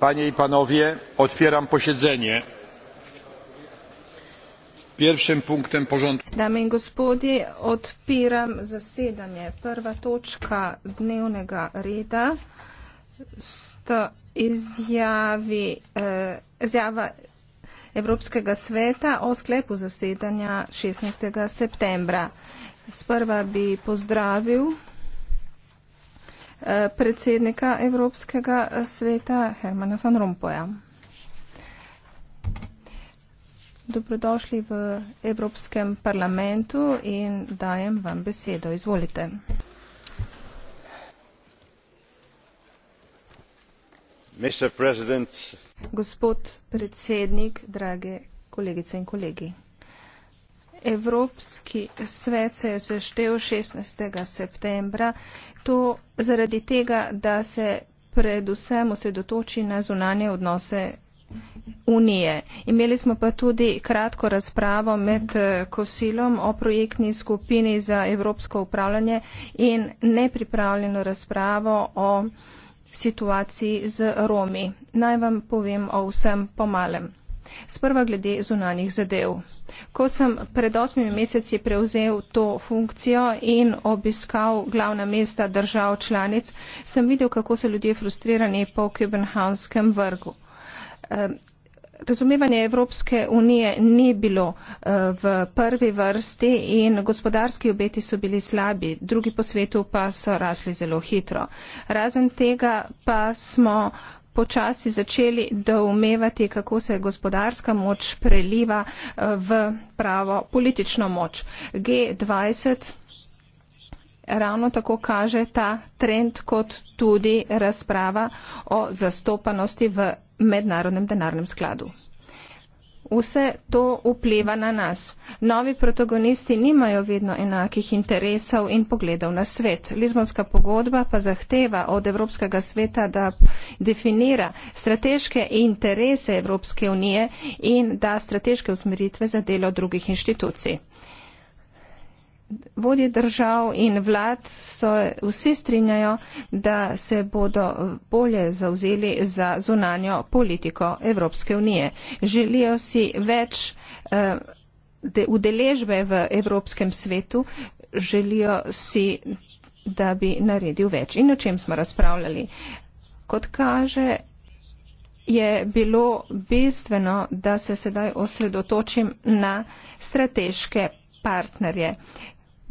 panie i panowie otwieram posiedzenie pierwszym punktem porządku damy i gospodzie otwieram zasiedanie pierwsza toczka dnevnega reda sta izjavi eh, izjava evropskega sveta o sklepu zasedanja 16. septembra sprva bi pozdravil Eh, predsednika Evropskega eh, sveta Hermana van Rompoja. Dobrodošli v Evropskem parlamentu in dajem vam besedo. Izvolite. Gospod predsednik, drage kolegice in kolegi. Evropski svet se je seštev 16. septembra. To zaradi tega, da se predvsem osredotoči na zunanje odnose Unije. Imeli smo pa tudi kratko razpravo med eh, kosilom o projektni skupini za evropsko upravljanje in nepripravljeno razpravo o situaciji z Romi. Naj vam povem o vsem pomalem. Sprva glede zunanjih zadev. Ko sem pred osmimi meseci prevzel to funkcijo in obiskal glavna mesta držav članic, sem videl, kako so ljudje frustrirani po kubenhanskem vrgu. Ehm, razumevanje Evropske unije ni bilo eh, v prvi vrsti in gospodarski obeti so bili slabi, drugi po svetu pa so rasli zelo hitro. Razen tega pa smo počasi začeli doumevati, kako se gospodarska moč preliva eh, v pravo politično moč. G20 ravno tako kaže ta trend, kot tudi razprava o zastopanosti v mednarodnem denarnem skladu vse to vpliva na nas. Novi protagonisti nimajo vedno enakih interesov in pogledov na svet. Lizbonska pogodba pa zahteva od Evropskega sveta, da definira strateške interese Evropske unije in da strateške usmeritve za delo drugih inštitucij vodje držav in vlad so vsi strinjajo, da se bodo bolje zauzeli za zunanjo politiko Evropske unije. Želijo si več uh, de, udeležbe v Evropskem svetu, želijo si, da bi naredil več. In o čem smo razpravljali? Kot kaže, je bilo bistveno, da se sedaj osredotočim na strateške partnerje.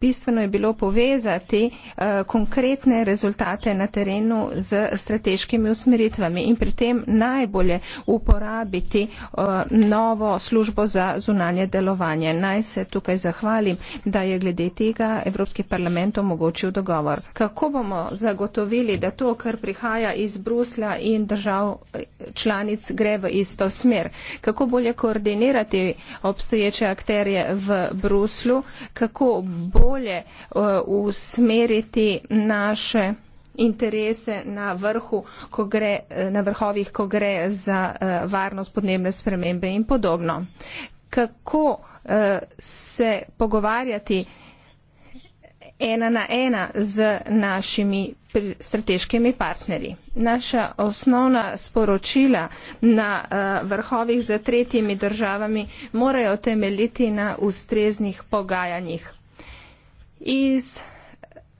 bistveno je bilo povezati eh, konkretne rezultate na terenu z strateškimi usmeritvami in pri tem najbolje uporabiti eh, novo službo za zunanje delovanje. Naj se tukaj zahvalim, da je glede tega Evropski parlament omogočil dogovor. Kako bomo zagotovili, da to, kar prihaja iz Bruslja in držav eh, članic, gre v isto smer? Kako bolje koordinirati obstoječe akterje v Bruslu? Kako bo bolje uh, usmeriti naše interese na vrhu, ko gre, eh, na vrhovih, ko gre za uh, varnost podnebne spremembe in podobno. Kako uh, se pogovarjati ena na ena z našimi strateškimi partnerji. Naša osnovna sporočila na uh, vrhovih za tretjimi državami morajo temeljiti na ustreznih pogajanjih. Iz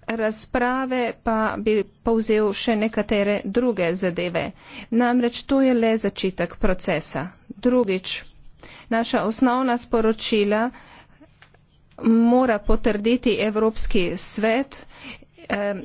razprave pa bi povzel še nekatere druge zadeve. Namreč to je le začetek procesa. Drugič, naša osnovna sporočila mora potrditi Evropski svet, eh,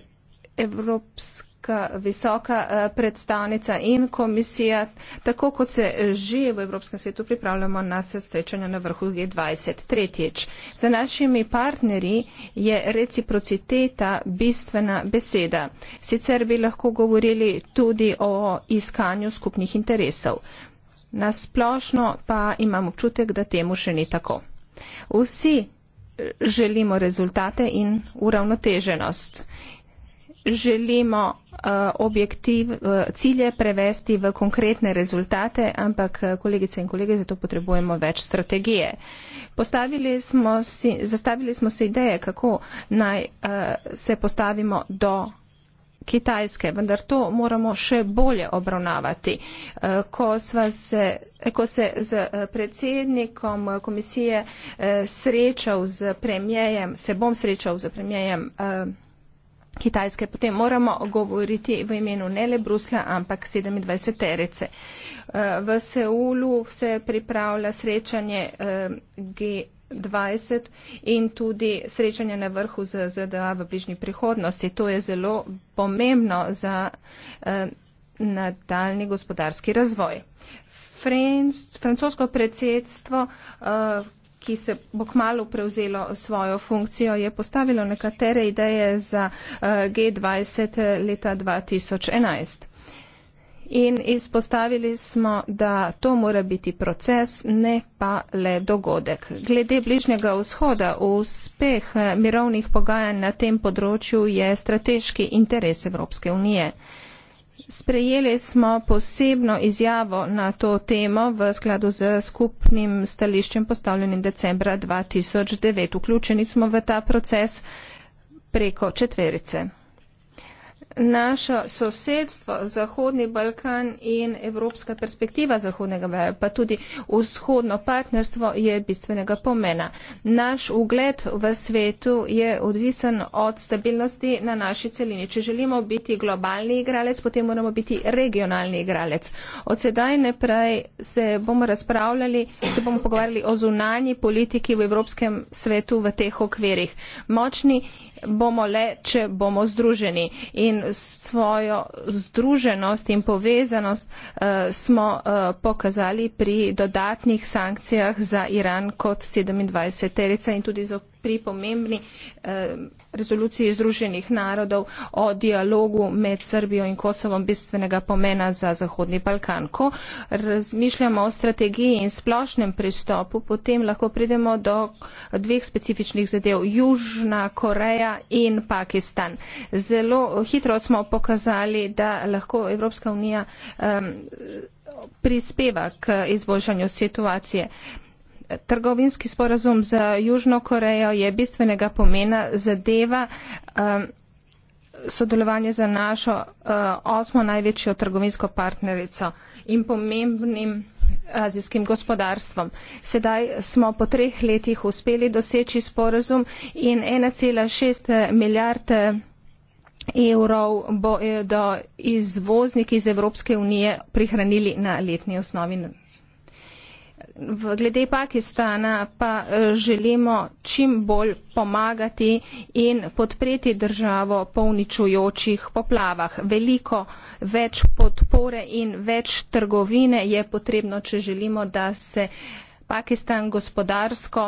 Evropski evropska visoka eh, predstavnica in komisija, tako kot se že v Evropskem svetu pripravljamo na sestrečanje na vrhu G20. Tretjič, za našimi partnerji je reciprociteta bistvena beseda. Sicer bi lahko govorili tudi o iskanju skupnih interesov. Nasplošno pa imam občutek, da temu še ni tako. Vsi eh, želimo rezultate in uravnoteženost želimo eh, objektiv, eh, cilje prevesti v konkretne rezultate, ampak eh, kolegice in kolege, zato potrebujemo več strategije. Postavili smo si, zastavili smo se ideje, kako naj se postavimo do kitajske, vendar to moramo še bolje obravnavati. Ko, se, ko se z predsednikom komisije srečal z premijejem, se bom srečal z premijejem Kitajske, potem moramo govoriti v imenu ne le Brusla, ampak 27 terice. Eh, v Seulu se pripravlja srečanje eh, G20 in tudi srečanje na vrhu z ZDA v bližnji prihodnosti. To je zelo pomembno za eh, nadaljni gospodarski razvoj. Francosko predsedstvo, ki se bo kmalo prevzelo svojo funkcijo, je postavilo nekatere ideje za eh, G20 leta 2011. In izpostavili smo, da to mora biti proces, ne pa le dogodek. Glede bližnjega vzhoda, uspeh eh, mirovnih pogajanj na tem področju je strateški interes Evropske unije. Sprejeli smo posebno izjavo na to temo v skladu z skupnim stališčem postavljenim decembra 2009. Vključeni smo v ta proces preko četverice naše sosedstvo, Zahodni Balkan in evropska perspektiva Zahodnega Balkana, pa tudi vzhodno partnerstvo je bistvenega pomena. Naš ugled v svetu je odvisen od stabilnosti na naši celini. Če želimo biti globalni igralec, potem moramo biti regionalni igralec. Od sedaj naprej se bomo razpravljali, se bomo pogovarjali o zunanji politiki v evropskem svetu v teh okvirih. Močni bomo le, če bomo združeni. In svojo združenost in povezanost eh, smo eh, pokazali pri dodatnih sankcijah za Iran kot 27 terica in tudi pri pomembni eh, rezoluciji Združenih narodov o dialogu med Srbijo in Kosovom bistvenega pomena za Zahodni Balkan. Ko razmišljamo o strategiji in splošnem pristopu, potem lahko pridemo do dveh specifičnih zadev – Južna Koreja in Pakistan. Zelo hitro smo pokazali, da lahko Evropska unija um, prispeva k izboljšanju situacije. Um, trgovinski sporazum z Južno Korejo je bistvenega pomena zadeva um, sodelovanje za našo uh, osmo največjo trgovinsko partnerico in pomembnim azijskim gospodarstvom. Sedaj smo po treh letih uspeli doseči sporazum in 1,6 milijard eh, evrov bo eh, do izvoznik iz Evropske unije prihranili na letni osnovi v glede Pakistana pa eh, želimo čim bolj pomagati in podpreti državo po uničujočih poplavah. Veliko več podpore in več trgovine je potrebno, če želimo, da se Pakistan gospodarsko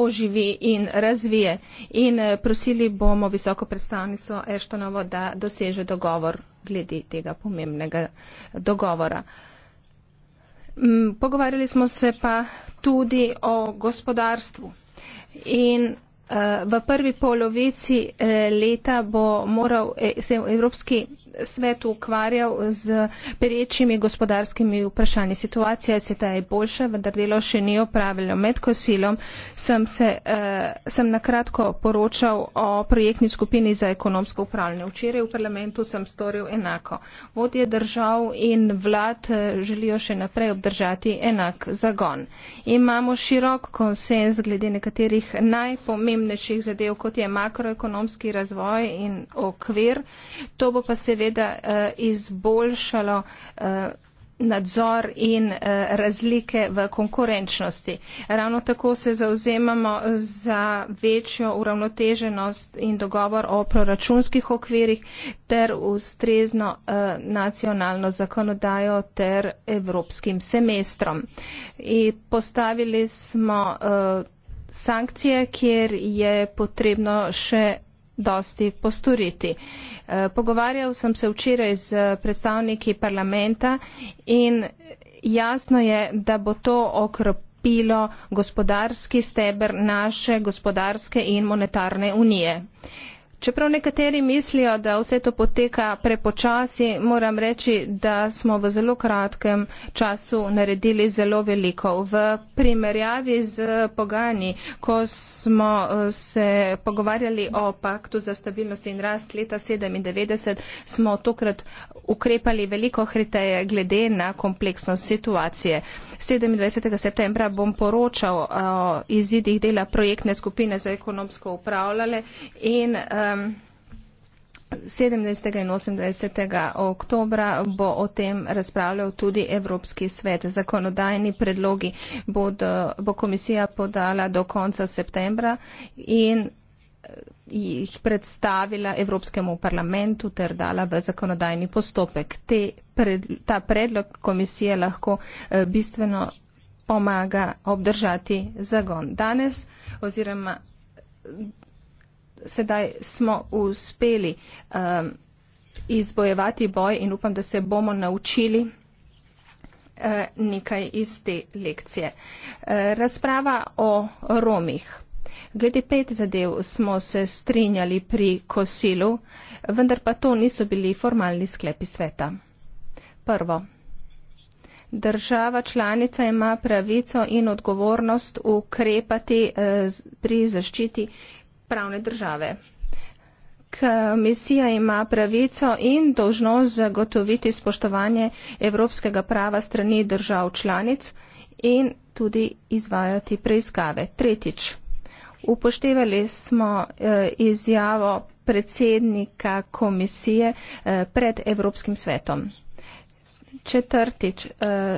oživi in razvije. In eh, prosili bomo visoko predstavnico Eštonovo, da doseže dogovor glede tega pomembnega dogovora. Mm, pogovarjali smo se pa tudi o gospodarstvu. In eh, v prvi polovici eh, leta bo moral eh, se Evropski svet ukvarjal z perečimi gospodarskimi vprašanji. Situacija je sedaj boljša, vendar delo še ni opravljeno. Med kosilom sem, se, uh, sem nakratko poročal o projektni skupini za ekonomsko upravljanje. Včeraj v parlamentu sem storil enako. Vodje držav in vlad eh, želijo še naprej obdržati enak zagon. Imamo širok konsens glede nekaterih najpomembnejših zadev, kot je makroekonomski razvoj in okvir. To bo pa seveda seveda uh, izboljšalo uh, nadzor in eh, razlike v konkurenčnosti. Ravno tako se zauzemamo za večjo uravnoteženost in dogovor o proračunskih okvirih ter ustrezno eh, nacionalno zakonodajo ter evropskim semestrom. In postavili smo eh, sankcije, kjer je potrebno še dosti postoriti. Eh, pogovarjal sem se včeraj z predstavniki parlamenta in jasno je, da bo to okropilo gospodarski steber naše gospodarske in monetarne unije. Čeprav nekateri mislijo, da vse to poteka prepočasi, moram reči, da smo v zelo kratkem času naredili zelo veliko. V primerjavi z pogajanji, ko smo eh, se pogovarjali o paktu za stabilnost in rast leta 1997, smo tokrat ukrepali veliko hriteje glede na kompleksnost situacije. 27. septembra bom poročal o izidih dela projektne skupine za ekonomsko upravljale in um, 17. in 28. oktobra bo o tem razpravljal tudi Evropski svet. Zakonodajni predlogi bo, do, bo komisija podala do konca septembra in jih predstavila Evropskemu parlamentu ter dala v zakonodajni postopek. Te, pred, ta predlog komisije lahko eh, bistveno pomaga obdržati zagon. Danes oziroma sedaj smo uspeli um, izbojevati boj in upam, da se bomo naučili eh, nekaj iz te lekcije. Razprava o Romih. Glede pet zadev smo se strinjali pri kosilu, vendar pa to niso bili formalni sklepi sveta. Prvo. Država članica ima pravico in odgovornost ukrepati eh, pri zaščiti pravne države. Komisija ima pravico in dožnost zagotoviti spoštovanje evropskega prava strani držav članic in tudi izvajati preiskave. Tretjič. Upoštevali smo eh, izjavo predsednika komisije eh, pred Evropskim svetom. Četrtič, eh,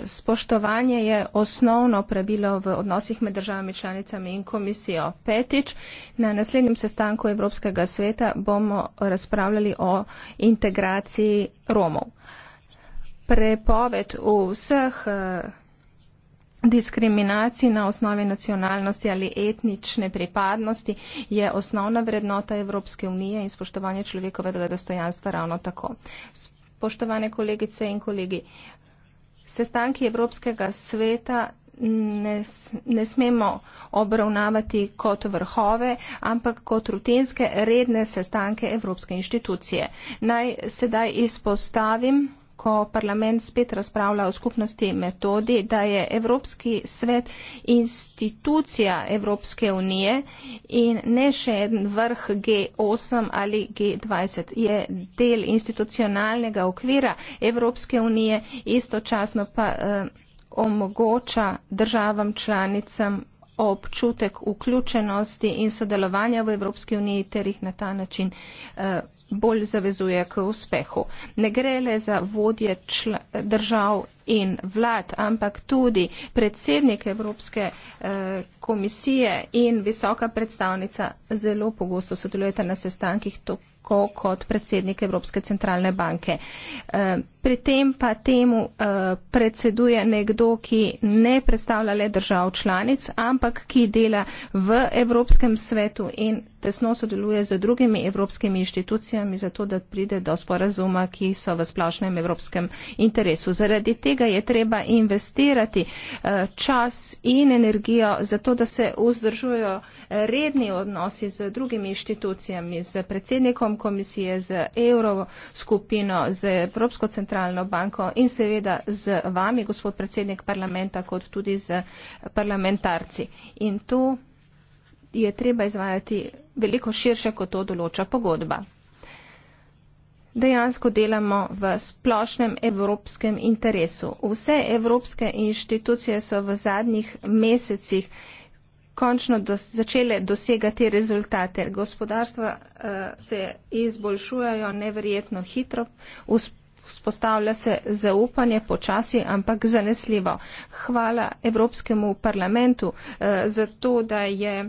spoštovanje je osnovno pravilo v odnosih med državami članicami in komisijo. Petič, na naslednjem sestanku Evropskega sveta bomo razpravljali o integraciji Romov. Prepoved vseh diskriminaciji na osnovi nacionalnosti ali etnične pripadnosti je osnovna vrednota Evropske unije in spoštovanje človekovega dostojanstva ravno tako. Spoštovane kolegice in kolegi, sestanki Evropskega sveta ne, ne smemo obravnavati kot vrhove, ampak kot rutinske redne sestanke Evropske inštitucije. Naj sedaj izpostavim ko parlament spet razpravlja o skupnosti metodi, da je Evropski svet institucija Evropske unije in ne še en vrh G8 ali G20, je del institucionalnega okvira Evropske unije, istočasno pa eh, omogoča državam članicam občutek vključenosti in sodelovanja v Evropski uniji ter jih na ta način. Eh, bolj zavezuje k uspehu. Ne gre le za vodje držav in vlad, ampak tudi predsednik Evropske eh, komisije in visoka predstavnica zelo pogosto sodelujete na sestankih tako kot predsednik Evropske centralne banke. Eh, pri tem pa temu eh, predseduje nekdo, ki ne predstavlja le držav članic, ampak ki dela v Evropskem svetu in tesno sodeluje z drugimi evropskimi inštitucijami, zato da pride do sporazuma, ki so v splošnem evropskem interesu. Zaradi tega tega je treba investirati eh, čas in energijo, zato da se vzdržujo redni odnosi z drugimi inštitucijami, z predsednikom komisije, z Evroskupino, z Evropsko centralno banko in seveda z vami, gospod predsednik parlamenta, kot tudi z parlamentarci. In to je treba izvajati veliko širše, kot to določa pogodba dejansko delamo v splošnem evropskem interesu. Vse evropske inštitucije so v zadnjih mesecih končno dos začele dosegati rezultate. Gospodarstva uh, se izboljšujejo neverjetno hitro, vzpostavlja se zaupanje počasi, ampak zanesljivo. Hvala Evropskemu parlamentu uh, za to, da je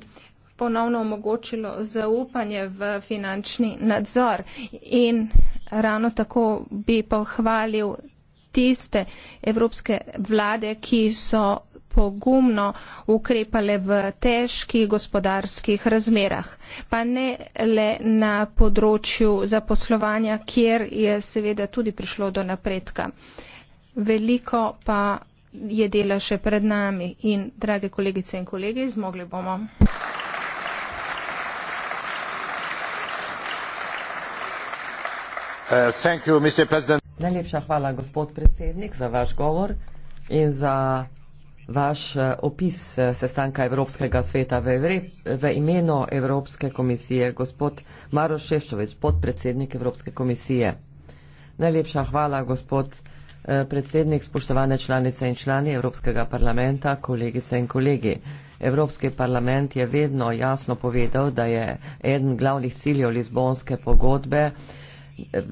ponovno omogočilo zaupanje v finančni nadzor. In ravno tako bi pohvalil tiste evropske vlade, ki so pogumno ukrepale v težkih gospodarskih razmerah, pa ne le na področju zaposlovanja, kjer je seveda tudi prišlo do napredka. Veliko pa je dela še pred nami in, drage kolegice in kolegi, zmogli bomo. Uh, Najlepša hvala, gospod predsednik, za vaš govor in za vaš uh, opis uh, sestanka Evropskega sveta v, v imenu Evropske komisije. Gospod Maroš Šeščovič, podpredsednik Evropske komisije. Najlepša hvala, gospod predsednik, spoštovane članice in člani Evropskega parlamenta, kolegice in kolegi. Evropski parlament je vedno jasno povedal, da je eden glavnih ciljev Lizbonske pogodbe Eh,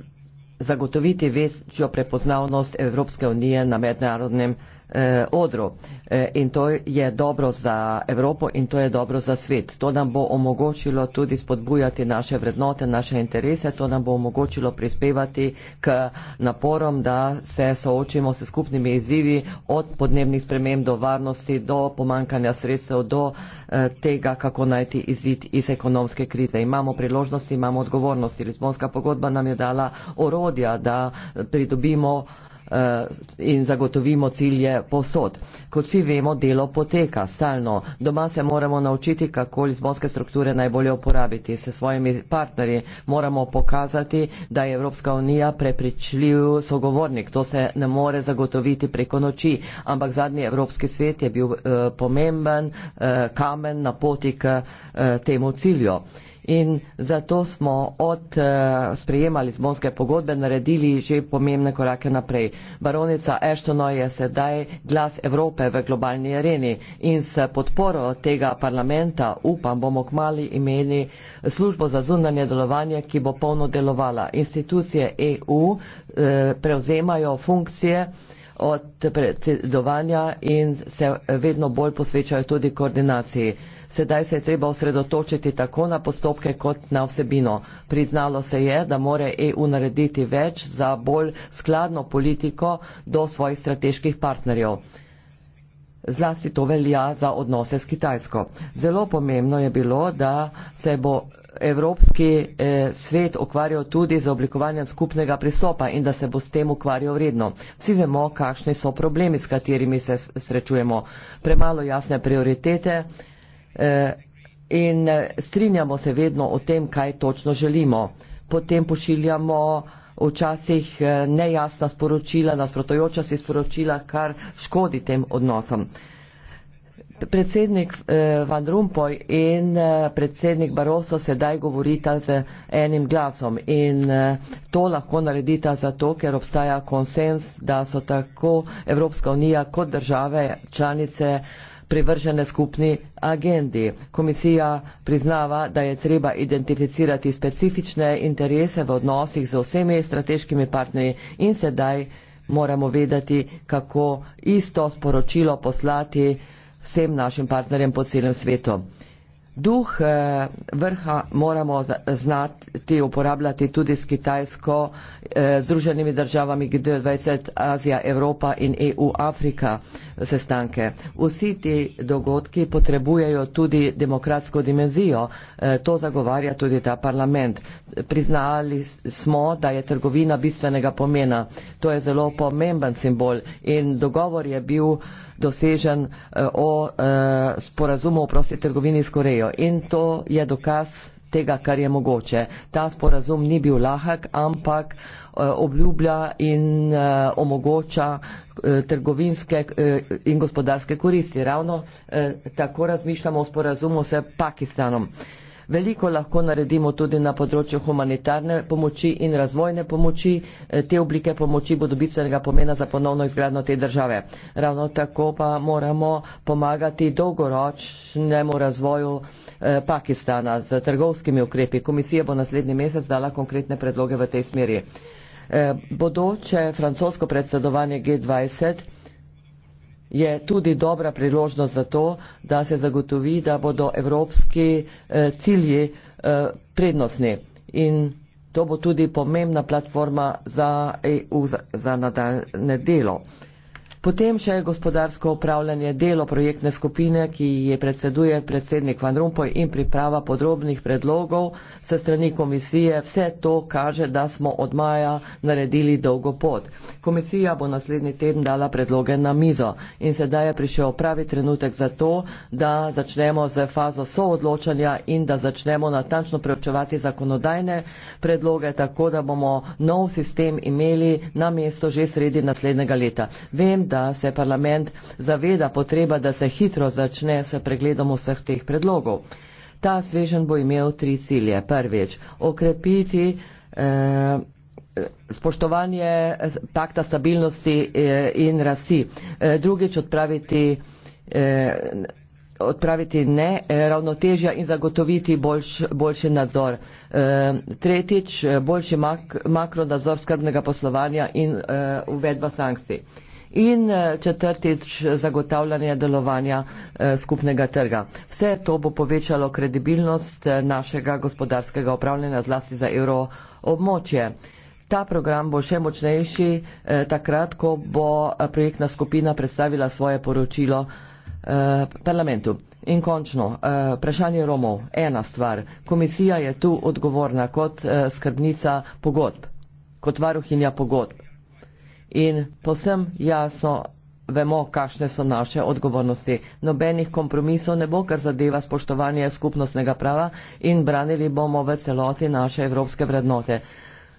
zagotoviti večjo prepoznavnost Evropske unije na mednarodnem eh, odru. Eh, in to je dobro za Evropo in to je dobro za svet. To nam bo omogočilo tudi spodbujati naše vrednote, naše interese, to nam bo omogočilo prispevati k naporom, da se soočimo s skupnimi izzivi od podnebnih sprememb do varnosti, do pomankanja sredstev, do eh, tega, kako najti izid iz ekonomske krize. Imamo priložnosti, imamo odgovornosti. Lizbonska pogodba nam je dala orodja, da eh, pridobimo Eh, in zagotovimo cilje posod. Kot vsi vemo, delo poteka stalno. Doma se moramo naučiti, kako lizbonske strukture najbolje uporabiti. Se svojimi partnerji moramo pokazati, da je Evropska unija prepričljiv sogovornik. To se ne more zagotoviti preko noči, ampak zadnji Evropski svet je bil uh, pomemben uh, kamen na poti k uh, temu cilju. Uh, in zato smo od uh, sprejema Lizbonske pogodbe naredili že pomembne korake naprej. Baronica Eštono je sedaj glas Evrope v globalni areni in s podporo tega parlamenta upam bomo kmali imeli službo za zunanje delovanje, ki bo polno delovala. Institucije EU uh, eh, prevzemajo funkcije od predsedovanja in se vedno bolj posvečajo tudi koordinaciji sedaj se je treba osredotočiti tako na postopke kot na vsebino. Priznalo se je, da more EU narediti več za bolj skladno politiko do svojih strateških partnerjev. Zlasti to velja za odnose s Kitajsko. Zelo pomembno je bilo, da se bo Evropski eh, svet ukvarjal tudi z oblikovanjem skupnega pristopa in da se bo s tem ukvarjal redno. Vsi vemo, kakšni so problemi, s katerimi se srečujemo. Premalo jasne prioritete, eh, Eh, in eh, strinjamo se vedno o tem, kaj točno želimo. Potem pošiljamo včasih eh, nejasna sporočila, nasprotojoča se sporočila, kar škodi tem odnosom. Predsednik Van Rumpoj in predsednik Barroso sedaj govorita z enim glasom in to lahko naredita zato, ker obstaja konsens, da so tako Evropska unija kot države članice privržene skupni agendi. Komisija priznava, da je treba identificirati specifične interese v odnosih z vsemi strateškimi partnerji in sedaj moramo vedeti, kako isto sporočilo poslati vsem našim partnerjem po celem svetu duh eh, vrha moramo znati uporabljati tudi s Kitajsko, eh, Združenimi državami G20, Azija, Evropa in EU, Afrika sestanke. Vsi ti dogodki potrebujejo tudi demokratsko dimenzijo. Eh, to zagovarja tudi ta parlament. Priznali smo, da je trgovina bistvenega pomena. To je zelo pomemben simbol in dogovor je bil dosežen eh, o eh, sporazumu o prosti trgovini s Korejo. In to je dokaz tega, kar je mogoče. Ta sporazum ni bil lahak, ampak eh, obljublja in omogoča trgovinske in gospodarske koristi. Ravno tako razmišljamo o sporazumu s Pakistanom. Veliko lahko naredimo tudi na področju humanitarne pomoči in razvojne pomoči. Eh, te oblike pomoči bodo bistvenega pomena za ponovno izgradno te države. Ravno tako pa moramo pomagati dolgoročnemu razvoju eh, Pakistana z trgovskimi ukrepi. Komisija bo naslednji mesec dala konkretne predloge v tej smeri. Eh, bodoče francosko predsedovanje G20 je tudi dobra priložnost za to, da se zagotovi, da bodo evropski eh, cilji eh, prednostni. In to bo tudi pomembna platforma za EU za nadaljne delo. Potem še gospodarsko upravljanje delo projektne skupine, ki je predseduje predsednik Van Rompuy in priprava podrobnih predlogov se strani komisije. Vse to kaže, da smo od maja naredili dolgo pot. Komisija bo naslednji teden dala predloge na mizo in sedaj je prišel pravi trenutek za to, da začnemo z fazo soodločanja in da začnemo natančno preučevati zakonodajne predloge, tako da bomo nov sistem imeli na mesto že sredi naslednjega leta. Vem, da se parlament zaveda potreba, da se hitro začne s pregledom vseh teh predlogov. Ta svežen bo imel tri cilje. Prvič, okrepiti eh, spoštovanje pakta stabilnosti eh, in rasti. Eh, drugič, odpraviti. Eh, odpraviti ne eh, ravnotežja in zagotoviti boljš, boljši nadzor. E, tretjič, eh, boljši mak, makronadzor skrbnega poslovanja in e, uvedba sankcij. E, in eh, četrtič zagotavljanje delovanja eh, skupnega trga. Vse to bo povečalo kredibilnost eh, našega gospodarskega upravljanja zlasti za evro območje. Ta program bo še močnejši eh, takrat, ko bo projektna skupina predstavila svoje poročilo eh, parlamentu. In končno, eh, vprašanje Romov. Ena stvar. Komisija je tu odgovorna kot eh, skrbnica pogodb, kot varuhinja pogodb in posem jasno vemo, kakšne so naše odgovornosti. Nobenih kompromisov ne bo, ker zadeva spoštovanje skupnostnega prava in branili bomo v celoti naše evropske vrednote.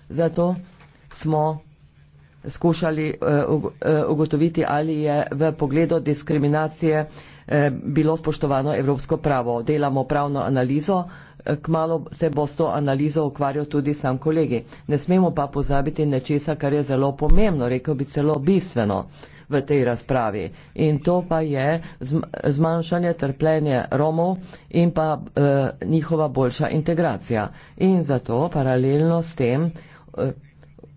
Zato smo skušali eh, eh, ugotoviti, ali je v pogledu diskriminacije eh, bilo spoštovano evropsko pravo. Delamo pravno analizo kmalo se bo s to analizo ukvarjal tudi sam kolegi. Ne smemo pa pozabiti nečesa, kar je zelo pomembno, rekel bi celo bistveno v tej razpravi. In to pa je zmanjšanje trpljenja Romov in pa eh, njihova boljša integracija. In zato paralelno s tem. Eh,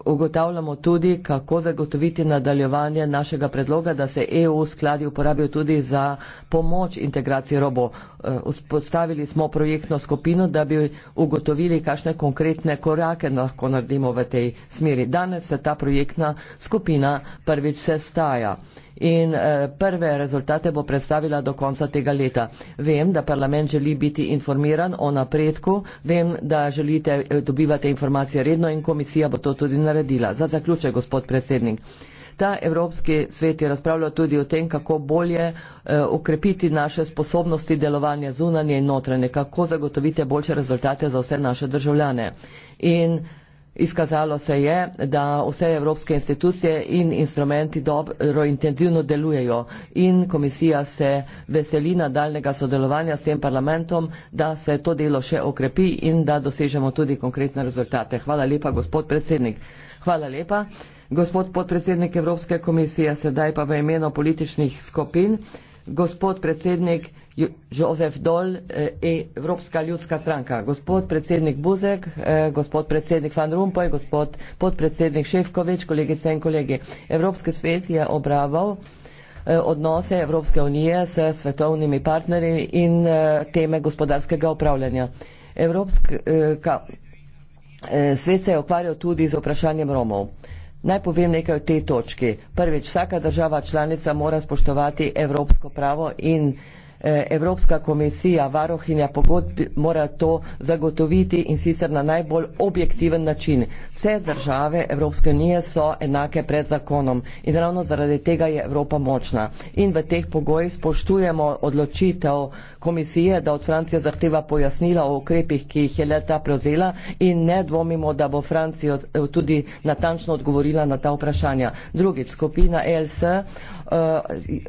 ugotavljamo tudi, kako zagotoviti nadaljevanje našega predloga, da se EU skladi uporabijo tudi za pomoč integraciji robo. Eh, vzpostavili smo projektno skupino, da bi ugotovili, kakšne konkretne korake lahko naredimo v tej smeri. Danes se ta projektna skupina prvič sestaja in eh, prve rezultate bo predstavila do konca tega leta. Vem, da parlament želi biti informiran o napredku, vem, da želite eh, dobivati informacije redno in komisija bo to tudi naredila. Za zaključek, gospod predsednik. Ta Evropski svet je razpravljal tudi o tem, kako bolje uh, eh, ukrepiti naše sposobnosti delovanja zunanje in notranje, kako zagotovite boljše rezultate za vse naše državljane. In uh, Izkazalo se je, da vse evropske institucije in instrumenti dobro intenzivno delujejo in komisija se veseli nadaljnega sodelovanja s tem parlamentom, da se to delo še okrepi in da dosežemo tudi konkretne rezultate. Hvala lepa, gospod predsednik. Hvala lepa. Gospod podpredsednik Evropske komisije, sedaj pa v imenu političnih skupin. Gospod predsednik. Jozef Dol eh, in Evropska ljudska stranka. Gospod predsednik Buzek, eh, gospod predsednik Van Rumpoj, gospod podpredsednik Šefkovič, kolegice in kolegi. Evropski svet je obraval eh, odnose Evropske unije s svetovnimi partnerji in teme gospodarskega upravljanja. Evropska, svet se je ukvarjal tudi z vprašanjem Romov. Naj povem nekaj o tej točki. Prvič, vsaka država članica mora spoštovati evropsko pravo in Eh, Evropska komisija, varohinja pogodb mora to zagotoviti in sicer na najbolj objektiven način. Vse države Evropske unije so enake pred zakonom in ravno zaradi tega je Evropa močna. In v teh pogojih spoštujemo odločitev komisije, da od Francije zahteva pojasnila o ukrepih, ki jih je leta prevzela in ne dvomimo, da bo Francija tudi natančno odgovorila na ta vprašanja. Drugič, skupina ELS Eh,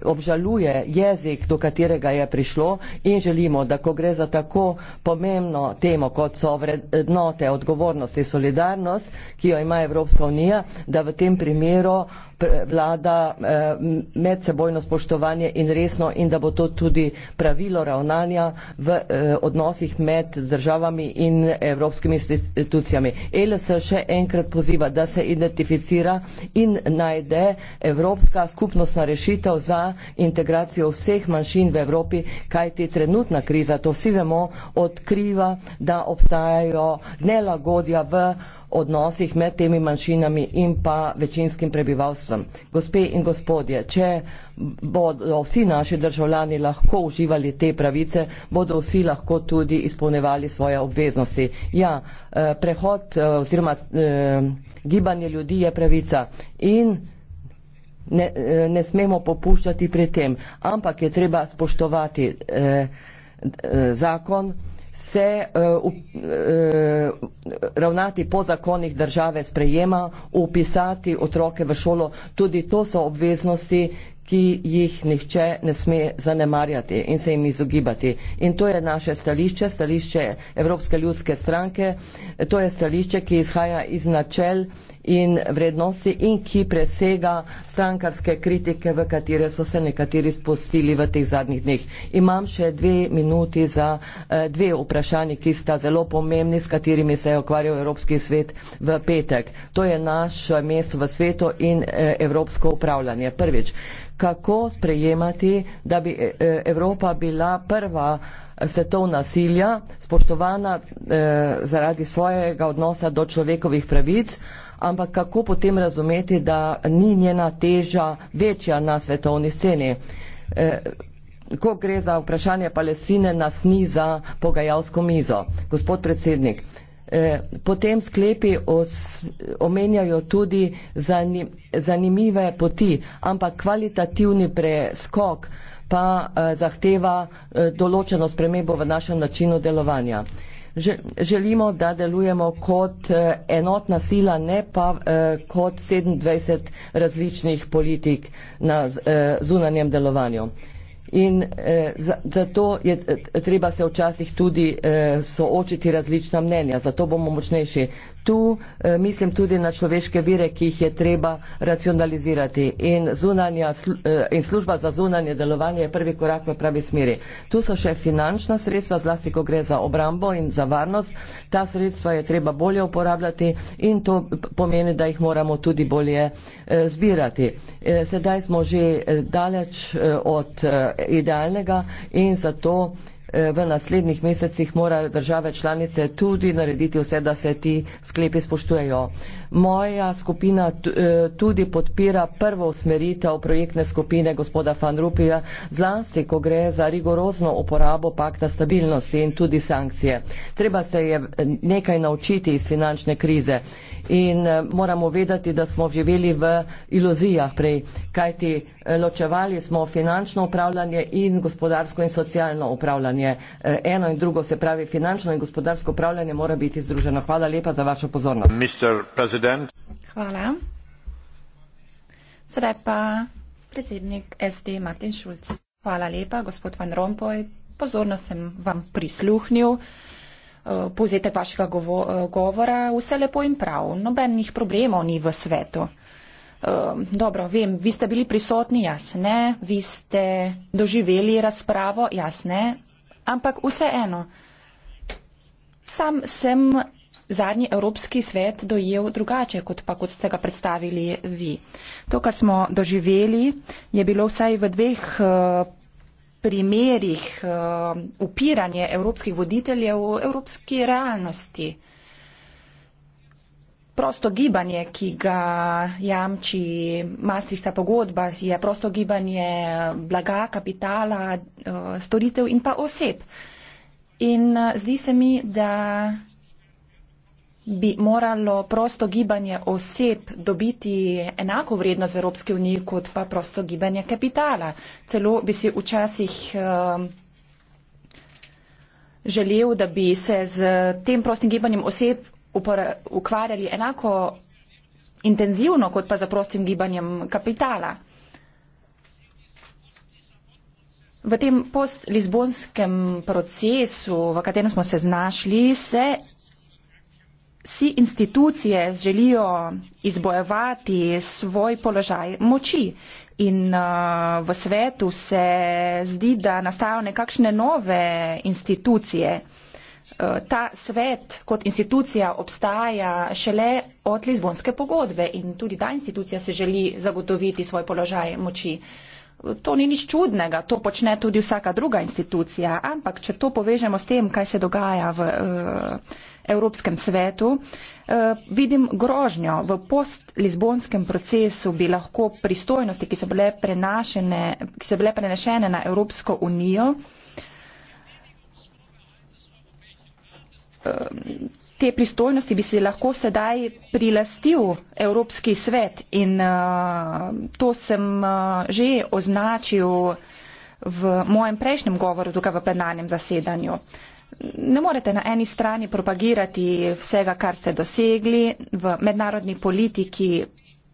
obžaluje jezik, do katerega je prišlo in želimo, da ko gre za tako pomembno temo, kot so vrednote, odgovornosti, solidarnost, ki jo ima Evropska unija, da v tem primeru vlada eh, medsebojno spoštovanje in resno in da bo to tudi pravilo ravnanja v eh, odnosih med državami in evropskimi institucijami. ELS še enkrat poziva, da se identificira in najde evropska skupnostna rešitev za integracijo vseh manjšin v Evropi, kajti trenutna kriza, to vsi vemo, odkriva, da obstajajo nelagodja v odnosih med temi manjšinami in pa večinskim prebivalstvom. Gospe in gospodje, če bodo vsi naši državljani lahko uživali te pravice, bodo vsi lahko tudi izpolnevali svoje obveznosti. Ja, eh, prehod eh, oziroma eh, gibanje ljudi je pravica in ne, ne smemo popuščati pri tem, ampak je treba spoštovati eh, zakon, se uh, uh, ravnati po zakonih države sprejema, upisati otroke v šolo, tudi to so obveznosti, ki jih nihče ne sme zanemarjati in se jim izogibati. In to je naše stališče, stališče Evropske ljudske stranke, to je stališče, ki izhaja iz načel uh, in vrednosti in ki presega strankarske kritike, v katere so se nekateri spustili v teh zadnjih dneh. Imam še dve minuti za eh, dve vprašanje, ki sta zelo pomembni, s katerimi se je okvarjal Evropski svet v petek. To je naš eh, mest v svetu in eh, evropsko upravljanje. Prvič, kako sprejemati, da bi Evropa bila prva svetovna silja, spoštovana eh, zaradi svojega odnosa do človekovih pravic, ampak kako potem razumeti, da ni njena teža večja na svetovni sceni. E, ko gre za vprašanje Palestine, nas ni za pogajalsko mizo. Gospod predsednik, e, potem sklepi os, omenjajo tudi zanim, zanimive poti, ampak kvalitativni preskok pa e, zahteva e, določeno spremembo v našem načinu delovanja želimo, da delujemo kot eh, enotna sila, ne pa eh, kot 27 različnih politik na eh, zunanjem delovanju. In eh, zato za je treba se včasih tudi eh, soočiti različna mnenja, zato bomo močnejši, tu eh, mislim tudi na človeške vire, ki jih je treba racionalizirati in, zunanja, sl, eh, in služba za zunanje delovanje je prvi korak v pravi smeri. Tu so še finančna sredstva, zlasti ko gre za obrambo in za varnost. Ta sredstva je treba bolje uporabljati in to pomeni, da jih moramo tudi bolje eh, zbirati. Eh, sedaj smo že eh, daleč eh, od eh, idealnega in zato v naslednjih mesecih morajo države članice tudi narediti vse, da se ti sklepi spoštujejo. Moja skupina eh, tudi podpira prvo usmeritev projektne skupine gospoda Van Rupija, zlasti, ko gre za rigorozno uporabo pakta stabilnosti in tudi sankcije. Treba se je eh, nekaj naučiti iz finančne krize. In eh, moramo vedeti, da smo živeli v iluzijah prej, kajti eh, ločevali smo finančno upravljanje in gospodarsko in socialno upravljanje. Eh, eno in drugo, se pravi finančno in gospodarsko upravljanje, mora biti združeno. Hvala lepa za vašo pozornost. Hvala. Sedaj pa predsednik SD Martin Šulc. Hvala lepa, gospod Van Rompuy. Pozorno sem vam prisluhnil. Eh, povzetek vašega eh, govora, vse lepo in prav, nobenih problemov ni v svetu. Ehm, dobro, vem, vi ste bili prisotni, jaz ne, vi ste doživeli razpravo, jaz ne, ampak vse eno. Sam sem zadnji Evropski svet dojel drugače, kot pa kot ste ga predstavili vi. To, kar smo doživeli, je bilo vsaj v dveh eh, primerih eh, upiranje evropskih voditeljev v evropski realnosti. Prosto gibanje, ki ga jamči Maastrichta pogodba, je prosto gibanje blaga, kapitala, eh, storitev in pa oseb. In eh, zdi se mi, da bi moralo prosto gibanje oseb dobiti enako vrednost v Evropski uniji kot pa prosto gibanje kapitala. Celo bi si včasih eh, želel, da bi se z tem prostim gibanjem oseb ukvarjali enako intenzivno kot pa za prostim gibanjem kapitala. V tem post-lizbonskem procesu, v katerem smo se znašli, se si institucije želijo izbojevati svoj položaj moči. In uh, v svetu se zdi, da nastajajo nekakšne nove institucije. Uh, ta svet kot institucija obstaja šele od Lizbonske pogodbe in tudi ta institucija se želi zagotoviti svoj položaj moči. Uh, to ni nič čudnega, to počne tudi vsaka druga institucija, ampak če to povežemo s tem, kaj se dogaja v uh, Evropskem svetu, uh, vidim grožnjo v post-lizbonskem procesu bi lahko pristojnosti, ki so bile, ki so bile prenešene na Evropsko unijo, uh, te pristojnosti bi se lahko sedaj prilastil Evropski svet in uh, to sem uh, že označil v mojem prejšnjem govoru tukaj v plenarnem zasedanju. Ne morete na eni strani propagirati vsega, kar ste dosegli v mednarodni politiki,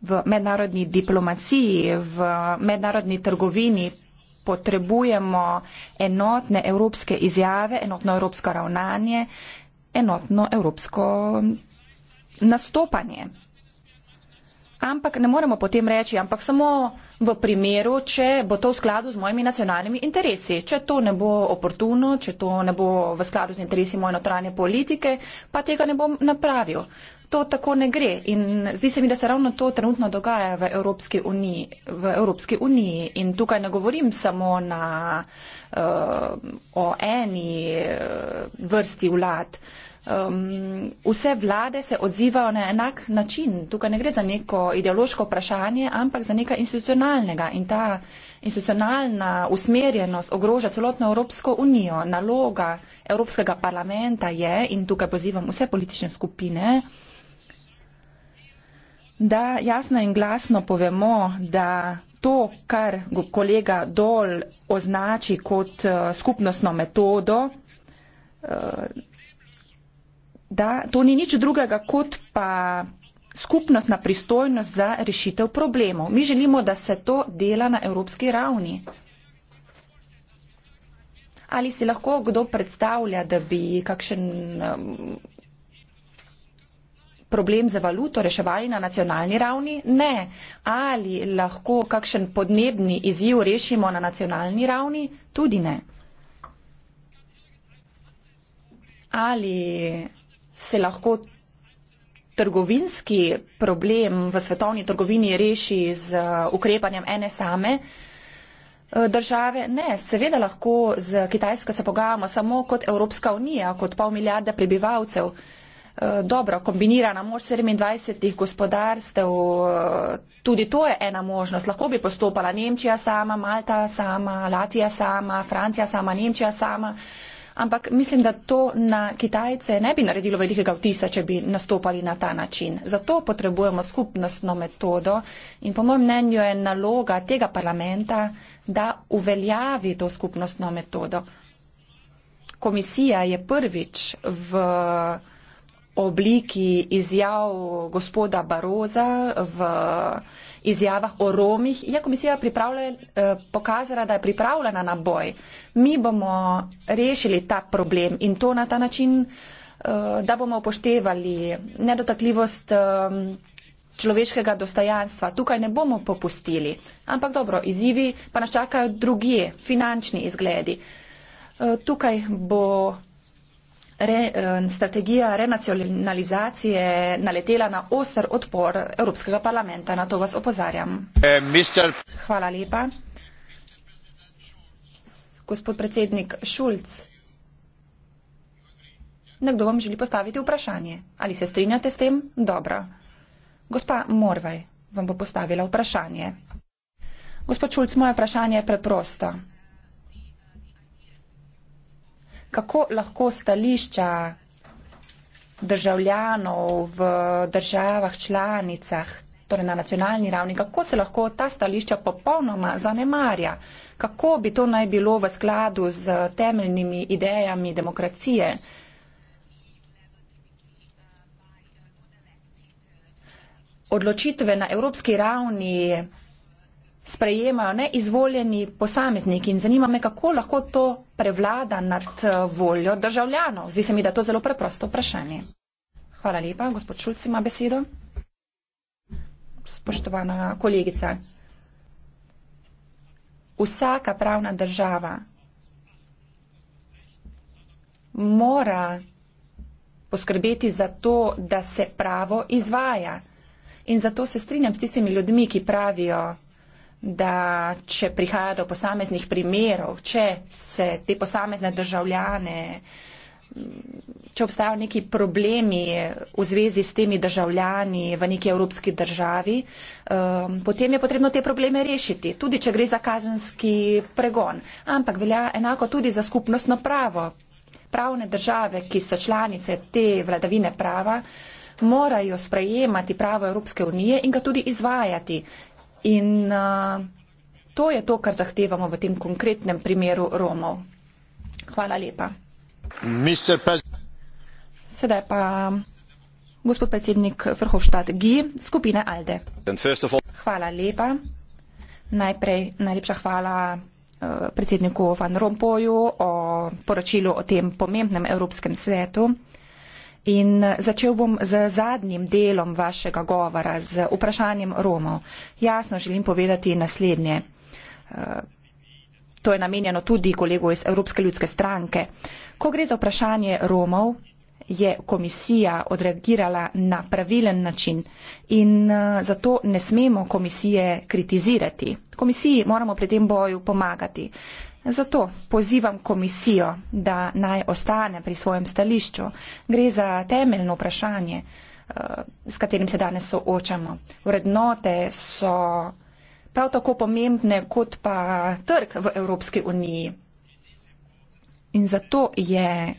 v mednarodni diplomaciji, v mednarodni trgovini. Potrebujemo enotne evropske izjave, enotno evropsko ravnanje enotno evropsko nastopanje. Ampak ne moremo potem reči, ampak samo v primeru, če bo to v skladu z mojimi nacionalnimi interesi. Če to ne bo oportuno, če to ne bo v skladu z interesi moje notranje politike, pa tega ne bom napravil to tako ne gre. In zdi se mi, da se ravno to trenutno dogaja v Evropski uniji. V Evropski uniji. In tukaj ne govorim samo na, uh, o eni eh, vrsti vlad. Um, vse vlade se odzivajo na enak način. Tukaj ne gre za neko ideološko vprašanje, ampak za nekaj institucionalnega. In ta institucionalna usmerjenost ogroža celotno Evropsko unijo. Naloga Evropskega parlamenta je, in tukaj pozivam vse politične skupine, uh, da jasno in glasno povemo, da to, kar kolega Dol označi kot eh, skupnostno metodo, eh, da to ni nič drugega kot pa skupnostna pristojnost za rešitev problemov. Mi želimo, da se to dela na evropski ravni. Ali si lahko kdo predstavlja, da bi kakšen problem z valuto reševali na nacionalni ravni? Ne. Ali lahko kakšen podnebni izjiv rešimo na nacionalni ravni? Tudi ne. Ali se lahko trgovinski problem v svetovni trgovini reši z uh, ukrepanjem ene same uh, države? Ne, seveda lahko z Kitajsko se pogajamo samo kot Evropska unija, kot pol milijarde prebivalcev. Eh, dobro, kombinirana moč 27 gospodarstev, eh, tudi to je ena možnost. Lahko bi postopala Nemčija sama, Malta sama, Latvija sama, Francija sama, Nemčija sama. Ampak mislim, da to na Kitajce ne bi naredilo velikega vtisa, če bi nastopali na ta način. Zato potrebujemo skupnostno metodo in po mojem mnenju je naloga tega parlamenta, da uveljavi to skupnostno metodo. Komisija je prvič v obliki izjav gospoda Baroza v izjavah o Romih, je ja, komisija eh, pokazala, da je pripravljena na boj. Mi bomo rešili ta problem in to na ta način, eh, da bomo upoštevali nedotakljivost eh, človeškega dostojanstva. Tukaj ne bomo popustili. Ampak dobro, izzivi pa nas čakajo drugi finančni izgledi. Tukaj bo re, eh, strategija renacionalizacije naletela na oster odpor Evropskega parlamenta. Na to vas opozarjam. Eh, Hvala lepa. Gospod predsednik Šulc, nekdo vam želi postaviti vprašanje. Ali se strinjate s tem? Dobro. Gospa Morvaj vam bo postavila vprašanje. Gospod Šulc, moje vprašanje je preprosto kako lahko stališča državljanov v državah članicah, torej na nacionalni ravni, kako se lahko ta stališča popolnoma zanemarja, kako bi to naj bilo v skladu z temeljnimi idejami demokracije. Odločitve na evropski ravni sprejemajo ne izvoljeni posamezniki in zanima me, kako lahko to prevlada nad eh, voljo državljanov. Zdi se mi, da je to zelo preprosto vprašanje. Hvala lepa. Gospod Šulc ima besedo. Spoštovana kolegica. Vsaka pravna država mora poskrbeti za to, da se pravo izvaja. In zato se strinjam s tistimi ljudmi, ki pravijo, da če prihaja do posameznih primerov, če se te posamezne državljane, če obstajajo neki problemi v zvezi s temi državljani v neki evropski državi, um, potem je potrebno te probleme rešiti, tudi če gre za kazenski pregon. Ampak velja enako tudi za skupnostno pravo. Pravne države, ki so članice te vladavine prava, morajo sprejemati pravo Evropske unije in ga tudi izvajati. In uh, to je to, kar zahtevamo v tem konkretnem primeru Romov. Hvala lepa. Sedaj pa gospod predsednik Vrhovštad G. skupine ALDE. Hvala lepa. Najprej najlepša hvala uh, predsedniku Van Rompoju o poročilu o tem pomembnem Evropskem svetu. In eh, začel bom z zadnjim delom vašega govora, z vprašanjem Romov. Jasno želim povedati naslednje. Eh, to je namenjeno tudi kolegu iz Evropske ljudske stranke. Ko gre za vprašanje Romov, je komisija odreagirala na pravilen način in eh, zato ne smemo komisije kritizirati. Komisiji moramo pri tem boju pomagati. Zato pozivam komisijo, da naj ostane pri svojem stališču. Gre za temeljno vprašanje, eh, s katerim se danes soočamo. Vrednote so prav tako pomembne kot pa trg v Evropski uniji. In zato je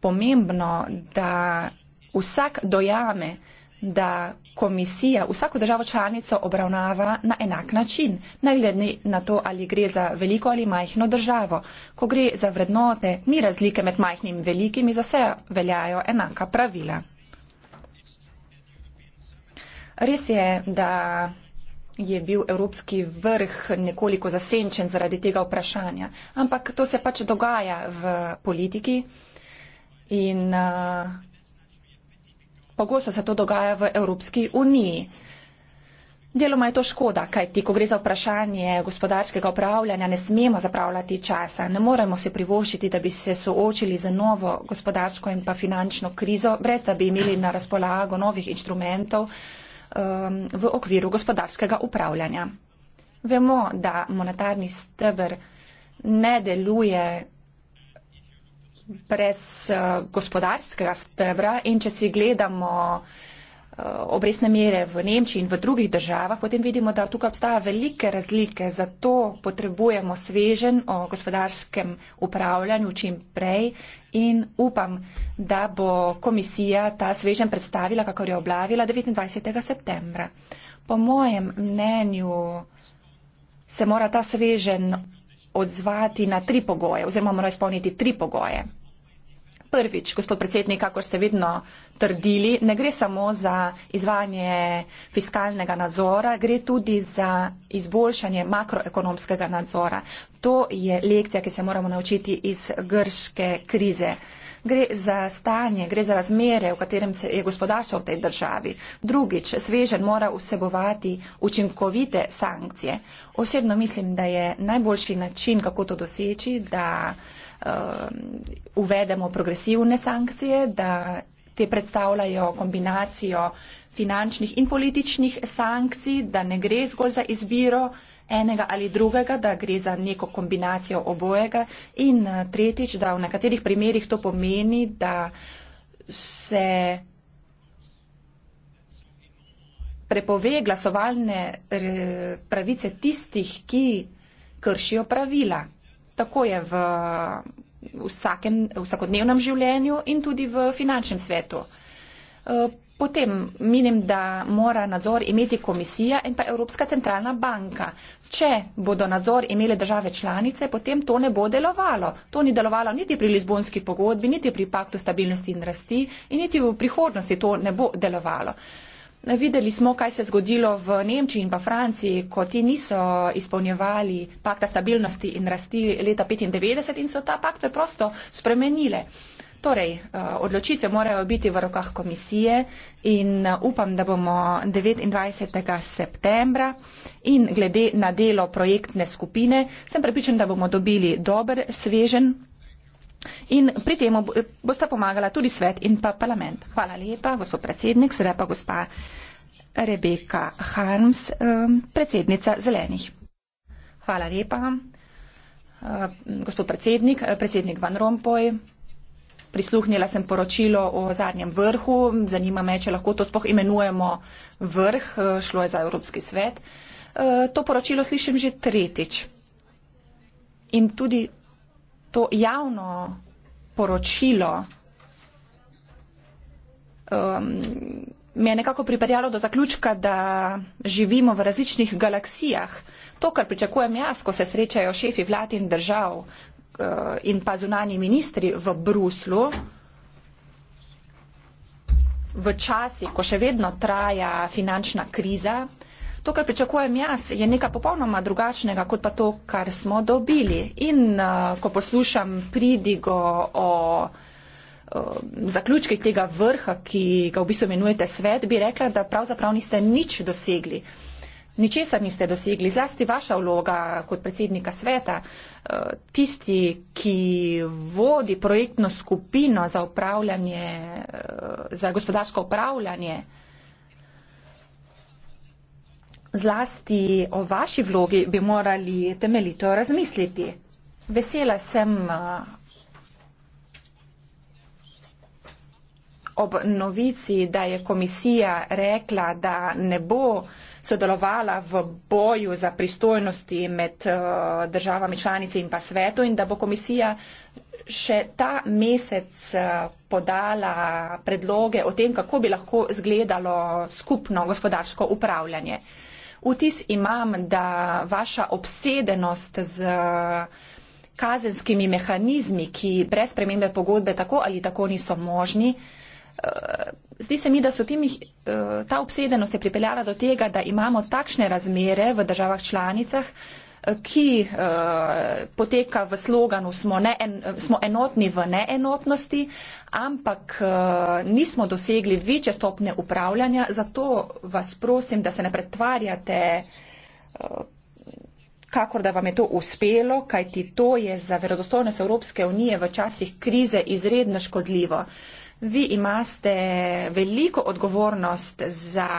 pomembno, da vsak dojame, da komisija vsako državo članico obravnava na enak način, ne glede na to, ali gre za veliko ali majhno državo. Ko gre za vrednote, ni razlike med majhnim in velikim in za vse veljajo enaka pravila. Res je, da je bil evropski vrh nekoliko zasenčen zaradi tega vprašanja, ampak to se pač dogaja v politiki in uh, Pogosto se to dogaja v Evropski uniji. Deloma je to škoda, kajti ko gre za vprašanje gospodarskega upravljanja, ne smemo zapravljati časa, ne moremo se privošiti, da bi se soočili z novo gospodarsko in pa finančno krizo, brez da bi imeli na razpolago novih inštrumentov um, v okviru gospodarskega upravljanja. Vemo, da monetarni stebr ne deluje brez eh, gospodarskega stebra in če si gledamo eh, obrestne mere v Nemčiji in v drugih državah, potem vidimo, da tukaj obstaja velike razlike. Zato potrebujemo svežen o gospodarskem upravljanju čim prej in upam, da bo komisija ta svežen predstavila, kako je oblavila 29. septembra. Po mojem mnenju se mora ta svežen odzvati na tri pogoje oziroma mora izpolniti tri pogoje prvič, gospod predsednik, kako ste vedno trdili, ne gre samo za izvajanje fiskalnega nadzora, gre tudi za izboljšanje makroekonomskega nadzora. To je lekcija, ki se moramo naučiti iz grške krize. Gre za stanje, gre za razmere, v katerem se je gospodarstvo v tej državi. Drugič, svežen mora vsebovati učinkovite sankcije. Osebno mislim, da je najboljši način, kako to doseči, da uh, uvedemo progresivne sankcije, da te predstavljajo kombinacijo finančnih in političnih sankcij, da ne gre zgolj za izbiro enega ali drugega, da gre za neko kombinacijo obojega in eh, tretjič, da v nekaterih primerjih to pomeni, da se prepove glasovalne eh, pravice tistih, ki kršijo pravila tako je v vsakem, vsakodnevnem življenju in tudi v finančnem svetu. E, potem menim, da mora nadzor imeti komisija in pa Evropska centralna banka. Če bodo nadzor imele države članice, potem to ne bo delovalo. To ni delovalo niti pri Lizbonski pogodbi, niti pri paktu stabilnosti in rasti in niti v prihodnosti to ne bo delovalo. Uh, Videli smo, kaj se je zgodilo v Nemčiji in pa Franciji, ko ti niso izpolnjevali pakta stabilnosti in rasti leta 1995 in so ta pakt preprosto spremenile. Torej, eh, odločitve morajo biti v rokah komisije in eh, upam, da bomo 29. septembra in glede na delo projektne skupine, sem prepričan, da bomo dobili dober, svežen In pri tem boste pomagala tudi svet in pa parlament. Hvala lepa, gospod predsednik, sedaj pa gospa Rebeka Harms, predsednica zelenih. Hvala lepa, gospod predsednik, predsednik Van Rompuy. Prisluhnila sem poročilo o zadnjem vrhu. Zanima me, če lahko to spoh imenujemo vrh, e, šlo je za Evropski svet. E, to poročilo slišim že tretjič. In tudi to javno poročilo um, me je nekako pripeljalo do zaključka, da živimo v različnih galaksijah. To, kar pričakujem jaz, ko se srečajo šefi vlad in držav uh, in pa zunani ministri v Bruslu, v časi, ko še vedno traja finančna kriza, To, kar pričakujem jaz, je nekaj popolnoma drugačnega, kot pa to, kar smo dobili. In uh, ko poslušam pridigo o zaključkih tega vrha, ki ga v bistvu imenujete svet, bi rekla, da pravzaprav niste nič dosegli. Ničesar niste dosegli. Zlasti vaša vloga kot predsednika sveta, uh, tisti, ki vodi projektno skupino za, uh, za gospodarsko upravljanje, zlasti o vaši vlogi bi morali temeljito razmisliti. Vesela sem eh, ob novici, da je komisija rekla, da ne bo sodelovala v boju za pristojnosti med eh, državami članice in pa svetu in da bo komisija še ta mesec eh, podala predloge o tem, kako bi lahko zgledalo skupno gospodarsko upravljanje vtis imam, da vaša obsedenost z kazenskimi mehanizmi, ki brez premembe pogodbe tako ali tako niso možni, eh, zdi se mi, da so tim, eh, ta obsedenost je pripeljala do tega, da imamo takšne razmere v državah članicah, Eh, ki uh, poteka v sloganu smo, ne, en, smo enotni v neenotnosti, ampak uh, nismo dosegli večje stopne upravljanja, zato vas prosim, da se ne pretvarjate, uh, kakor da vam je to uspelo, kajti to je za verodostojnost Evropske unije v časih krize izredno škodljivo. Vi imate veliko odgovornost za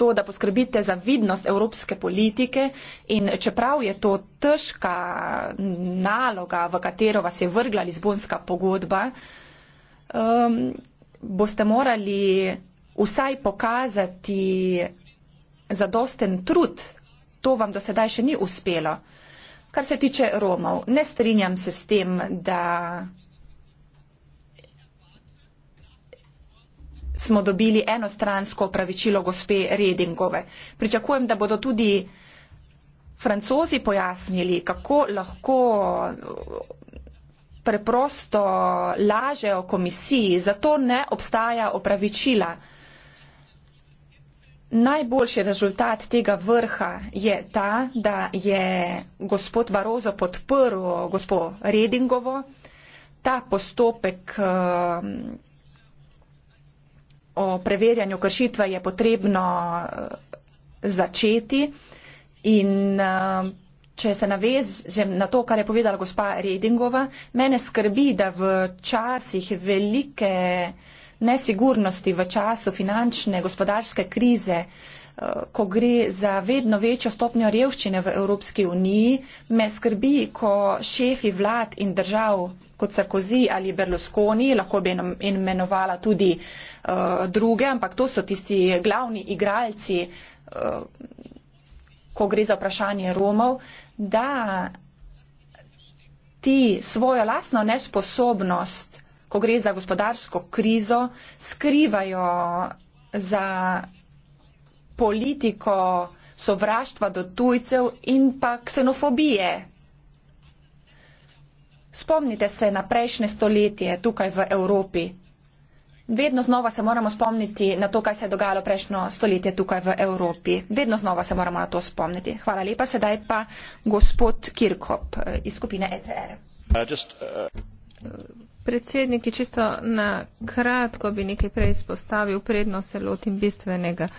to, da poskrbite za vidnost evropske politike in čeprav je to težka naloga, v katero vas je vrgla Lizbonska pogodba, um, boste morali vsaj pokazati zadosten trud. To vam do sedaj še ni uspelo. Kar se tiče Romov, ne strinjam se s tem, da smo dobili enostransko pravičilo gospe Redingove. Pričakujem, da bodo tudi francozi pojasnili, kako lahko eh, preprosto lažejo komisiji, zato ne obstaja opravičila. Najboljši rezultat tega vrha je ta, da je gospod Barozo podprl gospod Redingovo, ta postopek uh, o preverjanju kršitve je potrebno eh, začeti in eh, če se navežem na to, kar je povedala gospa Redingova, mene skrbi, da v časih velike nesigurnosti, v času finančne gospodarske krize, Eh, ko gre za vedno večjo stopnjo revščine v Evropski uniji, me skrbi, ko šefi vlad in držav kot Sarkozy ali Berlusconi, lahko bi imenovala tudi uh, druge, ampak to so tisti glavni igralci, uh, ko gre za vprašanje Romov, da ti svojo lastno nesposobnost, ko gre za gospodarsko krizo, skrivajo za politiko sovraštva do tujcev in pa ksenofobije. Spomnite se na prejšnje stoletje tukaj v Evropi. Vedno znova se moramo spomniti na to, kaj se je dogajalo prejšnjo stoletje tukaj v Evropi. Vedno znova se moramo na to spomniti. Hvala lepa. Sedaj pa gospod Kirkop eh, iz skupine ECR. Uh, uh, Predsedniki, čisto na kratko bi nekaj preizpostavil, predno se lotim bistvenega. Uh,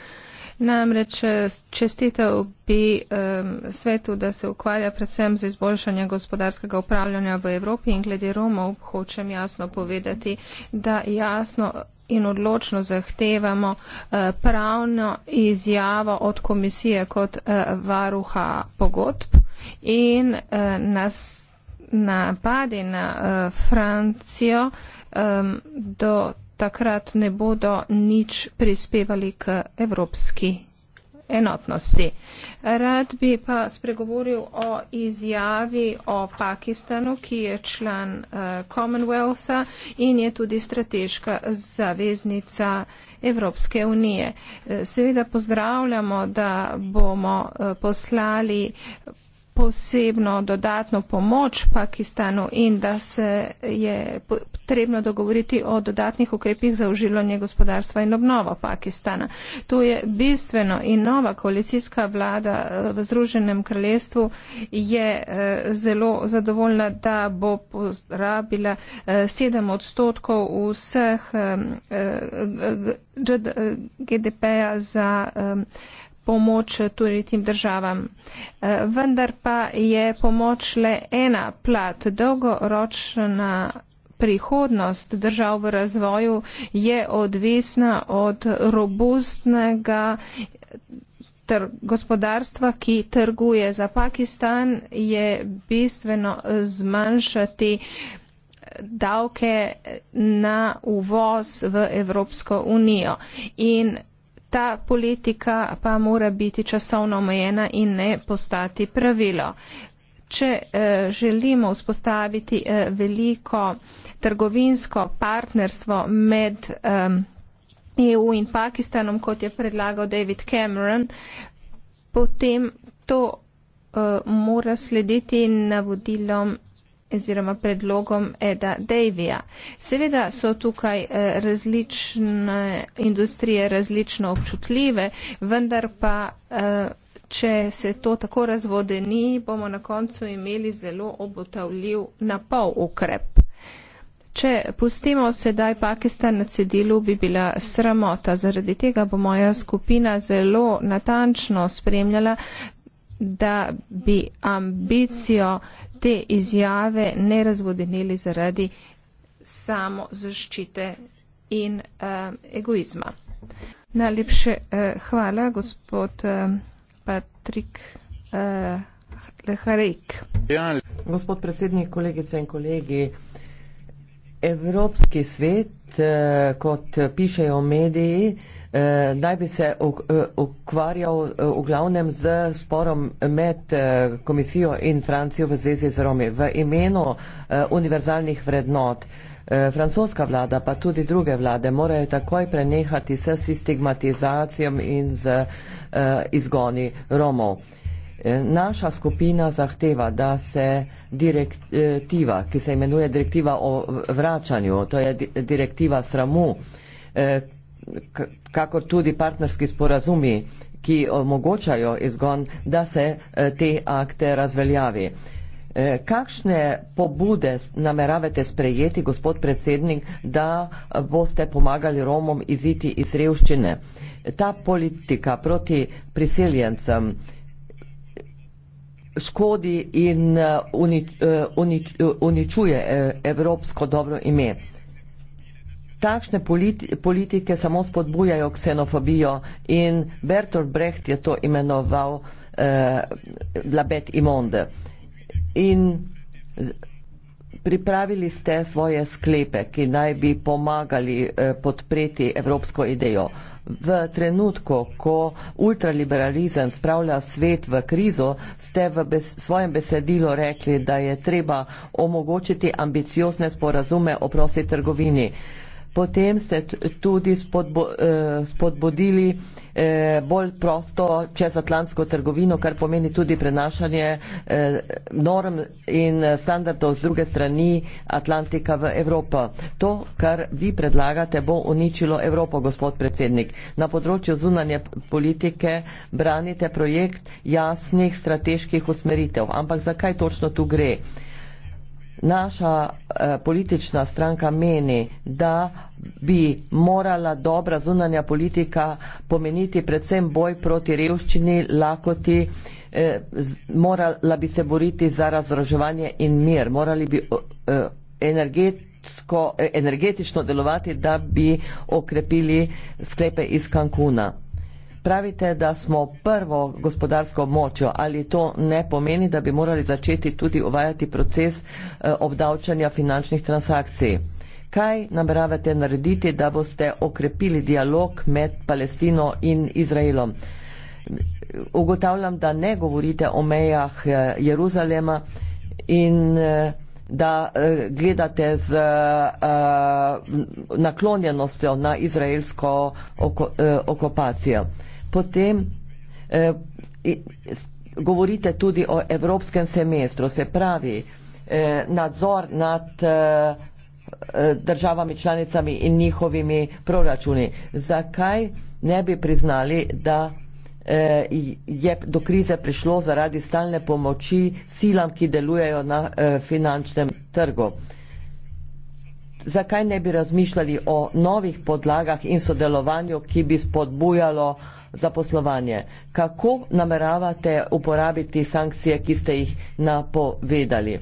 Namreč eh, čestitev bi um, svetu, da se ukvarja predvsem z izboljšanjem gospodarskega upravljanja v Evropi in glede Romov hočem jasno povedati, da jasno in odločno zahtevamo uh, pravno izjavo od komisije kot uh, varuha pogodb in uh, nas napadi na uh, Francijo um, do takrat ne bodo nič prispevali k evropski enotnosti. Rad bi pa spregovoril o izjavi o Pakistanu, ki je član uh, Commonwealtha in je tudi strateška zaveznica Evropske unije. Eh, seveda pozdravljamo, da bomo uh, poslali posebno dodatno pomoč Pakistanu in da se je potrebno dogovoriti o dodatnih ukrepih za oživljanje gospodarstva in obnovo Pakistana. To je bistveno in nova koalicijska vlada eh, v Združenem kraljestvu je eh, zelo zadovoljna, da bo porabila 7 eh, odstotkov vseh GDP-ja za um, pomoč tudi eh, tim državam. Eh, vendar pa je pomoč le ena plat. Dolgoročna prihodnost držav v razvoju je odvisna od robustnega gospodarstva, ki trguje za Pakistan, je bistveno zmanjšati eh, davke na uvoz v Evropsko unijo. In Ta politika pa mora biti časovno omejena in ne postati pravilo. Če eh, želimo vzpostaviti eh, veliko trgovinsko partnerstvo med eh, EU in Pakistanom, kot je predlagal David Cameron, potem to eh, mora slediti navodilom oziroma predlogom Eda Davija. Seveda so tukaj eh, različne industrije različno občutljive, vendar pa, eh, če se to tako razvode ni, bomo na koncu imeli zelo obotavljiv napol ukrep. Če pustimo sedaj Pakistan na cedilu, bi bila sramota. Zaradi tega bo moja skupina zelo natančno spremljala, da bi ambicijo te izjave ne razvodenili zaradi samo zaščite in uh, egoizma. Najlepše uh, hvala, gospod uh, Patrik uh, Leharik. Gospod predsednik, kolegice in kolegi, Evropski svet, uh, kot pišejo mediji, uh, Eh, naj bi se eh, ukvarjal eh, v glavnem z sporom med komisijo in Francijo v zvezi z Romi. V imenu univerzalnih vrednot francoska vlada, pa tudi druge vlade, morajo takoj prenehati s stigmatizacijom in z izgoni Romov. Naša skupina zahteva, da se direktiva, ki se imenuje direktiva o vračanju, to je direktiva sramu, kakor tudi partnerski sporazumi, ki omogočajo izgon, da se eh, te akte razveljavi. Eh, kakšne pobude nameravate sprejeti, gospod predsednik, da eh, boste pomagali Romom iziti iz revščine? Ta politika proti priseljencem škodi in uni, uni, uničuje evropsko dobro ime takšne politi politike samo spodbujajo ksenofobijo in Bertolt Brecht je to imenoval eh, La Bet Imonde. In pripravili ste svoje sklepe, ki naj bi pomagali eh, podpreti evropsko idejo. V trenutku, ko ultraliberalizem spravlja svet v krizo, ste v bes svojem besedilu rekli, da je treba omogočiti ambiciozne sporazume o prosti trgovini. Eh, potem ste tudi spodbo, eh, spodbudili eh, bolj prosto čezatlantsko trgovino, kar pomeni tudi prenašanje eh, norm in standardov z druge strani Atlantika v Evropo. To, kar vi predlagate, bo uničilo Evropo, gospod predsednik. Na področju zunanje politike branite projekt jasnih strateških usmeritev. Ampak zakaj točno tu gre? naša eh, politična stranka meni, da bi morala dobra zunanja politika pomeniti predvsem boj proti revščini, lakoti, eh, morala bi se boriti za razroževanje in mir, morali bi eh, energet eh, energetično delovati, da bi okrepili sklepe iz Kankuna. Pravite, da smo prvo gospodarsko močjo, ali to ne pomeni, da bi morali začeti tudi uvajati proces eh, obdavčanja finančnih transakcij? Kaj nameravate narediti, da boste okrepili dialog med Palestino in Izraelom? Ugotavljam, da ne govorite o mejah eh, Jeruzalema in eh, da gledate z naklonjenostjo na izraelsko okupacijo. Oko, potem eh, govorite tudi o evropskem semestru, se pravi eh, nadzor nad eh, eh, državami članicami in njihovimi proračuni. Zakaj ne bi priznali, da eh, je do krize prišlo zaradi stalne pomoči silam, ki delujejo na eh, finančnem trgu? Zakaj ne bi razmišljali o novih podlagah in sodelovanju, ki bi spodbujalo eh, za poslovanje. Kako nameravate uporabiti sankcije, ki ste jih napovedali?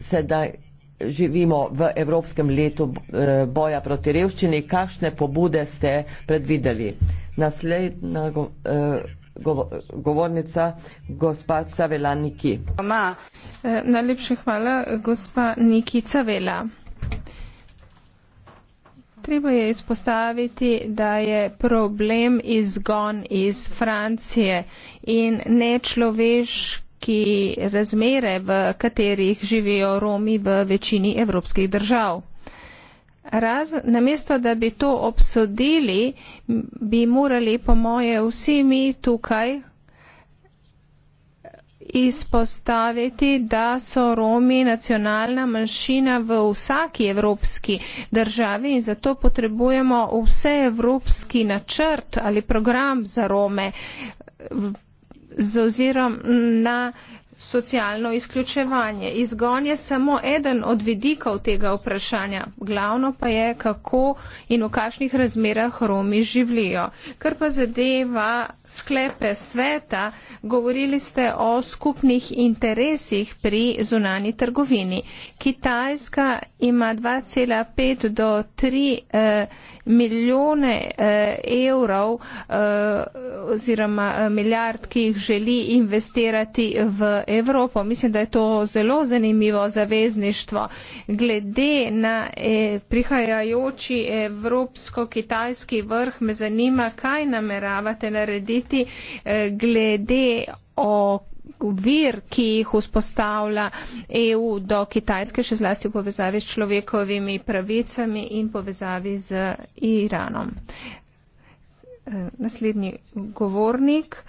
Sedaj živimo v Evropskem letu eh, boja proti revščini. Kakšne pobude ste predvideli? Naslednja eh, govornica, gospa Cavela Niki. Eh, najlepša hvala, gospa Niki Cavela treba je izpostaviti, da je problem izgon iz Francije in nečloveški razmere, v katerih živijo Romi v večini evropskih držav. Raz, namesto, da bi to obsodili, bi morali po moje vsi mi tukaj izpostaviti, da so Romi nacionalna manjšina v vsaki evropski državi in zato potrebujemo vse evropski načrt ali program za Rome z ozirom na socialno izključevanje. Izgon je samo eden od vidikov tega vprašanja. Glavno pa je, kako in v kakšnih razmerah Romi živijo. Ker pa zadeva sklepe sveta, govorili ste o skupnih interesih pri zunani trgovini. Kitajska ima 2,5 do 3 eh, milijone eh, evrov eh, oziroma eh, milijard, ki jih želi investirati v Evropo. Mislim, da je to zelo zanimivo zavezništvo. Glede na e, prihajajoči evropsko-kitajski vrh me zanima, kaj nameravate narediti e, glede o vir, ki jih vzpostavlja EU do Kitajske, še zlasti v povezavi s človekovimi pravicami in povezavi z Iranom. E, naslednji govornik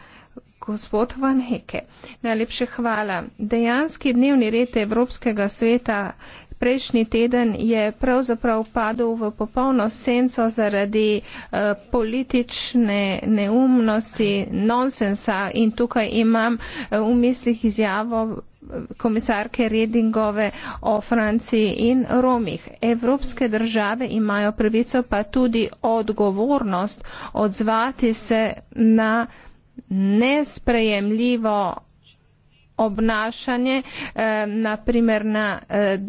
gospod Van Heke. Najlepše hvala. Dejanski dnevni red Evropskega sveta prejšnji teden je pravzaprav padel v popolno senco zaradi uh, politične neumnosti, nonsensa in tukaj imam uh, v mislih izjavo eh, komisarke Redingove o Franciji in Romih. Evropske države imajo pravico pa tudi odgovornost odzvati se na nesprejemljivo obnašanje, naprimer eh, na eh,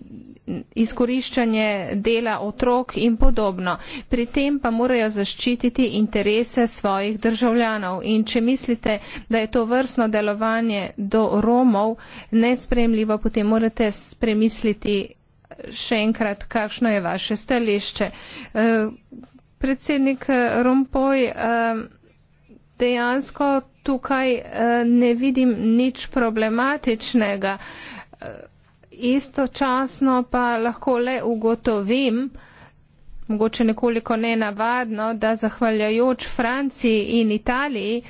izkoriščanje dela otrok in podobno. Pri tem pa morajo zaščititi interese svojih državljanov. In če mislite, da je to vrstno delovanje do Romov nesprejemljivo, potem morate spremisliti še enkrat, kakšno je vaše stališče. Eh, predsednik Rompoj, dejansko tukaj eh, ne vidim nič problematičnega. Eh, istočasno pa lahko le ugotovim, mogoče nekoliko nenavadno, da zahvaljajoč Franciji in Italiji eh,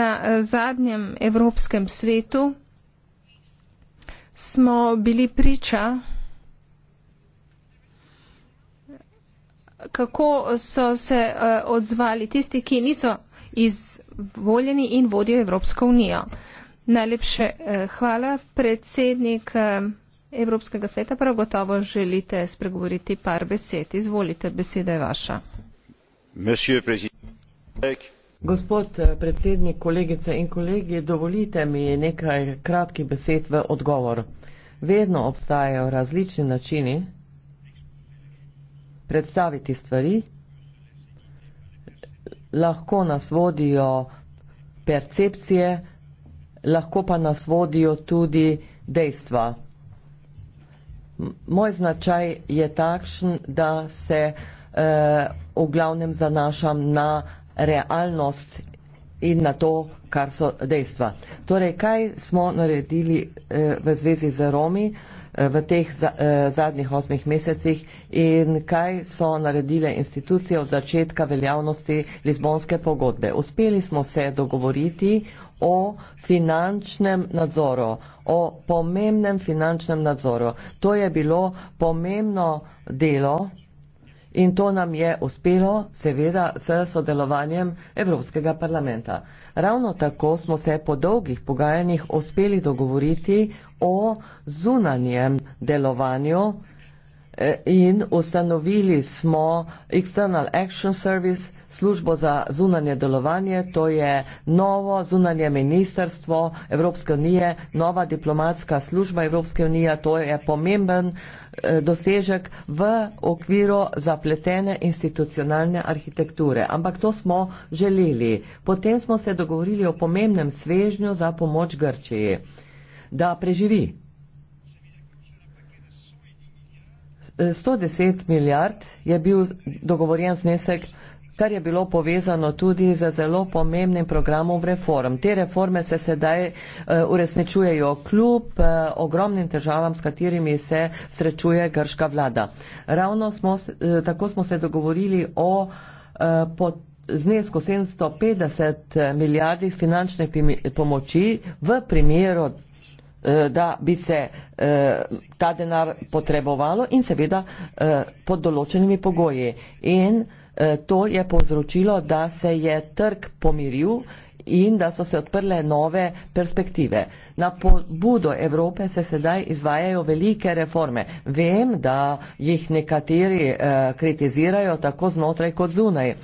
na zadnjem evropskem svetu smo bili priča kako so se eh, odzvali tisti, ki niso izvoljeni in vodijo Evropsko unijo. Najlepše eh, hvala, predsednik eh, Evropskega sveta, prav gotovo želite spregovoriti par besed. Izvolite, beseda je vaša. Gospod predsednik, kolegice in kolegi, dovolite mi nekaj kratkih besed v odgovor. Vedno obstajajo različni načini, predstaviti stvari, lahko nas vodijo percepcije, lahko pa nas vodijo tudi dejstva. Moj značaj je takšen, da se eh, v glavnem zanašam na realnost in na to, kar so dejstva. Torej, kaj smo naredili eh, v zvezi z Romi? Eh, v teh eh, zadnjih osmih mesecih in kaj so naredile institucije od začetka veljavnosti Lizbonske pogodbe. Uspeli smo se dogovoriti o finančnem nadzoru, o pomembnem finančnem nadzoru. To je bilo pomembno delo in to nam je uspelo, seveda, s sodelovanjem Evropskega parlamenta. Ravno tako smo se po dolgih pogajanjih uspeli dogovoriti o zunanjem delovanju eh, in ustanovili smo External Action Service, službo za zunanje delovanje, to je novo zunanje ministrstvo Evropske unije, nova diplomatska služba Evropske unije, to je pomemben Eh, dosežek v okviru zapletene institucionalne arhitekture. Ampak to smo želeli. Potem smo se dogovorili o pomembnem svežnju za pomoč Grčiji, da preživi. 110 eh, milijard je bil dogovorjen znesek kar je bilo povezano tudi z zelo pomembnim programom reform. Te reforme se sedaj eh, uresničujejo kljub eh, ogromnim težavam, s katerimi se srečuje grška vlada. Ravno smo, eh, tako smo se dogovorili o potrebi znesko 750 milijard finančne pomoči v primeru, da bi se ta denar potrebovalo in seveda pod določenimi pogoji. In E, to je povzročilo, da se je trg pomiril in da so se odprle nove perspektive. Na pobudo Evrope se sedaj izvajajo velike reforme. Vem, da jih nekateri e, kritizirajo tako znotraj kot zunaj.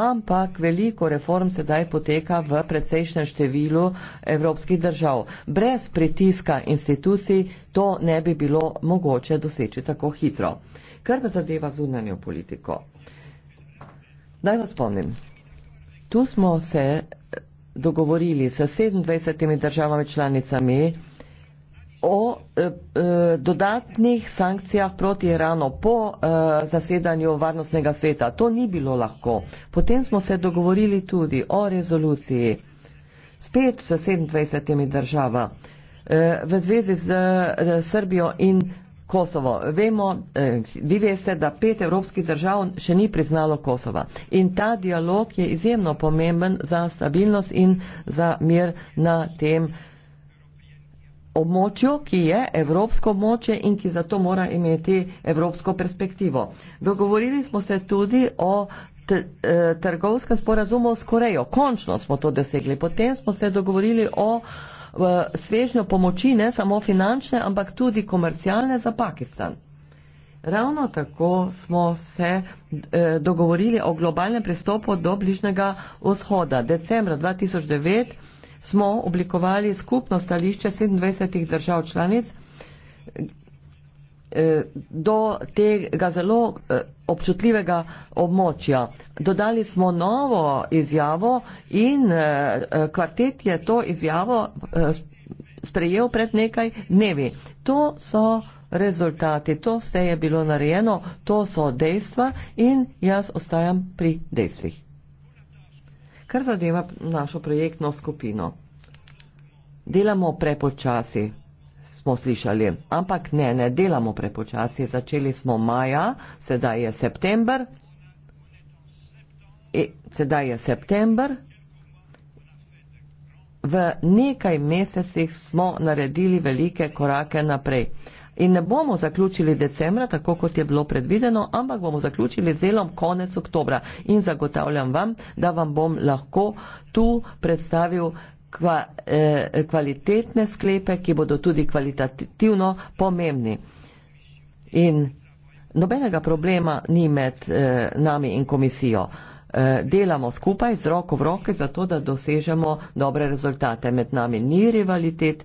Ampak veliko reform sedaj poteka v precejšnjem številu evropskih držav. Brez pritiska institucij to ne bi bilo mogoče doseči tako hitro. Kar pa zadeva zunanjo politiko. Naj vas spomnim. Tu smo se dogovorili s 27 državami članicami o e, e, dodatnih sankcijah proti Iranu po e, zasedanju varnostnega sveta. To ni bilo lahko. Potem smo se dogovorili tudi o rezoluciji spet s 27 državami e, v zvezi z, z e, Srbijo in Kosovo. Vemo, eh, vi veste, da pet evropskih držav še ni priznalo Kosova. In ta dialog je izjemno pomemben za stabilnost in za mir na tem območju, ki je evropsko območje in ki zato mora imeti evropsko perspektivo. Dogovorili smo se tudi o eh, trgovskem sporazumu s Korejo. Končno smo to dosegli. Potem smo se dogovorili o v svežnjo pomoči, ne samo finančne, ampak tudi komercialne za Pakistan. Ravno tako smo se eh, dogovorili o globalnem pristopu do bližnjega vzhoda. Decembra 2009 smo oblikovali skupno stališče 27 držav članic Eh, do tega zelo eh, občutljivega območja. Dodali smo novo izjavo in eh, kvartet je to izjavo sprejel pred nekaj dnevi. To so rezultati, to vse je bilo narejeno, to so dejstva in jaz ostajam pri dejstvih. Kar zadeva našo projektno skupino. Delamo prepočasi smo slišali. Ampak ne, ne delamo prepočasi. Začeli smo maja, sedaj je september. E, sedaj je september. V nekaj mesecih smo naredili velike korake naprej. In ne bomo zaključili decembra, tako kot je bilo predvideno, ampak bomo zaključili z delom konec oktobra. In zagotavljam vam, da vam bom lahko tu predstavil kva, eh, kvalitetne sklepe, ki bodo tudi kvalitativno pomembni. In nobenega problema ni med eh, nami in komisijo. Eh, delamo skupaj z roko v roke, zato da dosežemo dobre rezultate. Med nami ni rivalitet.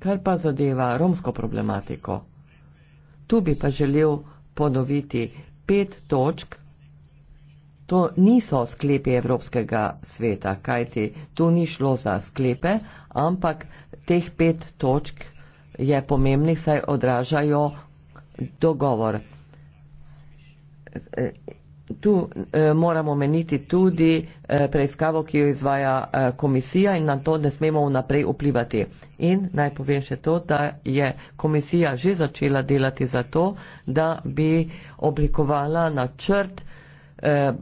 Kar pa zadeva romsko problematiko. Tu bi pa želel ponoviti pet točk, to niso sklepi Evropskega sveta, kajti tu ni šlo za sklepe, ampak teh pet točk je pomembnih, saj odražajo dogovor. Tu eh, moramo meniti tudi eh, preiskavo, ki jo izvaja eh, komisija in na to ne smemo vnaprej vplivati. In naj povem še to, da je komisija že začela delati za to, da bi oblikovala načrt eh,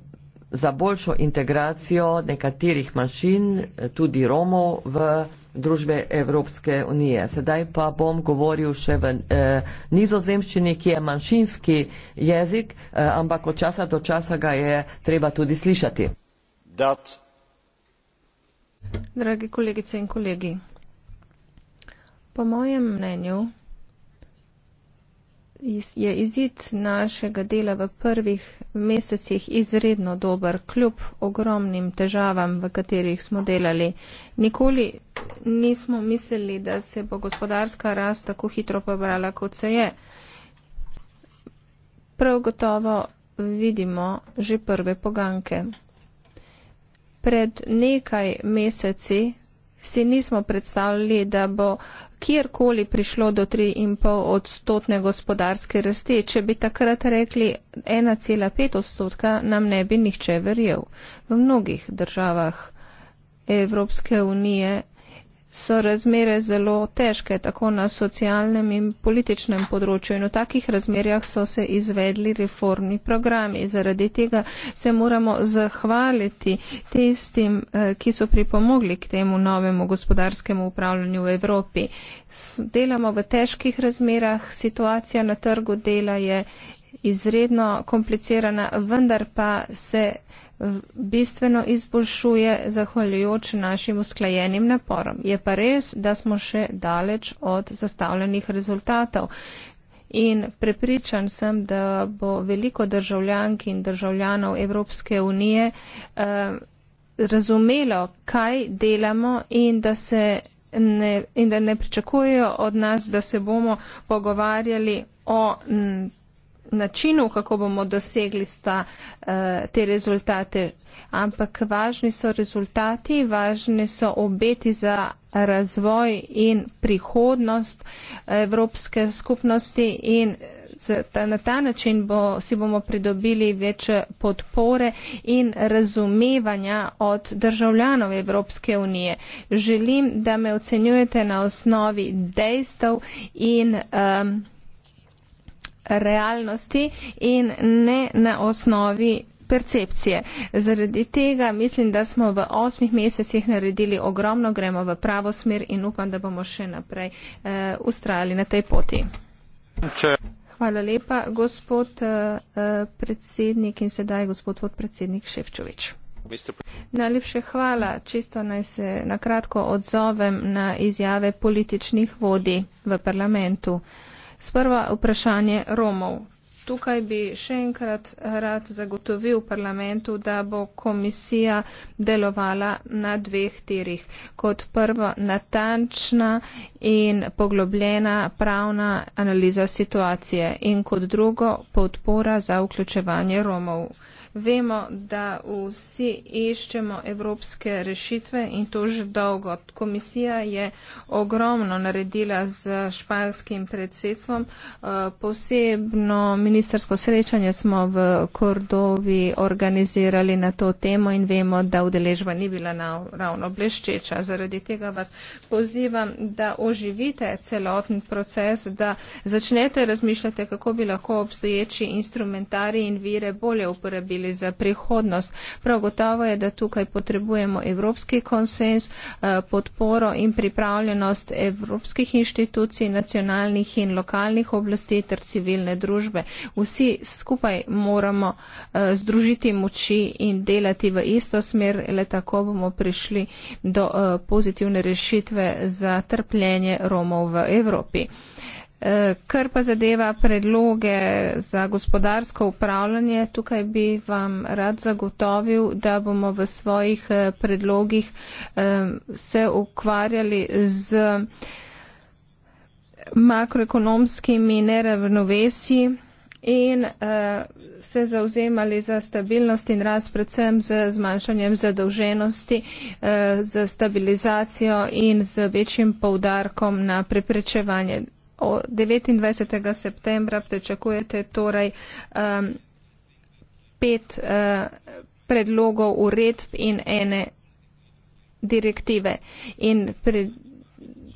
za boljšo integracijo nekaterih manjšin, tudi Romov, v družbe Evropske unije. Sedaj pa bom govoril še v eh, nizozemščini, ki je manjšinski jezik, eh, ampak od časa do časa ga je treba tudi slišati. Dat. Dragi kolegice in kolegi, po mojem mnenju je izid našega dela v prvih mesecih izredno dober, kljub ogromnim težavam, v katerih smo delali. Nikoli nismo mislili, da se bo gospodarska rast tako hitro pobrala, kot se je. Prav gotovo vidimo že prve poganke. Pred nekaj meseci si nismo predstavljali, da bo kjerkoli prišlo do 3,5 odstotne gospodarske rasti. Če bi takrat rekli 1,5 odstotka, nam ne bi nihče verjel. V mnogih državah Evropske unije so razmere zelo težke, tako na socialnem in političnem področju. In v takih razmerjah so se izvedli reformni programi. Zaradi tega se moramo zahvaliti tistim, eh, ki so pripomogli k temu novemu gospodarskemu upravljanju v Evropi. Delamo v težkih razmerah, situacija na trgu dela je izredno komplicirana, vendar pa se bistveno izboljšuje zahvaljujoč našim usklajenim naporom. Je pa res, da smo še daleč od zastavljenih rezultatov. In prepričan sem, da bo veliko državljank in državljanov Evropske unije eh, razumelo, kaj delamo in da, ne, in da ne pričakujejo od nas, da se bomo pogovarjali o. Hm, načinov, kako bomo dosegli sta, uh, te rezultate, ampak važni so rezultati, važni so obeti za razvoj in prihodnost Evropske skupnosti in na ta način bo, si bomo pridobili več podpore in razumevanja od državljanov Evropske unije. Želim, da me ocenjujete na osnovi dejstev in um, realnosti in ne na osnovi percepcije. Zaradi tega mislim, da smo v osmih mesecih naredili ogromno, gremo v pravo smer in upam, da bomo še naprej e, ustrajali na tej poti. Če. Hvala lepa, gospod e, predsednik in sedaj gospod podpredsednik Ševčovič. Najlepše hvala. Čisto naj se na kratko odzovem na izjave političnih vodij v parlamentu. Sprva vprašanje Romov. Tukaj bi še enkrat rad zagotovil parlamentu, da bo komisija delovala na dveh tirih. Kot prvo, natančna in poglobljena pravna analiza situacije in kot drugo, podpora za vključevanje Romov. Vemo, da vsi iščemo evropske rešitve in to že dolgo. Komisija je ogromno naredila z španskim predsedstvom. Eh, posebno ministersko srečanje smo v Kordovi organizirali na to temo in vemo, da udeležba ni bila ravno bleščeča. Zaradi tega vas pozivam, da oživite celoten proces, da začnete razmišljati, kako bi lahko obstoječi instrumentari in vire bolje uporabili imeli za prihodnost. Prav gotovo je, da tukaj potrebujemo evropski konsens, eh, podporo in pripravljenost evropskih inštitucij, nacionalnih in lokalnih oblasti ter civilne družbe. Vsi skupaj moramo eh, združiti moči in delati v isto smer, le tako bomo prišli do eh, pozitivne rešitve za trpljenje Romov v Evropi. Eh, kar pa zadeva predloge za gospodarsko upravljanje, tukaj bi vam rad zagotovil, da bomo v svojih eh, predlogih eh, se ukvarjali z makroekonomskimi neravnovesji in se zauzemali za stabilnost in rast, predvsem z zmanjšanjem zadolženosti, z stabilizacijo in z večjim poudarkom na preprečevanje 29. septembra pričakujete torej um, pet uh, predlogov uredb in ene direktive. In pri,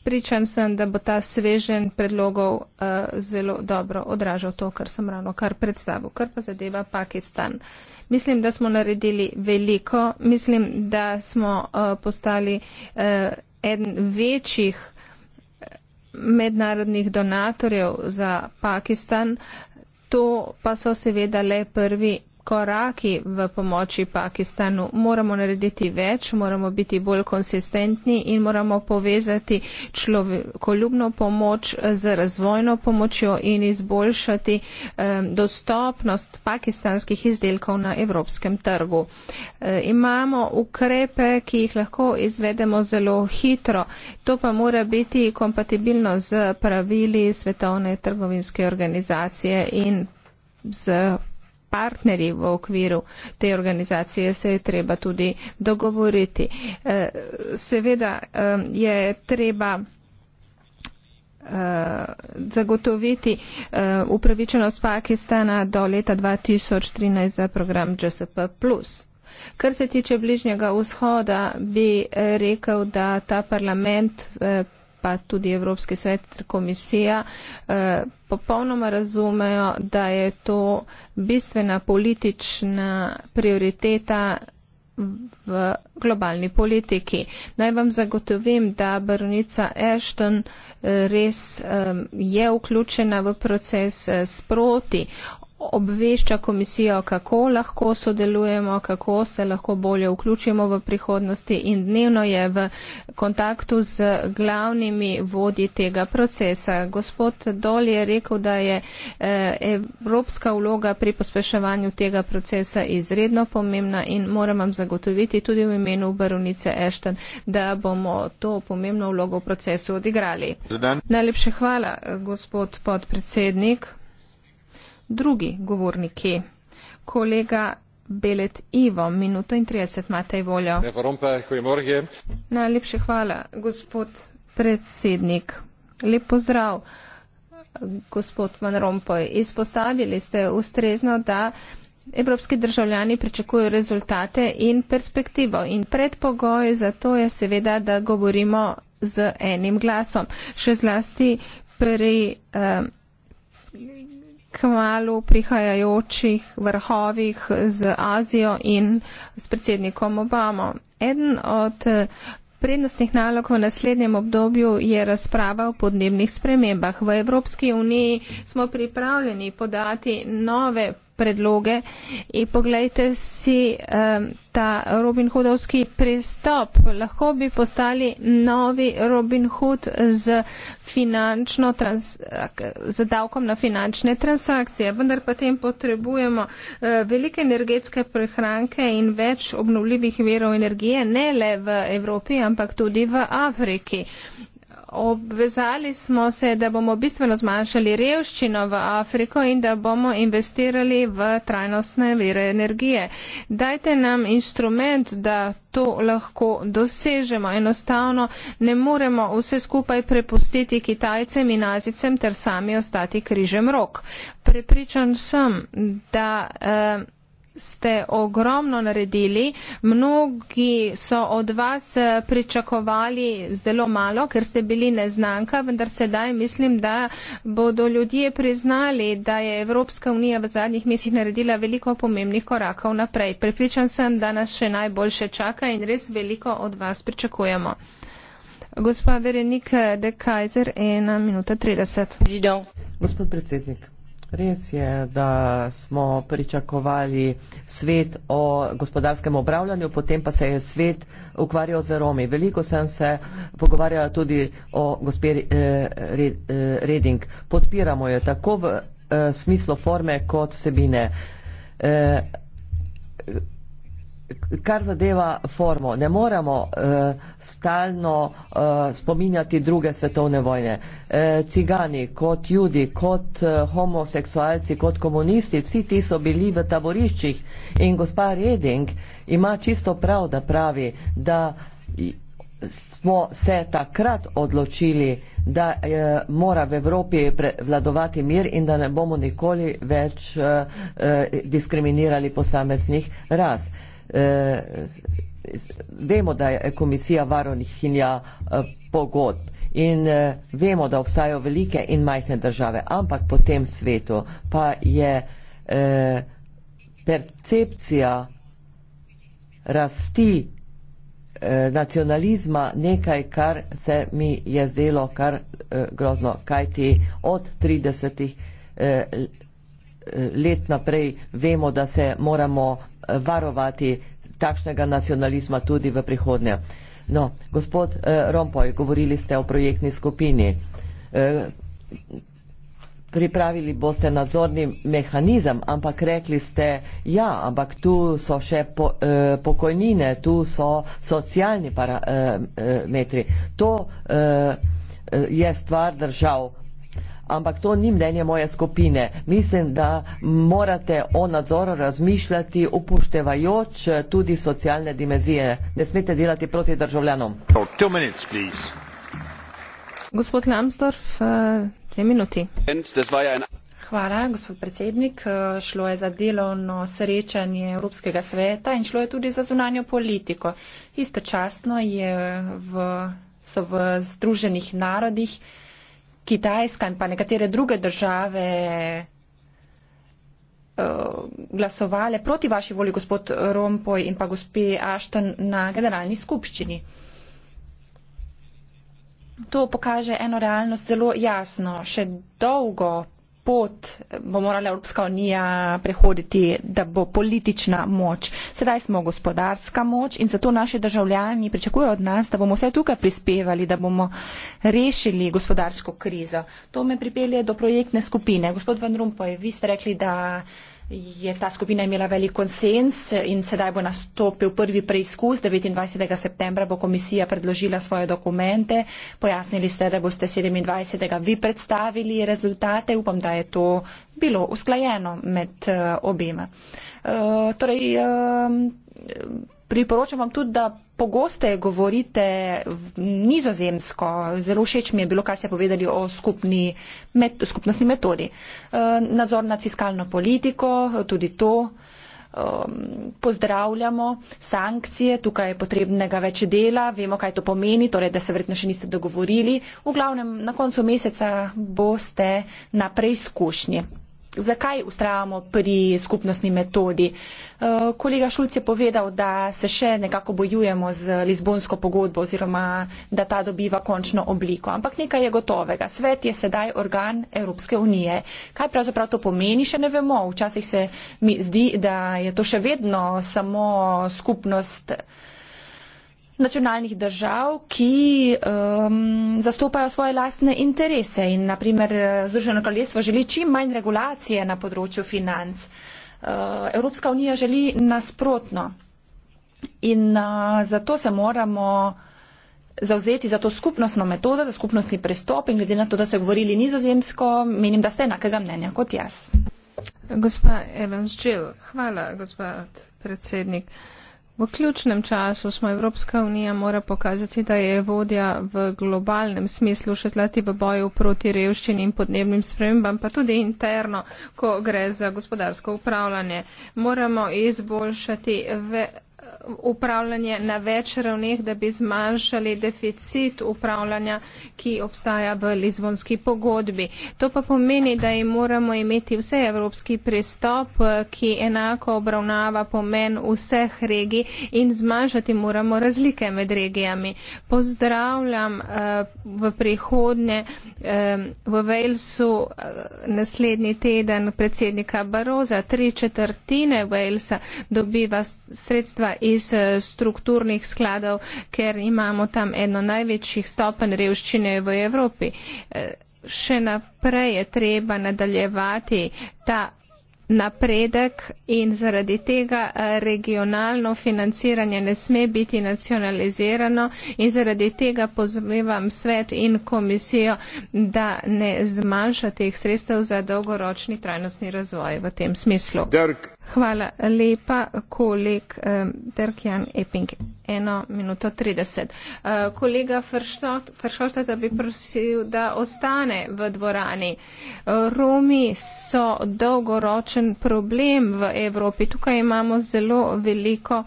pričan sem, da bo ta svežen predlogov uh, zelo dobro odražal to, kar sem ravno kar predstavil, kar pa zadeva Pakistan. Mislim, da smo naredili veliko, mislim, da smo uh, postali uh, eden večjih mednarodnih donatorjev za Pakistan, to pa so seveda le prvi koraki v pomoči Pakistanu. Moramo narediti več, moramo biti bolj konsistentni in moramo povezati človekoljubno pomoč z razvojno pomočjo in izboljšati um, dostopnost pakistanskih izdelkov na evropskem trgu. E, imamo ukrepe, ki jih lahko izvedemo zelo hitro. To pa mora biti kompatibilno z pravili Svetovne trgovinske organizacije in z partnerji v okviru te organizacije se je treba tudi dogovoriti. Eh, seveda eh, je treba eh, zagotoviti upravičenost Pakistana do leta 2013 za program GSP. Kar se tiče Bližnjega vzhoda, bi rekel, da ta parlament pa tudi Evropski svet ter komisija eh, popolnoma razumejo, da je to bistvena politična prioriteta v globalni politiki. Naj vam zagotovim, da baronica Ashton eh, res eh, je vključena v proces sproti obvešča komisijo, kako lahko sodelujemo, kako se lahko bolje vključimo v prihodnosti in dnevno je v kontaktu z glavnimi vodji tega procesa. Gospod Dol je rekel, da je eh, evropska vloga pri pospeševanju tega procesa izredno pomembna in moram vam zagotoviti tudi v imenu baronice Ešten, da bomo to pomembno vlogo v procesu odigrali. Zdan. Najlepše hvala, gospod podpredsednik drugi govorniki. Kolega Belet Ivo, minuto in 30, imate voljo. Ja, Najlepše hvala, gospod predsednik. Lep pozdrav, gospod Van Rompuy. Izpostavili ste ustrezno, da. Evropski državljani pričakujejo rezultate in perspektivo in predpogoj za to je seveda, da govorimo z enim glasom. Še zlasti pri eh, kmalu prihajajočih vrhovih z Azijo in s predsednikom Obamo. Eden od prednostnih nalog v naslednjem obdobju je razprava o podnebnih spremembah. V Evropski uniji smo pripravljeni podati nove predloge. In poglejte si ta Robin Hoodovski pristop. Lahko bi postali novi Robin Hood z, trans, z davkom na finančne transakcije, vendar pa tem potrebujemo e, velike energetske prehranke in več obnovljivih verov energije, ne le v Evropi, ampak tudi v Afriki obvezali smo se, da bomo bistveno zmanjšali revščino v Afriko in da bomo investirali v trajnostne vire energije. Dajte nam instrument, da to lahko dosežemo. Enostavno ne moremo vse skupaj prepustiti Kitajcem in Azicem ter sami ostati križem rok. Prepričan sem, da. Uh, ste ogromno naredili. Mnogi so od vas eh, pričakovali zelo malo, ker ste bili neznanka, vendar sedaj mislim, da bodo ljudje priznali, da je Evropska unija v zadnjih mesecih naredila veliko pomembnih korakov naprej. Pripričan sem, da nas še najboljše čaka in res veliko od vas pričakujemo. Gospa Verenik de Kajzer, ena minuta 30. Zidal. Gospod predsednik. Res je, da smo pričakovali svet o gospodarskem upravljanju, potem pa se je svet ukvarjal z Romi. Veliko sem se pogovarjala tudi o gospe eh, eh, Reding. Podpiramo jo tako v eh, smislu forme kot vsebine kar zadeva formo, ne moremo uh, stalno uh, spominjati druge svetovne vojne. Uh, cigani, kot judi, kot uh, homoseksualci, kot komunisti, vsi ti so bili v taboriščih in gospa Reding ima čisto prav, da pravi, da smo se takrat odločili, da e, mora v Evropi vladovati mir in da ne bomo nikoli več e, e, diskriminirali posameznih ras. E, eh, vemo, da je komisija varovnihinja eh, pogodb. In eh, vemo, da obstajajo velike in majhne države, ampak po tem svetu pa je eh, percepcija rasti eh, nacionalizma nekaj, kar se mi je zdelo kar eh, grozno. Kajti od 30 eh, eh, let naprej vemo, da se moramo varovati takšnega nacionalizma tudi v prihodnje. No, gospod eh, Rompoj, govorili ste o projektni skupini. Eh, pripravili boste nadzorni mehanizem, ampak rekli ste, ja, ampak tu so še po, eh, pokojnine, tu so socialni parametri. Eh, eh to eh, je stvar držav, ampak to ni mnenje moje skupine. Mislim, da morate o nadzoru razmišljati upoštevajoč eh, tudi socialne dimenzije. Ne smete delati proti državljanom. Oh, minutes, gospod Lambsdorff, eh, dve minuti. Hvala, gospod predsednik. Eh, šlo je za delovno srečanje Evropskega sveta in šlo je tudi za zunanjo politiko. Istočasno je v, so v Združenih narodih. Kitajska in pa nekatere druge države eh, glasovale proti vaši volji, gospod Rompoj in pa gospe Ašton na generalni skupščini. To pokaže eno realnost zelo jasno. Še dolgo pot bo morala Evropska unija prehoditi, da bo politična moč. Sedaj smo gospodarska moč in zato naši državljani pričakujejo od nas, da bomo vse tukaj prispevali, da bomo rešili gospodarsko krizo. To me pripelje do projektne skupine. Gospod Van Rumpoj, vi ste rekli, da je ta skupina imela velik konsens in sedaj bo nastopil prvi preizkus. 29. septembra bo komisija predložila svoje dokumente. Pojasnili ste, da boste 27. vi predstavili rezultate. Upam, da je to bilo usklajeno med uh, obema. Uh, torej, uh, priporočam vam tudi, da pogoste govorite nizozemsko, zelo všeč mi je bilo, kar ste povedali o skupni met, skupnostni metodi. E, nadzor nad fiskalno politiko, tudi to e, pozdravljamo sankcije, tukaj je potrebnega več dela, vemo, kaj to pomeni, torej, da se verjetno še niste dogovorili. V glavnem, na koncu meseca boste na preizkušnji zakaj ustrajamo pri skupnostni metodi. Eh, kolega Šulc je povedal, da se še nekako bojujemo z Lizbonsko pogodbo oziroma da ta dobiva končno obliko. Ampak nekaj je gotovega. Svet je sedaj organ Evropske unije. Kaj pravzaprav to pomeni, še ne vemo. Včasih se mi zdi, da je to še vedno samo skupnost nacionalnih držav, ki um, zastopajo svoje lastne interese in naprimer Združeno kraljestvo želi čim manj regulacije na področju financ. Uh, Evropska unija želi nasprotno in uh, zato se moramo zauzeti za to skupnostno metodo, za skupnostni pristop in glede na to, da se govorili nizozemsko, menim, da ste enakega mnenja kot jaz. Gospa Evans-Jill, hvala, gospod predsednik. V ključnem času smo Evropska unija mora pokazati, da je vodja v globalnem smislu, še zlasti v boju proti revščini in podnebnim spremembam, pa tudi interno, ko gre za gospodarsko upravljanje. Moramo izboljšati upravljanje na več ravneh, da bi zmanjšali deficit upravljanja, ki obstaja v Lizbonski pogodbi. To pa pomeni, da jim moramo imeti vse evropski pristop, ki enako obravnava pomen vseh regij in zmanjšati moramo razlike med regijami. Pozdravljam uh, v prihodnje uh, v Walesu uh, naslednji teden predsednika Baroza, tri četrtine Walesa dobiva sredstva iz iz eh, strukturnih skladov, ker imamo tam eno največjih stopenj revščine v Evropi. Eh, še naprej je treba nadaljevati ta napredek in zaradi tega eh, regionalno financiranje ne sme biti nacionalizirano in zaradi tega pozivam svet in komisijo, da ne zmanjša teh sredstev za dolgoročni trajnostni razvoj v tem smislu. Dirk, Hvala lepa, koleg Drkjan Eping. Eno minuto 30. Eh, kolega Fršoštata bi prosil, da ostane v dvorani. Romi so dolgoročen problem v Evropi. Tukaj imamo zelo veliko.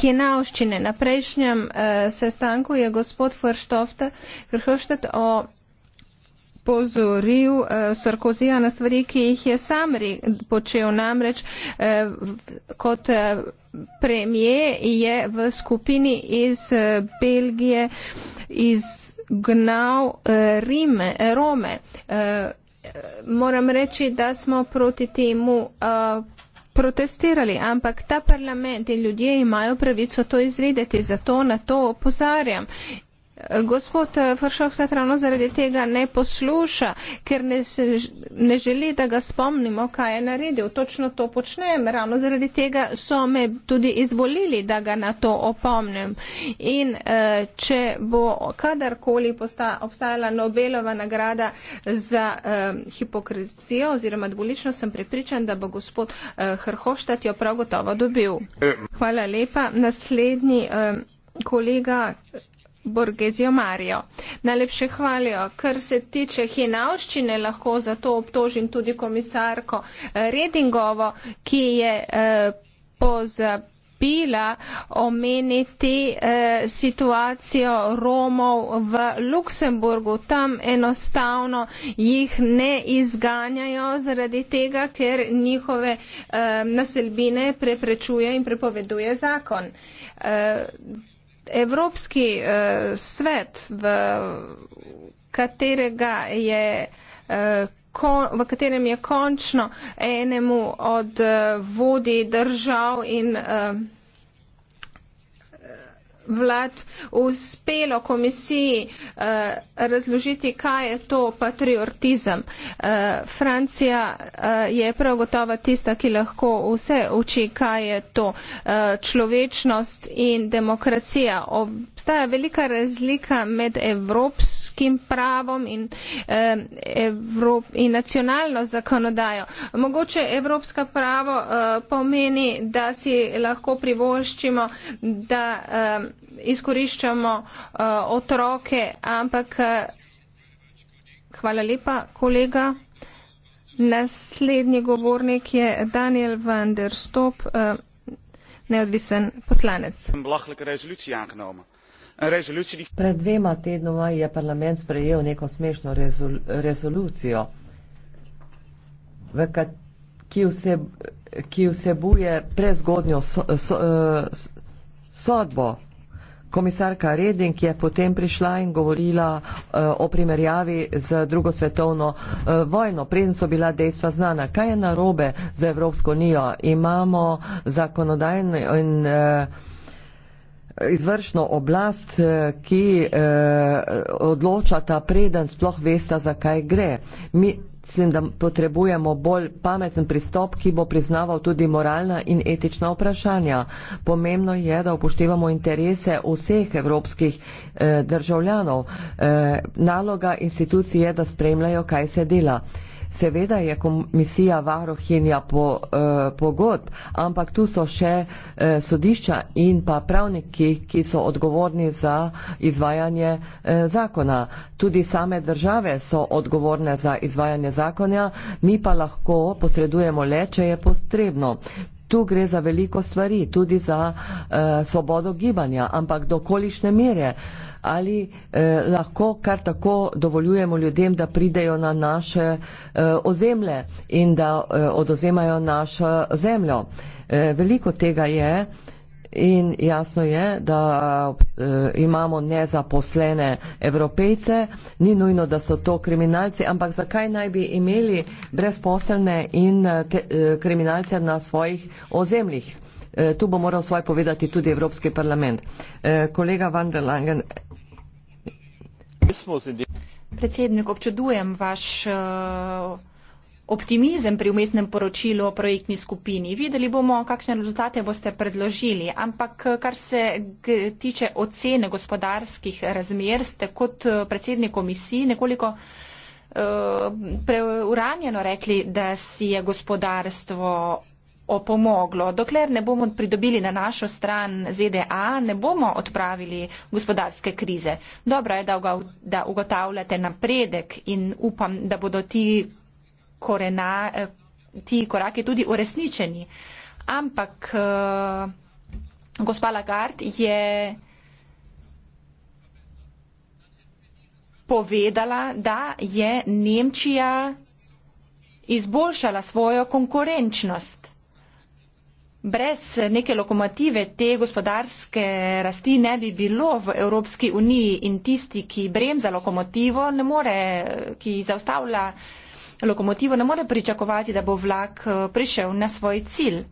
Hinauščine. Na prejšnjem eh, sestanku je gospod Frštofta o opozoril uh, Sarkozija na stvari, ki jih je sam počel namreč uh, kot. Uh, Premije je v skupini iz Belgije izgnal Rime, Rome. Moram reči, da smo proti temu protestirali, ampak ta parlament in ljudje imajo pravico to izvedeti, zato na to opozarjam. Gospod eh, Fršok ta ravno zaradi tega ne posluša, ker ne, ne želi, da ga spomnimo, kaj je naredil. Točno to počnem. Ravno zaradi tega so me tudi izvolili, da ga na to opomnem. In eh, če bo kadarkoli posta, obstajala Nobelova nagrada za eh, hipokrizijo oziroma dvolično, sem prepričan, da bo gospod eh, Hrhovštat jo prav gotovo dobil. E- Hvala lepa. Naslednji eh, kolega. Borgesio Mario. Najlepše hvalijo. Kar se tiče hinavščine, lahko za to obtožim tudi komisarko eh, Redingovo, ki je eh, pozabila omeniti eh, situacijo Romov v Luksemburgu. Tam enostavno jih ne izganjajo zaradi tega, ker njihove naselbine preprečuje in prepoveduje zakon. Evropski eh, svet, v katerega je eh, v katerem je končno enemu od uh, eh, vodi držav in uh, vlad uspelo komisiji uh, razložiti, kaj je to patriotizem. Uh, Francija uh, je prav gotova tista, ki lahko vse uči, kaj je to uh, človečnost in demokracija. Obstaja velika razlika med evropskim pravom in, uh, Evrop in nacionalno zakonodajo. Mogoče evropska pravo uh, pomeni, da si lahko privoščimo, da uh, izkoriščamo uh, otroke, ampak uh, hvala lepa, kolega. Naslednji govornik je Daniel van der Stop, uh, neodvisen poslanec. Pred dvema tednoma je parlament sprejel neko smešno rezol, rezolucijo, v kat, ki, vse, ki vsebuje prezgodnjo so, so, sodbo komisarka Reding je potem prišla in govorila uh, o primerjavi z drugo svetovno uh, vojno, preden so bila dejstva znana. Kaj je narobe z Evropsko unijo? Imamo zakonodajno in uh, izvršno oblast, uh, ki uh, odločata preden sploh veste, zakaj gre. Mi, mislim, da potrebujemo bolj pameten pristop, ki bo priznaval tudi moralna in etična vprašanja. Pomembno je, da upoštevamo interese vseh evropskih eh, državljanov. Eh, naloga institucij je, da spremljajo, kaj se dela. Seveda je komisija varohinja po, eh, pogodb, ampak tu so še eh, sodišča in pa pravniki, ki so odgovorni za izvajanje eh, zakona. Tudi same države so odgovorne za izvajanje zakona, mi pa lahko posredujemo le, če je potrebno. Tu gre za veliko stvari, tudi za eh, svobodo gibanja, ampak do kolišne mere. Eh, ali eh, lahko kar tako dovoljujemo ljudem, da pridejo na naše eh, ozemlje in da eh, odozemajo našo zemljo. Eh, veliko tega je in jasno je, da eh, imamo nezaposlene evropejce, ni nujno, da so to kriminalci, ampak zakaj naj bi imeli brezposelne in eh, te, eh, kriminalce na svojih ozemljih? Eh, tu bo moral svoj povedati tudi Evropski parlament. Eh, kolega Van der Langen, Predsednik, občudujem vaš eh, optimizem pri umestnem poročilu o projektni skupini. Videli bomo, kakšne rezultate boste predložili, ampak eh, kar se tiče ocene gospodarskih razmer, ste kot eh, predsednik komisije nekoliko uh, preuranjeno rekli, da si je gospodarstvo opomoglo. Dokler ne bomo pridobili na našo stran ZDA, ne bomo odpravili gospodarske krize. Dobro je, da ugotavljate napredek in upam, da bodo ti, korena, eh, ti koraki tudi uresničeni. Ampak eh, gospa Lagarde je povedala, da je Nemčija izboljšala svojo konkurenčnost. Brez neke lokomotive te gospodarske rasti ne bi bilo v Evropski uniji in tisti, ki brem za lokomotivo, ne more, ki zaustavlja lokomotivo, ne more pričakovati, da bo vlak eh, prišel na svoj cilj.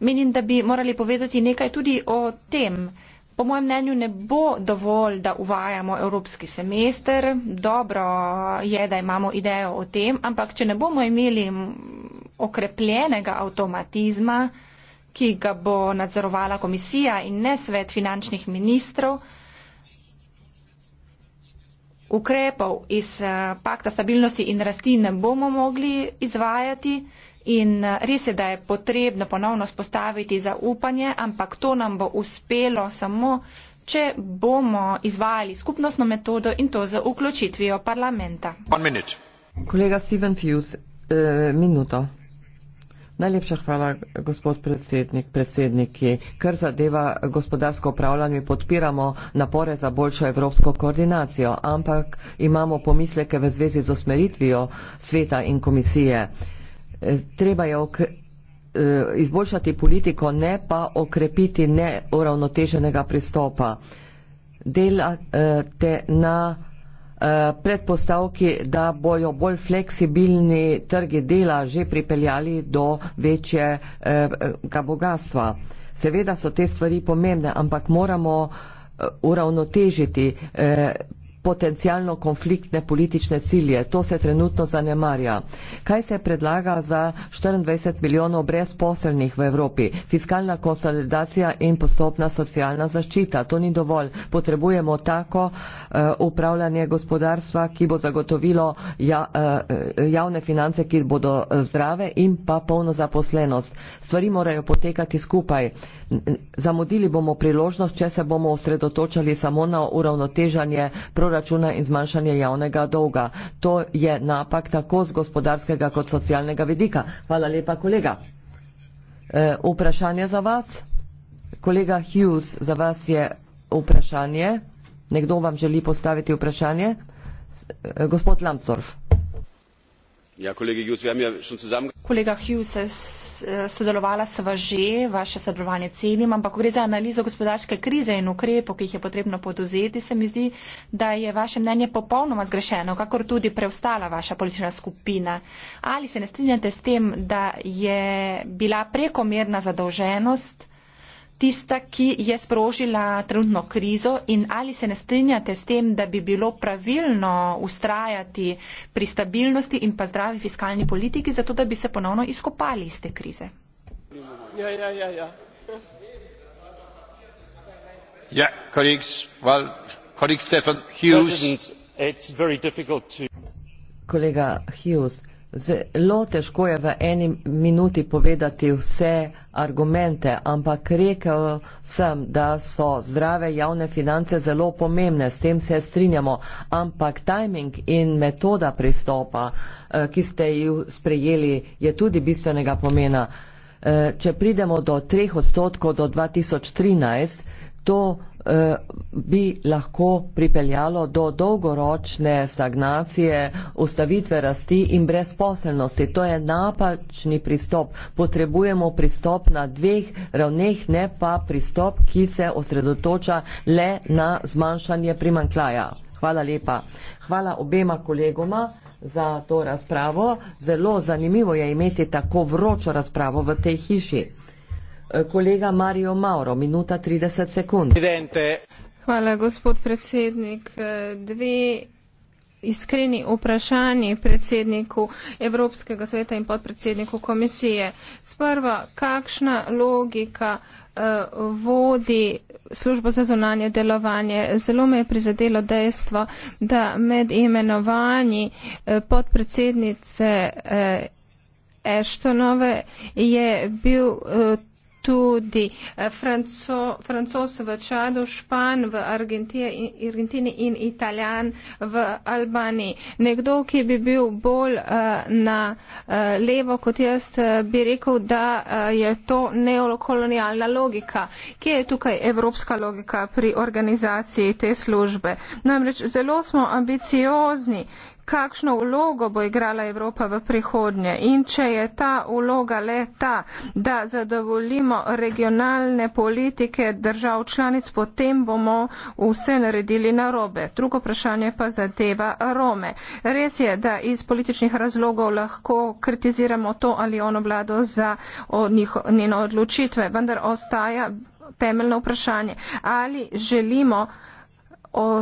Menim, da bi morali povedati nekaj tudi o tem. Po mojem mnenju ne bo dovolj, da uvajamo evropski semester. Dobro je, da imamo idejo o tem, ampak če ne bomo imeli okrepljenega avtomatizma, ki ga bo nadzorovala komisija in ne svet finančnih ministrov, ukrepov iz eh, pakta stabilnosti in rasti ne bomo mogli izvajati in eh, res je, da je potrebno ponovno spostaviti zaupanje, ampak to nam bo uspelo samo, če bomo izvajali skupnostno metodo in to z vključitvijo parlamenta. Kolega Steven Fuse, eh, minuto. Najlepša hvala, gospod predsednik, predsedniki. Kar zadeva gospodarsko upravljanje, podpiramo napore za boljšo evropsko koordinacijo, ampak imamo pomisleke v zvezi z osmeritvijo sveta in komisije. E, treba je ok e, izboljšati politiko, ne pa okrepiti neuravnoteženega pristopa. Delate na Eh, predpostavki, da bojo bolj fleksibilni trgi dela že pripeljali do večjega eh, bogatstva. Seveda so te stvari pomembne, ampak moramo eh, uravnotežiti potencijalno konfliktne politične cilje. To se trenutno zanemarja. Kaj se predlaga za 24 milijonov brezposelnih v Evropi? Fiskalna konsolidacija in postopna socialna zaščita. To ni dovolj. Potrebujemo tako eh, upravljanje gospodarstva, ki bo zagotovilo ja, eh, javne finance, ki bodo eh, zdrave in pa polno zaposlenost. Stvari morajo potekati skupaj zamudili bomo priložnost, če se bomo osredotočali samo na uravnotežanje proračuna in zmanjšanje javnega dolga. To je napak tako z gospodarskega kot socialnega vidika. Hvala lepa, kolega. E, vprašanje za vas? Kolega Hughes, za vas je vprašanje. Nekdo vam želi postaviti vprašanje? E, gospod Lansdorf. Ja, kolega Hughes, wir haben ja schon zusammen... Kolega Hughes, eh, eh, sodelovala sva že, vaše sodelovanje cenim, ampak gre za analizo gospodarske krize in ukrepov, ki jih je potrebno poduzeti, se mi zdi, da je vaše mnenje popolnoma zgrešeno, kakor tudi preostala vaša politična skupina. Ali se ne strinjate s tem, da je bila prekomerna zadolženost? tista, ki je sprožila trenutno krizo in ali se ne strinjate s tem, da bi bilo pravilno ustrajati pri stabilnosti in pa zdravi fiskalni politiki, zato da bi se ponovno izkopali iz te krize. Ja, ja, ja, ja. Ja, kolegs, well, kolega Stefan Hughes. Kolega Hughes. Zelo težko je v eni minuti povedati vse argumente, ampak rekel sem, da so zdrave javne finance zelo pomembne, s tem se strinjamo, ampak timing in metoda pristopa, eh, ki ste ju sprejeli, je tudi bistvenega pomena. Eh, če pridemo do 3 odstotkov do 2013, to Eh, bi lahko pripeljalo do dolgoročne stagnacije, ustavitve rasti in brezposelnosti. To je napačni pristop. Potrebujemo pristop na dveh ravneh, ne pa pristop, ki se osredotoča le na zmanjšanje primankljaja. Hvala lepa. Hvala obema kolegoma za to razpravo. Zelo zanimivo je imeti tako vročo razpravo v tej hiši. Kolega Mario Mauro, minuta 30 sekund. Evidente. Hvala, gospod predsednik. Dve iskreni vprašanji predsedniku Evropskega sveta in podpredsedniku komisije. Sprva, kakšna logika uh, vodi službo za zunanje delovanje? Zelo me je prizadelo dejstvo, da med imenovanji uh, podpredsednice uh, eh, Eštonove je bil. Uh, tudi eh, Franco, francos v Čadu, Špan v Argentini in Italijan v Albaniji. Nekdo, ki bi bil bolj eh, na eh, levo kot jaz, bi rekel, da je to neokolonialna logika. Kje je tukaj evropska logika pri organizaciji te službe? Namreč zelo smo ambiciozni kakšno vlogo bo igrala Evropa v prihodnje in če je ta vloga le ta, da zadovoljimo regionalne politike držav članic, potem bomo vse naredili narobe. Drugo vprašanje pa zadeva Rome. Res je, da iz političnih razlogov lahko kritiziramo to ali ono vlado za njeno odločitve, vendar ostaja temeljno vprašanje, ali želimo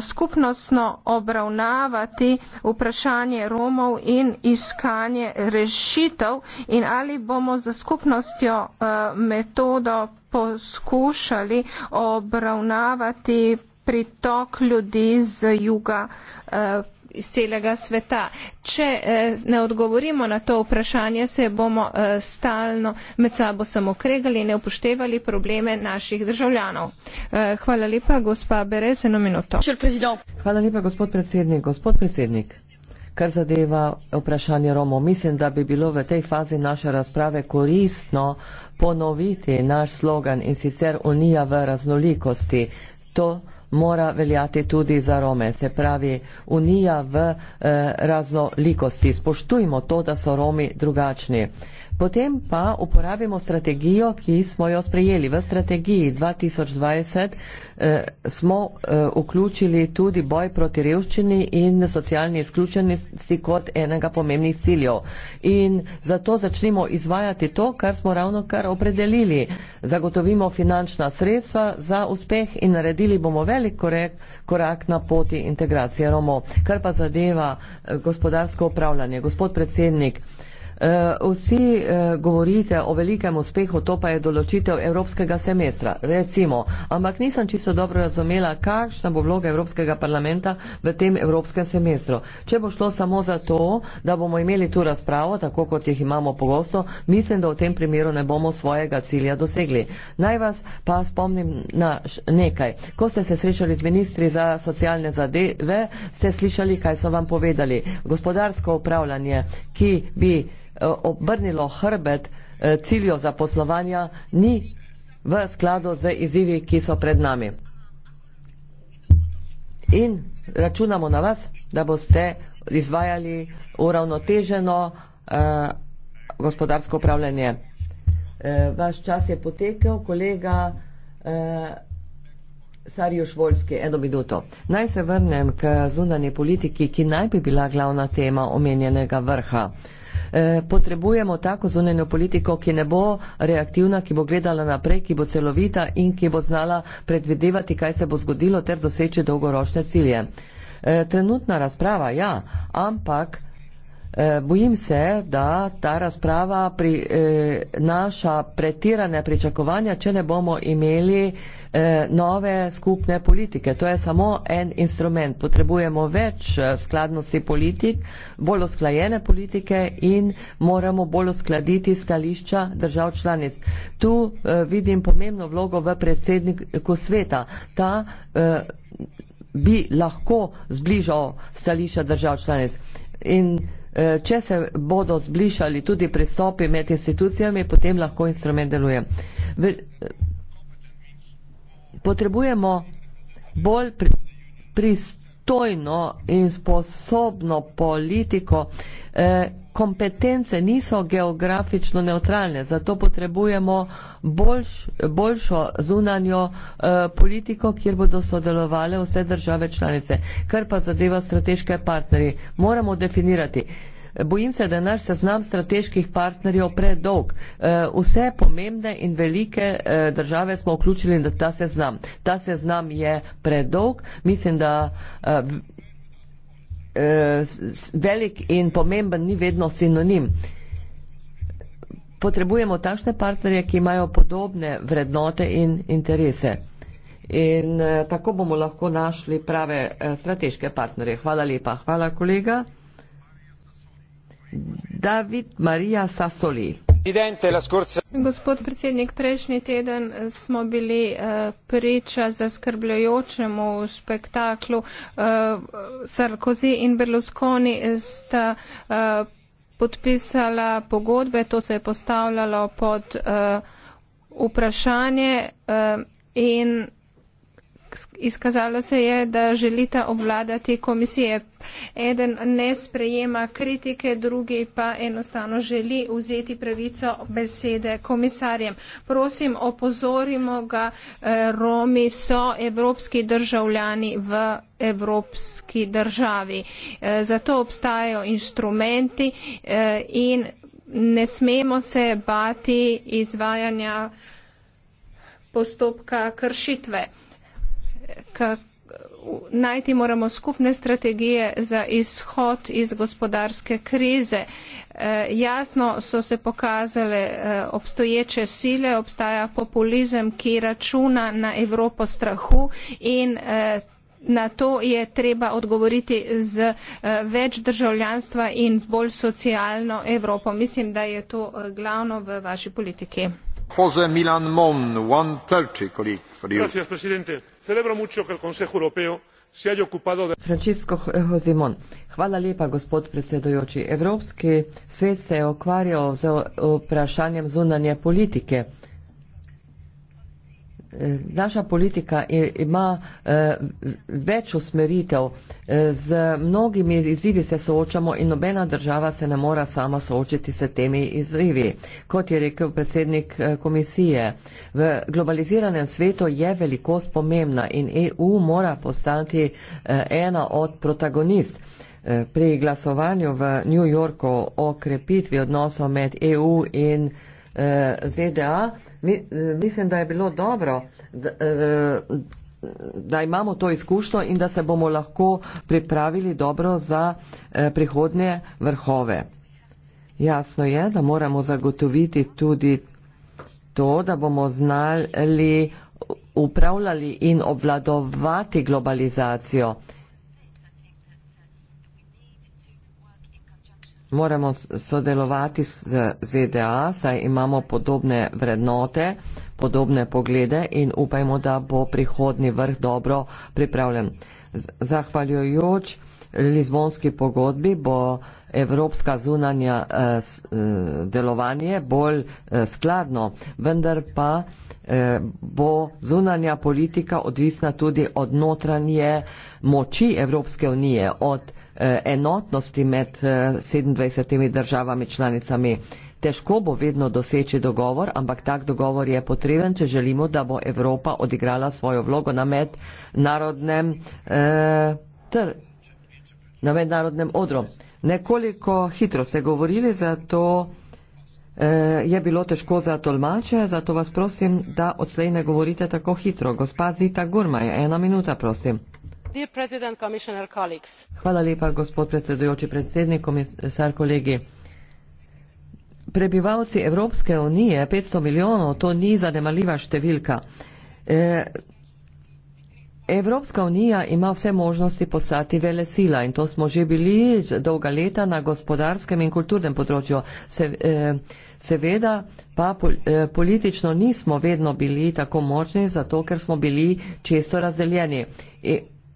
skupnostno obravnavati vprašanje Romov in iskanje rešitev in ali bomo za skupnostjo eh, metodo poskušali obravnavati pritok ljudi z juga eh, iz celega sveta. Če eh, ne odgovorimo na to vprašanje, se bomo eh, stalno med sabo samo kregali in ne upoštevali probleme naših državljanov. Eh, hvala lepa, gospa Berez, eno minuto. Hvala lepa, gospod predsednik. Gospod predsednik, kar zadeva vprašanje Romov, mislim, da bi bilo v tej fazi naše razprave koristno ponoviti naš slogan in sicer Unija v raznolikosti. To mora veljati tudi za Rome, se pravi unija v eh, raznolikosti. Spoštujmo to, da so Romi drugačni. Potem pa uporabimo strategijo, ki smo jo sprejeli. V strategiji 2020 eh, smo eh, vključili tudi boj proti revščini in socialni izključenosti kot enega pomembnih ciljev. In zato začnimo izvajati to, kar smo ravno kar opredelili. Zagotovimo finančna sredstva za uspeh in naredili bomo velik korek, korak na poti integracije Romov. Kar pa zadeva eh, gospodarsko upravljanje. Gospod predsednik, Eh, vsi eh, govorite o velikem uspehu, to pa je določitev evropskega semestra, recimo. Ampak nisem čisto dobro razumela, kakšna bo vloga Evropskega parlamenta v tem evropskem semestru. Če bo šlo samo za to, da bomo imeli tu razpravo, tako kot jih imamo pogosto, mislim, da v tem primeru ne bomo svojega cilja dosegli. Naj vas pa spomnim na nekaj. Ko ste se srečali z ministri za socialne zadeve, ste slišali, kaj so vam povedali. Gospodarsko upravljanje, ki bi Eh, obrnilo hrbet eh, ciljev zaposlovanja, ni v skladu z izzivi, ki so pred nami. In računamo na vas, da boste izvajali uravnoteženo eh, gospodarsko upravljanje. Eh, vaš čas je potekel, kolega eh, Sarjuš Voljski, eno minuto. Naj se vrnem k zunanje politiki, ki naj bi bila glavna tema omenjenega vrha. Eh, Eh, potrebujemo tako zunanjo politiko, ki ne bo reaktivna, ki bo gledala naprej, ki bo celovita in ki bo znala predvidevati, kaj se bo zgodilo ter doseči dolgoročne cilje. Eh, trenutna razprava, ja, ampak Eh, bojim se, da ta razprava pri, eh, naša pretirane pričakovanja, če ne bomo imeli eh, nove skupne politike. To je samo en instrument. Potrebujemo več eh, skladnosti politik, bolj osklajene politike in moramo bolj uskladiti stališča držav članic. Tu eh, vidim pomembno vlogo v predsedniku sveta. Ta eh, bi lahko zbližal stališča držav članic. In, Eh, če se bodo zbližali tudi pristopi med institucijami, potem lahko instrument deluje. Eh, potrebujemo bolj pristopi pristojno in sposobno politiko, Eh, kompetence niso geografično neutralne, zato potrebujemo boljš, boljšo zunanjo eh, politiko, kjer bodo sodelovale vse države članice. Kar pa zadeva strateške partnerje, moramo definirati. Bojim se, da je naš seznam strateških partnerjev predolg. Eh, vse pomembne in velike eh, države smo vključili na ta seznam. Ta seznam je predolg. Mislim, da Eh, velik in pomemben ni vedno sinonim. Potrebujemo takšne partnerje, ki imajo podobne vrednote in interese. In eh, tako bomo lahko našli prave eh, strateške partnerje. Hvala lepa. Hvala kolega. David Marija Sasoli. Marija Sasoli. Gospod predsednik, prejšnji teden smo bili eh, priča zaskrbljujočemu spektaklu. Eh, Sarkozy in Berlusconi sta eh, podpisala pogodbe, to se je postavljalo pod vprašanje in izkazalo se je, da želita obvladati komisije. Eden ne sprejema kritike, drugi pa enostavno želi vzeti pravico besede komisarjem. Prosim, opozorimo ga, eh, Romi so evropski državljani v evropski državi. Eh, zato obstajajo inštrumenti eh, in ne smemo se bati izvajanja postopka kršitve najti moramo skupne strategije za izhod iz gospodarske krize. E, jasno so se pokazale e, obstoječe sile, obstaja populizem, ki računa na Evropo strahu in e, na to je treba odgovoriti z več državljanstva in z bolj socialno Evropo. Mislim, da je to glavno v vaši politiki. Jose Milan Mon, 130, celebro mucho que el consejo europeo se haya ocupado de. francisco josimón. Hvala lepa, gospod predsedujoči. Evropski svet se je ukvarjal z vprašanjem zunanje politike. Naša politika ima e, več usmeritev, e, z mnogimi izzivi se soočamo in nobena država se ne mora sama soočiti s temi izzivi. Kot je rekel predsednik e, komisije, v globaliziranem svetu je velikost pomembna in EU mora postati ena od protagonist. Pri glasovanju v New Yorku o krepitvi odnosov med EU in ZDA, Eh, mislim, da je bilo dobro, da, eh, da imamo to izkušnjo in da se bomo lahko pripravili dobro za eh, prihodnje vrhove. Jasno je, da moramo zagotoviti tudi to, da bomo znali upravljali in obvladovati globalizacijo. moramo sodelovati z ZDA, saj imamo podobne vrednote, podobne poglede in upajmo, da bo prihodni vrh dobro pripravljen. Zahvaljujoč Lizbonski pogodbi bo evropska zunanja eh, eh, delovanje bolj eh, skladno, vendar pa bo zunanja politika odvisna tudi od notranje moči Evropske unije, od Eh, enotnosti med 27 eh, državami članicami. Težko bo vedno doseči dogovor, ampak tak dogovor je potreben, če želimo, da bo Evropa odigrala svojo vlogo na mednarodnem eh, tr, na mednarodnem odru. Nekoliko hitro ste govorili, zato eh, je bilo težko za tolmače, zato vas prosim, da odslej ne govorite tako hitro. Gospa Zita Gurma, ena minuta, prosim gospod predsedujoči predsednik komisar kolegi prebivalci evropske unije petsto milijonov to ni zanemarljiva številka e, evropska unija ima vse možnosti postati velesila in to smo že bili dolga leta na gospodarskem in kulturnem področju se e, Seveda pa e, politično nismo vedno bili tako močni, zato ker smo bili često razdeljeni.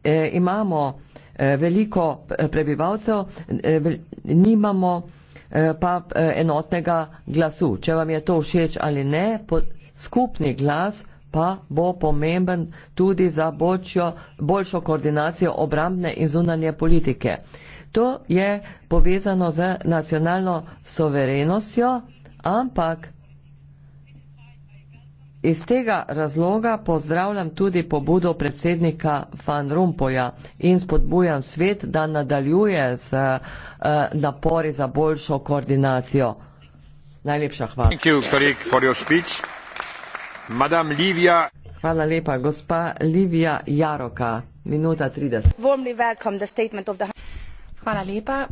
Eh, imamo eh, veliko eh, prebivalcev, nimamo pa enotnega glasu. Če vam je to všeč ali ne, skupni glas pa bo pomemben tudi za boljšo, boljšo koordinacijo obrambne in zunanje politike. To je povezano z nacionalno soverenostjo, ampak Iz tega razloga pozdravljam tudi pobudo predsednika Van Rompoja in spodbujam svet, da nadaljuje z uh, napori za boljšo koordinacijo. Najlepša hvala. Thank you, Karik, for your speech. Madam Livia. Hvala lepa, gospa Livija Jaroka, minuta 30. Hvala lepa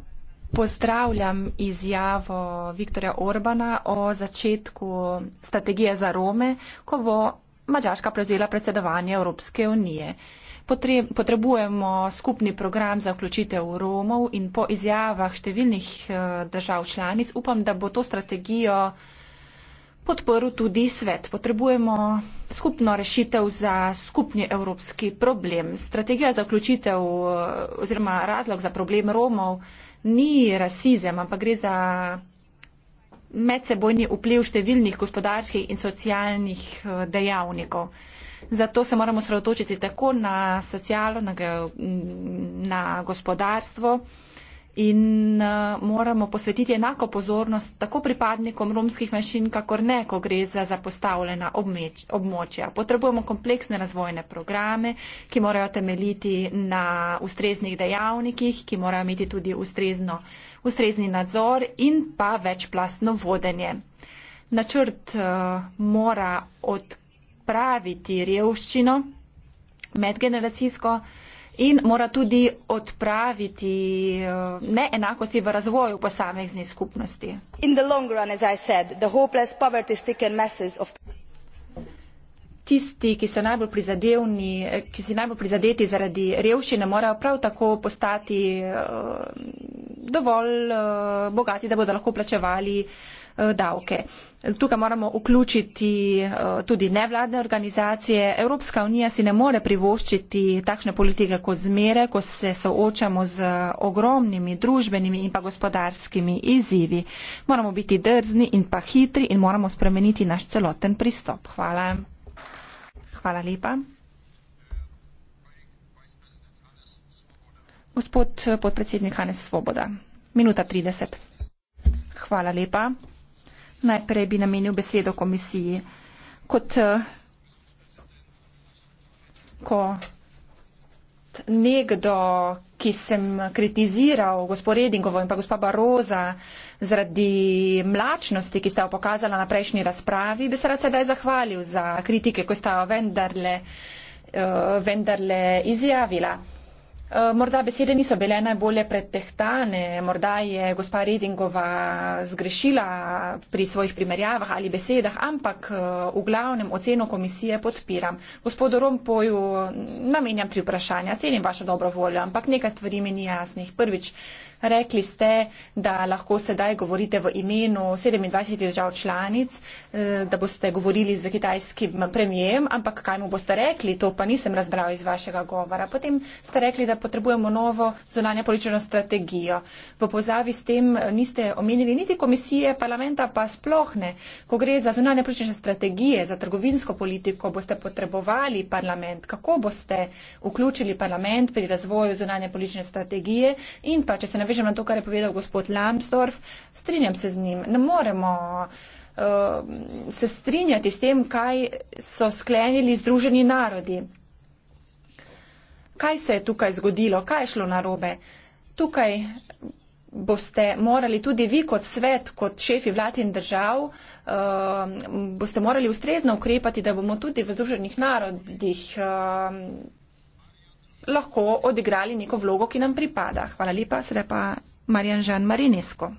pozdravljam izjavo Viktorja Orbana o začetku strategije za Rome, ko bo Mačarska prevzela predsedovanje Evropske unije. Potrebujemo skupni program za vključitev Romov in po izjavah številnih eh, držav članic upam, da bo to strategijo podporil tudi svet. Potrebujemo skupno rešitev za skupni evropski problem. Strategija za vključitev eh, oziroma razlog za problem Romov ni rasizem, ampak gre za medsebojni vpliv številnih gospodarskih in socialnih eh, dejavnikov. Zato se moramo sredotočiti tako na socialo, na, na gospodarstvo, in eh, moramo posvetiti enako pozornost tako pripadnikom romskih manjšin, kakor ne, ko gre za zapostavljena območja. Potrebujemo kompleksne razvojne programe, ki morajo temeljiti na ustreznih dejavnikih, ki morajo imeti tudi ustrezno, ustrezni nadzor in pa večplastno vodenje. Načrt uh, mora odpraviti revščino medgeneracijsko, in mora tudi odpraviti eh, neenakosti v razvoju posamezni skupnosti. Run, said, Tisti, ki so najbolj prizadevni, eh, ki si najbolj prizadeti zaradi revščine, morajo prav tako postati eh, dovolj bogati, da bodo lahko plačevali Eh, davke. Tukaj moramo vključiti eh, tudi nevladne organizacije. Evropska unija si ne more privoščiti takšne politike kot zmere, ko se soočamo z eh, ogromnimi družbenimi in pa gospodarskimi izzivi. Moramo biti drzni in pa hitri in moramo spremeniti naš celoten pristop. Hvala. Hvala lepa. Gospod podpredsednik Hanes Svoboda. Minuta 30. Hvala lepa. Najprej bi namenil besedo komisiji. Kot eh, ko nekdo, ki sem kritiziral gospod Redingovo in pa gospa Baroza zaradi mlačnosti, ki sta jo pokazala na prejšnji razpravi, bi se rad sedaj zahvalil za kritike, ko sta jo vendarle, eh, vendarle izjavila. Eh, morda besede niso bile najbolje pretehtane, morda je gospa Redingova zgrešila pri svojih primerjavah ali besedah, ampak eh, v glavnem oceno komisije podpiram. Gospodu Rompoju mm, namenjam tri vprašanja, cenim vašo dobro voljo, ampak nekaj stvari mi ni jasnih. Prvič, Rekli ste, da lahko sedaj govorite v imenu 27 držav članic, eh, da boste govorili z kitajskim premijem, ampak kaj mu boste rekli, to pa nisem razbral iz vašega govora. Potem ste rekli, da potrebujemo novo zunanje politično strategijo. V pozavi s tem eh, niste omenili niti komisije, parlamenta pa sploh ne. Ko gre za zunanje politične strategije, za trgovinsko politiko, boste potrebovali parlament. Kako boste vključili parlament pri razvoju zunanje politične strategije in pa, če se ne navežem na to, kar je povedal gospod Lambsdorff, strinjam se z njim. Ne moremo uh, se strinjati s tem, kaj so sklenili Združeni narodi. Kaj se je tukaj zgodilo, kaj je šlo narobe? Tukaj boste morali tudi vi kot svet, kot šefi vlad in držav, uh, boste morali ustrezno ukrepati, da bomo tudi v Združenih narodih. Uh, lahko odigrali neko vlogo, ki nam pripada. Hvala lepa, sedaj pa Marjan Žan Marinesko.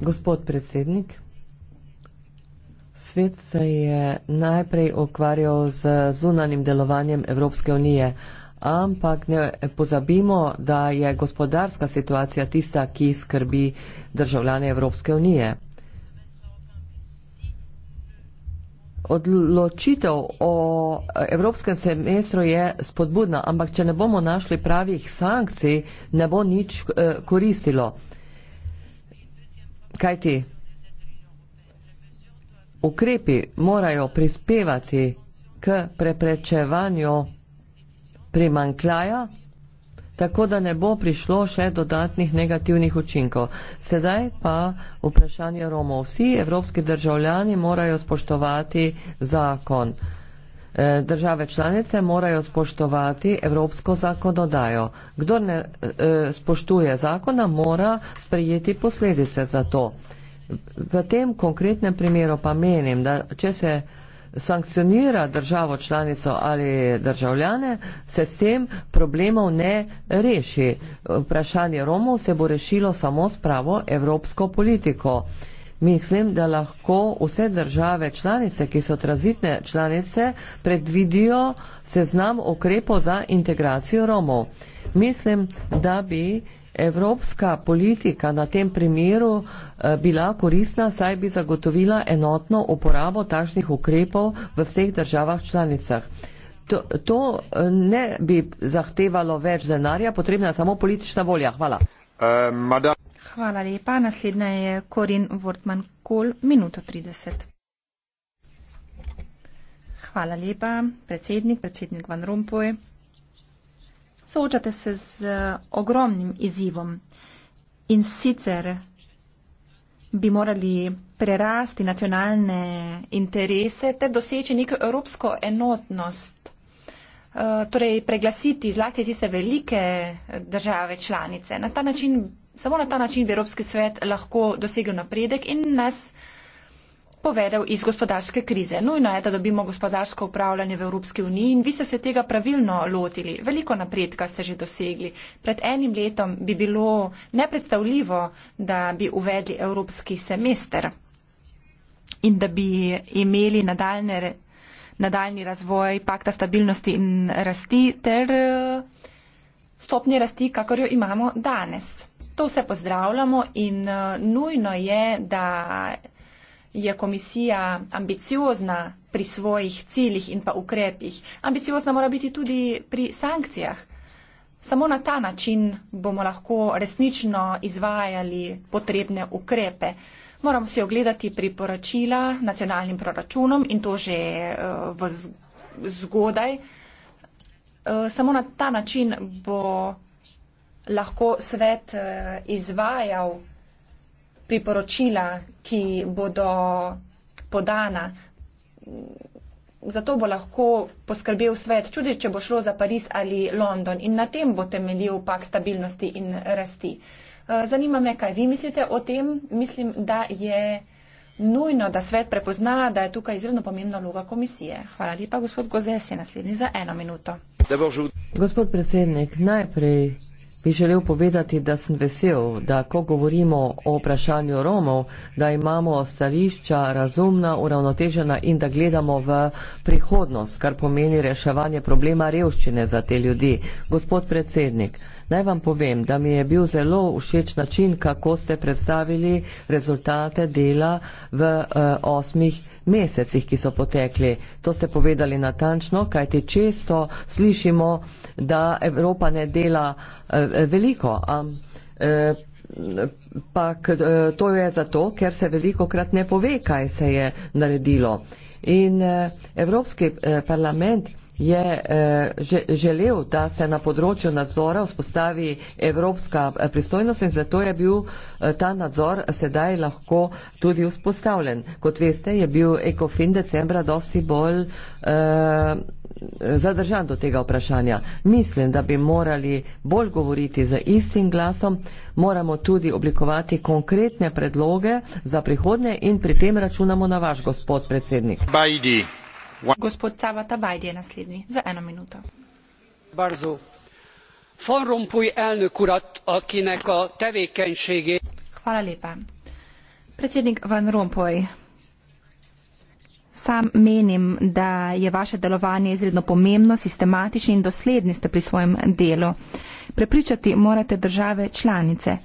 Gospod predsednik, svet se je najprej ukvarjal z zunanim delovanjem Evropske unije, ampak ne pozabimo, da je gospodarska situacija tista, ki skrbi državljane Evropske unije. odločitev o evropskem semestru je spodbudna, ampak če ne bomo našli pravih sankcij, ne bo nič eh, koristilo. Kaj ti? Ukrepi morajo prispevati k preprečevanju primankljaja tako da ne bo prišlo še dodatnih negativnih učinkov. Sedaj pa vprašanje Romov. Vsi evropski državljani morajo spoštovati zakon. E, države članice morajo spoštovati evropsko zakonodajo. Kdor ne e, spoštuje zakona, mora sprejeti posledice za to. V tem konkretnem primeru pa menim, da če se sankcionira državo članico ali državljane, se s tem problemov ne reši. Vprašanje Romov se bo rešilo samo s pravo evropsko politiko. Mislim, da lahko vse države članice, ki so tranzitne članice, predvidijo seznam okrepov za integracijo Romov. Mislim, da bi evropska politika na tem primeru eh, bila koristna, saj bi zagotovila enotno uporabo takšnih ukrepov v vseh državah članicah. To, to eh, ne bi zahtevalo več denarja, potrebna je samo politična volja. Hvala. Eh, Hvala lepa. Naslednja je Korin Wortman Kohl, minuto 30. Hvala lepa, predsednik, predsednik Van Rompuy soočate se z eh, ogromnim izzivom in sicer bi morali prerasti nacionalne interese ter doseči neko evropsko enotnost, eh, torej preglasiti zlasti tiste velike eh, države članice. Na ta način, samo na ta način bi Evropski svet lahko dosegel napredek in nas povedal iz gospodarske krize. Nujno je, da dobimo gospodarsko upravljanje v Evropski uniji in vi ste se tega pravilno lotili. Veliko napredka ste že dosegli. Pred enim letom bi bilo nepredstavljivo, da bi uvedli evropski semester in da bi imeli nadaljne, nadaljni razvoj pakta stabilnosti in rasti ter eh, stopnje rasti, kakor jo imamo danes. To vse pozdravljamo in eh, nujno je, da je komisija ambiciozna pri svojih ciljih in pa ukrepih. Ambiciozna mora biti tudi pri sankcijah. Samo na ta način bomo lahko resnično izvajali potrebne ukrepe. Moramo si ogledati priporočila nacionalnim proračunom in to že eh, v zgodaj. Eh, samo na ta način bo lahko svet eh, izvajal priporočila, ki bodo podana. Zato bo lahko poskrbel svet, čudi, če bo šlo za Pariz ali London in na tem bo temeljil pak stabilnosti in rasti. Eh, zanima me, kaj vi mislite o tem. Mislim, da je nujno, da svet prepozna, da je tukaj izredno pomembna vloga komisije. Hvala lepa, gospod Gozes, je naslednji za eno minuto. Gospod predsednik, najprej bi želel povedati, da sem vesel, da ko govorimo o vprašanju Romov, da imamo stališča razumna, uravnotežena in da gledamo v prihodnost, kar pomeni reševanje problema revščine za te ljudi. Gospod predsednik, Naj vam povem, da mi je bil zelo všeč način, kako ste predstavili rezultate dela v uh, osmih mesecih, ki so potekli. To ste povedali natančno, kajti često slišimo, da Evropa ne dela uh, veliko. Um, uh, pa to je zato, ker se veliko krat ne pove, kaj se je naredilo. In eh, Evropski parlament je eh, želel, da se na področju nadzora vzpostavi evropska eh, pristojnost in zato je bil eh, ta nadzor sedaj lahko tudi vzpostavljen. Kot veste, je bil ECOFIN decembra dosti bolj zadržan do tega vprašanja. Mislim, da bi morali bolj govoriti z istim glasom, moramo tudi oblikovati konkretne predloge za prihodnje in pri tem računamo na vaš gospod predsednik. Bajdi. Gospod Cavata Bajd je naslednji za eno minuto. Barzo. Van Rompuy elnök urat, akinek a tevékenységé... Hvala lepa. Predsednik Van Rompuy, sam menim, da je vaše delovanje izredno pomembno, sistematično in dosledni ste pri svojem delu. Prepričati morate države članice.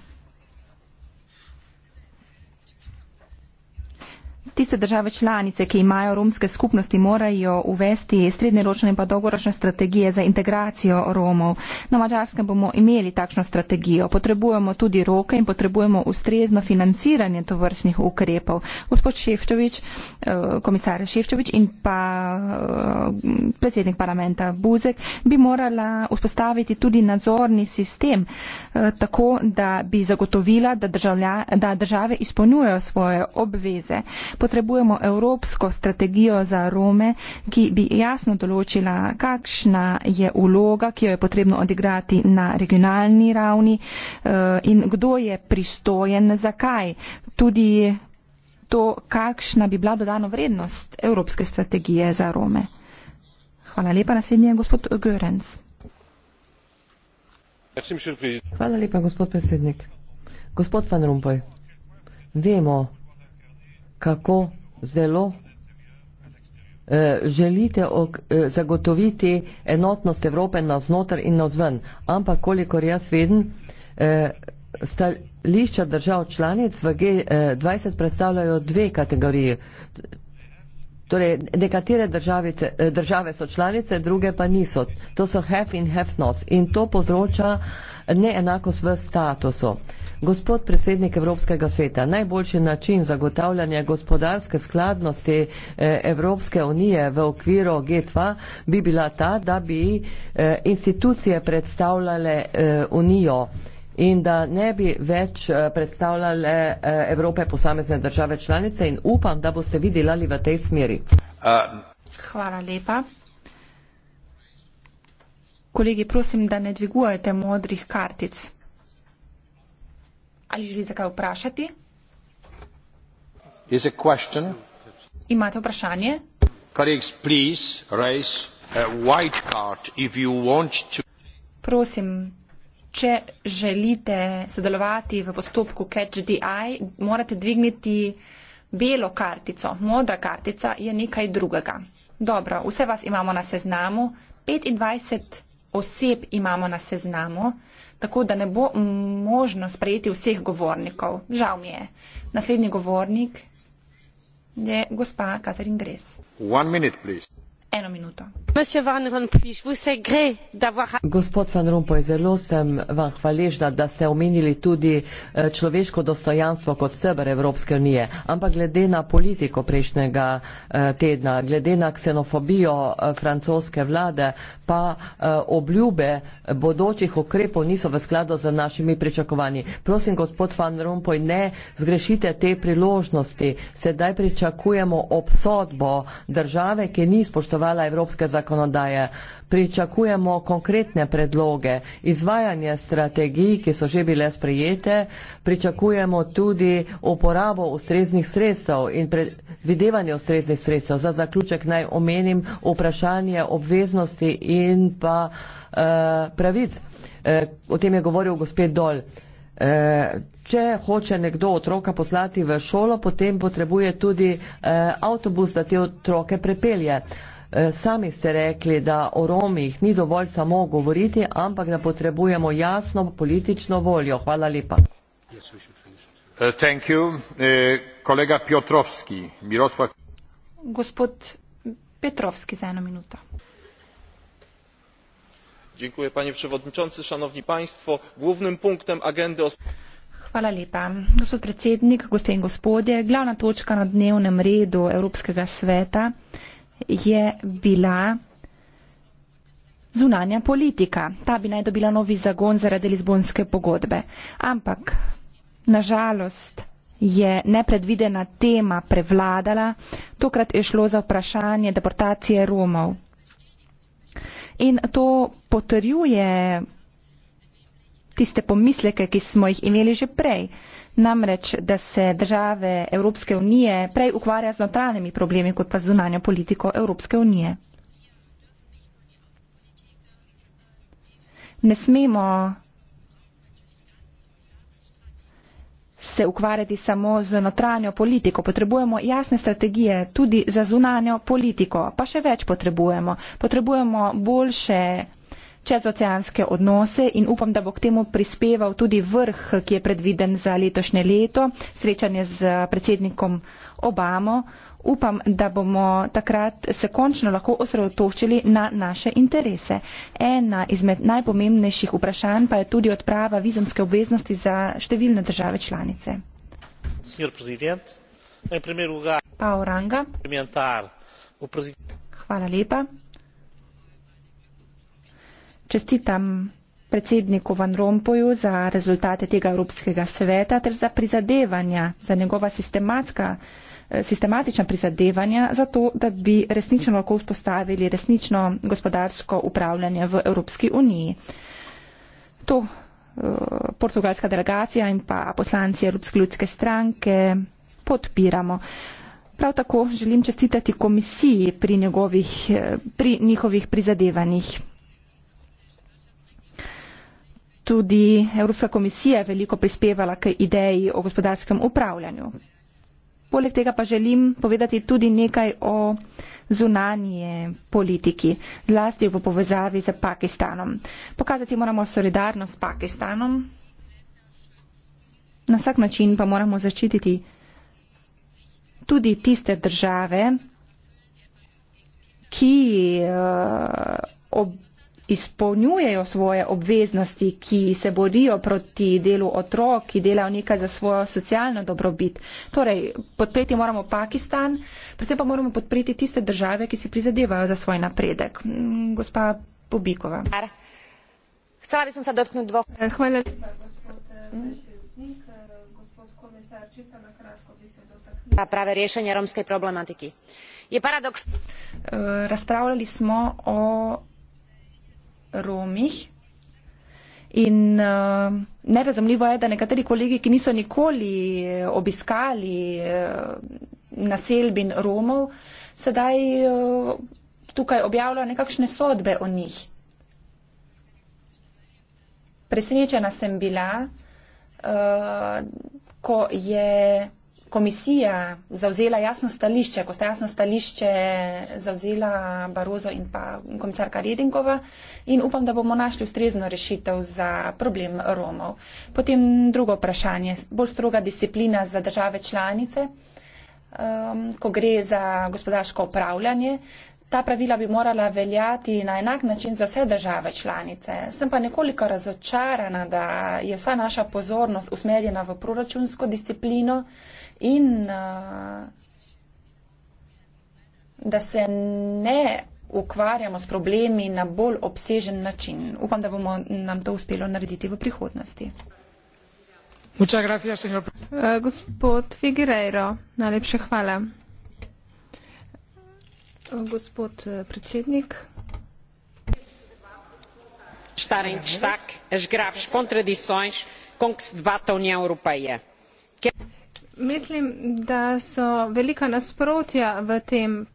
tiste države članice, ki imajo romske skupnosti, morajo uvesti srednjeročne in pa dolgoročne strategije za integracijo Romov. Na Mačarskem bomo imeli takšno strategijo. Potrebujemo tudi roke in potrebujemo ustrezno financiranje tovrstnih ukrepov. Gospod Ševčovič, eh, komisar Ševčovič in pa eh, predsednik parlamenta Buzek bi morala vzpostaviti tudi nadzorni sistem, eh, tako da bi zagotovila, da, državlja, da države izpolnjujejo svoje obveze potrebujemo evropsko strategijo za Rome, ki bi jasno določila, kakšna je uloga, ki jo je potrebno odigrati na regionalni ravni eh, in kdo je pristojen, zakaj. Tudi to, kakšna bi bila dodano vrednost evropske strategije za Rome. Hvala lepa. Naslednji je gospod Görens. Hvala lepa, gospod predsednik. Gospod Van Rompuy, vemo, kako zelo eh, želite ok, eh, zagotoviti enotnost Evrope na znotraj in na zven. Ampak, kolikor jaz vedem, eh, stališča držav članic v G20 eh, predstavljajo dve kategoriji. Torej, nekatere državice, eh, države so članice, druge pa niso. To so have in have not. In to povzroča neenakost v statusu. Gospod predsednik Evropskega sveta, najboljši način zagotavljanja gospodarske skladnosti eh, Evropske unije v okviru G2 bi bila ta, da bi eh, institucije predstavljale unijo in da ne bi več eh, predstavljale eh, Evrope posamezne države članice in upam, da boste videli v tej smeri. Hvala lepa. Kolegi, prosim, da ne dvigujete modrih kartic. Ali želite kaj vprašati? Imate vprašanje? Colleagues, please raise a white card if you want to. Prosim, če želite sodelovati v postopku Catch the Eye, morate dvigniti belo kartico. Modra kartica je nekaj drugega. Dobro, vse vas imamo na seznamu, 25 oseb imamo na seznamu, tako da ne bo možno sprejeti vseh govornikov. Žal mi je. Naslednji govornik je gospa Katarin Gres. One minute, please gospod van rompuy zelo sem vam hvaležna da ste omenili tudi eh, človeško dostojanstvo kot steber evropske unije ampak glede na politiko prejšnjega eh, tedna glede na ksenofobijo eh, francoske vlade pa uh, obljube bodočih ukrepov niso v skladu z našimi pričakovanji. Prosim, gospod Van Rompuy, ne zgrešite te priložnosti. Sedaj pričakujemo obsodbo države, ki ni spoštovala evropske zakonodaje pričakujemo konkretne predloge izvajanja strategij, ki so že bile sprejete, pričakujemo tudi uporabo ustreznih sredstev in videvanje ustreznih sredstev. Za zaključek naj omenim vprašanje obveznosti in pa eh, pravic. Eh, o tem je govoril gospod Dol. Eh, če hoče nekdo otroka poslati v šolo, potem potrebuje tudi eh, avtobus, da te otroke prepelje. Eh, sami ste rekli, da o Romih ni dovolj samo govoriti, ampak da potrebujemo jasno politično voljo. Hvala lepa. Eh, thank you. Eh, kolega Piotrovski, Miroslav. Gospod Petrovski za eno minuto. Dziękuję panie przewodniczący, szanowni państwo. Głównym punktem agendy Hvala lepa. Gospod predsednik, gospe in gospodje, glavna točka na dnevnem redu Evropskega sveta je bila zunanja politika. Ta bi naj dobila novi zagon zaradi Lizbonske pogodbe. Ampak, nažalost, je nepredvidena tema prevladala, tokrat je šlo za vprašanje deportacije Romov. In to potrjuje tiste pomisleke, ki smo jih imeli že prej. Namreč, da se države Evropske unije prej ukvarja z notranjimi problemi, kot pa z zunanjo politiko Evropske unije. Ne smemo se ukvarjati samo z notranjo politiko. Potrebujemo jasne strategije tudi za zunanjo politiko. Pa še več potrebujemo. Potrebujemo boljše čezoceanske odnose in upam, da bo k temu prispeval tudi vrh, ki je predviden za letošnje leto, srečanje z predsednikom Obamo. Upam, da bomo takrat se končno lahko osredotočili na naše interese. Ena izmed najpomembnejših vprašanj pa je tudi odprava vizumske obveznosti za številne države članice. Pa Oranga. Hvala lepa. Čestitam predsedniku Van Rompuju za rezultate tega Evropskega sveta ter za prizadevanja, za njegova eh, sistematična prizadevanja za to, da bi resnično lahko vzpostavili resnično gospodarsko upravljanje v Evropski uniji. To uh, portugalska delegacija in pa poslanci Evropske ljudske stranke podpiramo. Prav tako želim čestitati komisiji pri, njegovih, eh, pri njihovih prizadevanjih tudi Evropska komisija veliko prispevala k ideji o gospodarskem upravljanju. Poleg tega pa želim povedati tudi nekaj o zunanje politiki, zlasti v povezavi z Pakistanom. Pokazati moramo solidarnost s Pakistanom, na vsak način pa moramo zaščititi tudi tiste države, ki uh, ob izpolnjujejo svoje obveznosti, ki se borijo proti delu otrok, ki delajo nekaj za svojo socialno dobrobit. Torej, podpreti moramo Pakistan, predvsem pa moramo podpreti tiste države, ki si prizadevajo za svoj napredek. Mm, gospa Pobikova. Eh, hvala bi sem se dotknut dvoh. Hvala. Prave rešenje romske problematike. Je paradoks. Eh, razpravljali smo o Romih. In uh, nerazumljivo je, da nekateri kolegi, ki niso nikoli eh, obiskali uh, naselbin Romov, sedaj uh, tukaj objavljajo nekakšne sodbe o njih. Presenečena sem bila, uh, ko je komisija zauzela jasno stališče, ko sta jasno stališče zauzela Barozo in pa komisarka Redingova in upam, da bomo našli ustrezno rešitev za problem Romov. Potem drugo vprašanje, bolj stroga disciplina za države članice, um, ko gre za gospodarsko upravljanje. Ta pravila bi morala veljati na enak način za vse države članice. Sem pa nekoliko razočarana, da je vsa naša pozornost usmerjena v proračunsko disciplino, uh, in uh, da se ne ukvarjamo s problemi na bolj obsežen način. Upam, da bomo nam to uspelo narediti v prihodnosti. Gracias, uh, gospod Figueiredo, najlepše hvala. Gospod eh, predsednik. Estar em destaque as graves contradições com que se debate a União Europeia. Que... Mislim, da so velika nasprotja v tem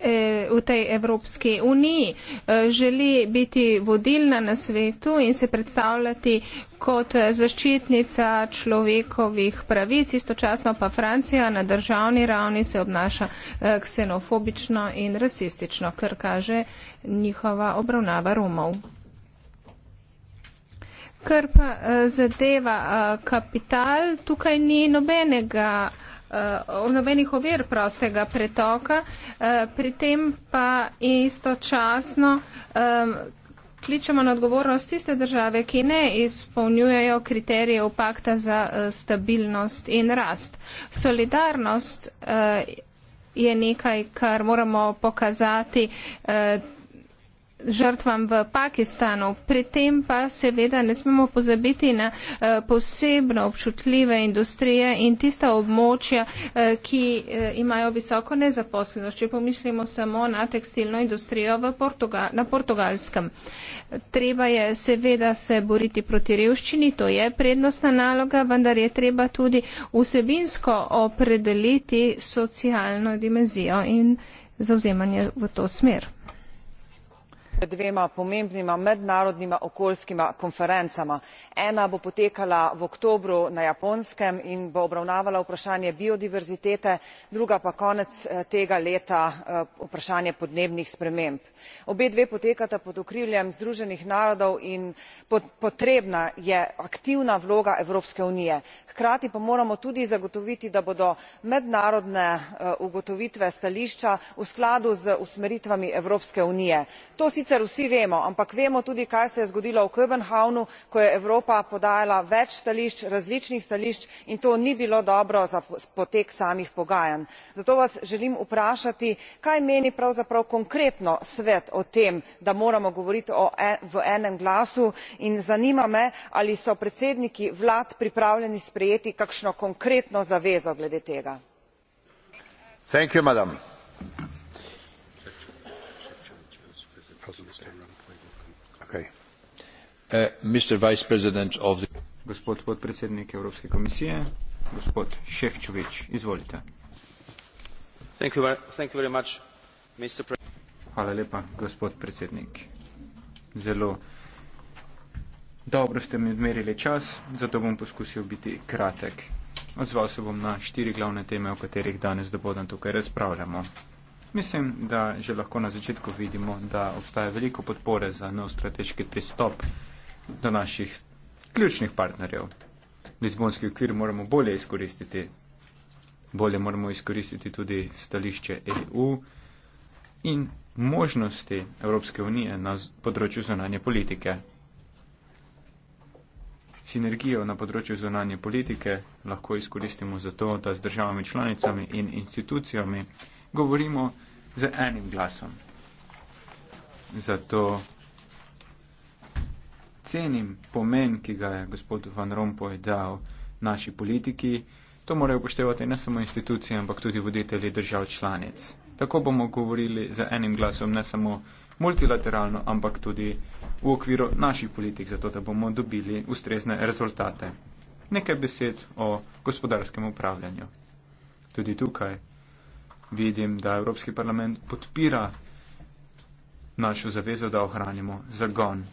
e, v tej Evropski uniji. E, želi biti vodilna na svetu in se predstavljati kot zaščitnica človekovih pravic, istočasno pa Francija na državni ravni se obnaša e, ksenofobično in rasistično, kar kaže njihova obravnava Romov. Kar pa eh, zadeva eh, kapital, tukaj ni nobenega, eh, nobenih ovir prostega pretoka, pri tem pa istočasno ehm, kličemo na odgovornost tiste države, ki ne izpolnjujejo kriterije upakta za stabilnost in rast. Solidarnost je nekaj, kar moramo pokazati žrtvam v Pakistanu. Pri tem pa seveda ne smemo pozabiti na eh, posebno občutljive industrije in tista območja, eh, ki eh, imajo visoko nezaposlenost, če pomislimo samo na tekstilno industrijo Portugal, na portugalskem. Treba je seveda se boriti proti revščini, to je prednostna naloga, vendar je treba tudi vsebinsko opredeliti socialno dimenzijo in zauzemanje v to smer pred dvema pomembnima mednarodnima okoljskima konferencama. ena bo potekala v oktobru na japonskem in bo obravnavala vprašanje biodiverzitete druga pa konec eh, tega leta eh, vprašanje podnebnih sprememb. obe dve potekata pod okriljem združenih narodov in potrebna je aktivna vloga evropske unije hkrati pa moramo tudi zagotoviti da bodo mednarodne eh, ugotovitve stališča v skladu z usmeritvami evropske unije sicer vsi vemo ampak vemo tudi kaj se je zgodilo v kbenhavnu ko je evropa podala več stališč različnih stališč in to ni bilo dobro za potek samih pogajanj. zato vas želim vprašati kaj meni pravzaprav konkretno svet o tem da moramo govoriti e, v enem glasu in zanima me ali so predsedniki vlad pripravljeni sprejeti kakšno konkretno zavezo glede tega. Uh, gospod podpredsednik evropske komisije gospod šefčovi izvolite gospod predsednik zelo dobro ste mi odmerili čas zato bom poskusil biti kratek odzval se bom na štiri glavne teme o katerih danes dopoldan tukaj razpravljamo mislim da že lahko na začetku vidimo da obstaja veliko podpore za nov strateški pristop do naših ključnih partnerjev. Lizbonski okvir moramo bolje izkoristiti. Bolje moramo izkoristiti tudi stališče EU in možnosti Evropske unije na področju zonanje politike. Sinergijo na področju zonanje politike lahko izkoristimo zato, da z državami članicami in institucijami govorimo z enim glasom. Zato cenim pomen, ki ga je gospod Van Rompuy dal naši politiki. To morajo upoštevati ne samo institucije, ampak tudi voditelji držav članic. Tako bomo govorili z enim glasom, ne samo multilateralno, ampak tudi v okviru naših politik, zato da bomo dobili ustrezne rezultate. Nekaj besed o gospodarskem upravljanju. Tudi tukaj vidim, da Evropski parlament podpira našo zavezo, da ohranimo zagon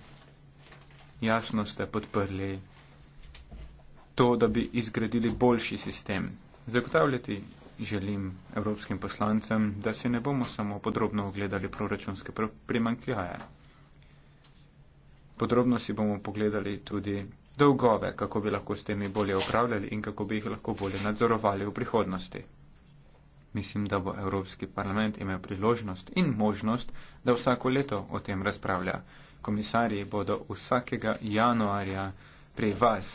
jasno ste podprli to, da bi izgradili boljši sistem. Zagotavljati želim evropskim poslancem, da se ne bomo samo podrobno ogledali proračunske primankljaje. Podrobno si bomo pogledali tudi dolgove, kako bi lahko s temi bolje upravljali in kako bi jih lahko bolje nadzorovali v prihodnosti. Mislim, da bo Evropski parlament imel priložnost in možnost, da vsako leto o tem razpravlja komisarji bodo vsakega januarja pri vas,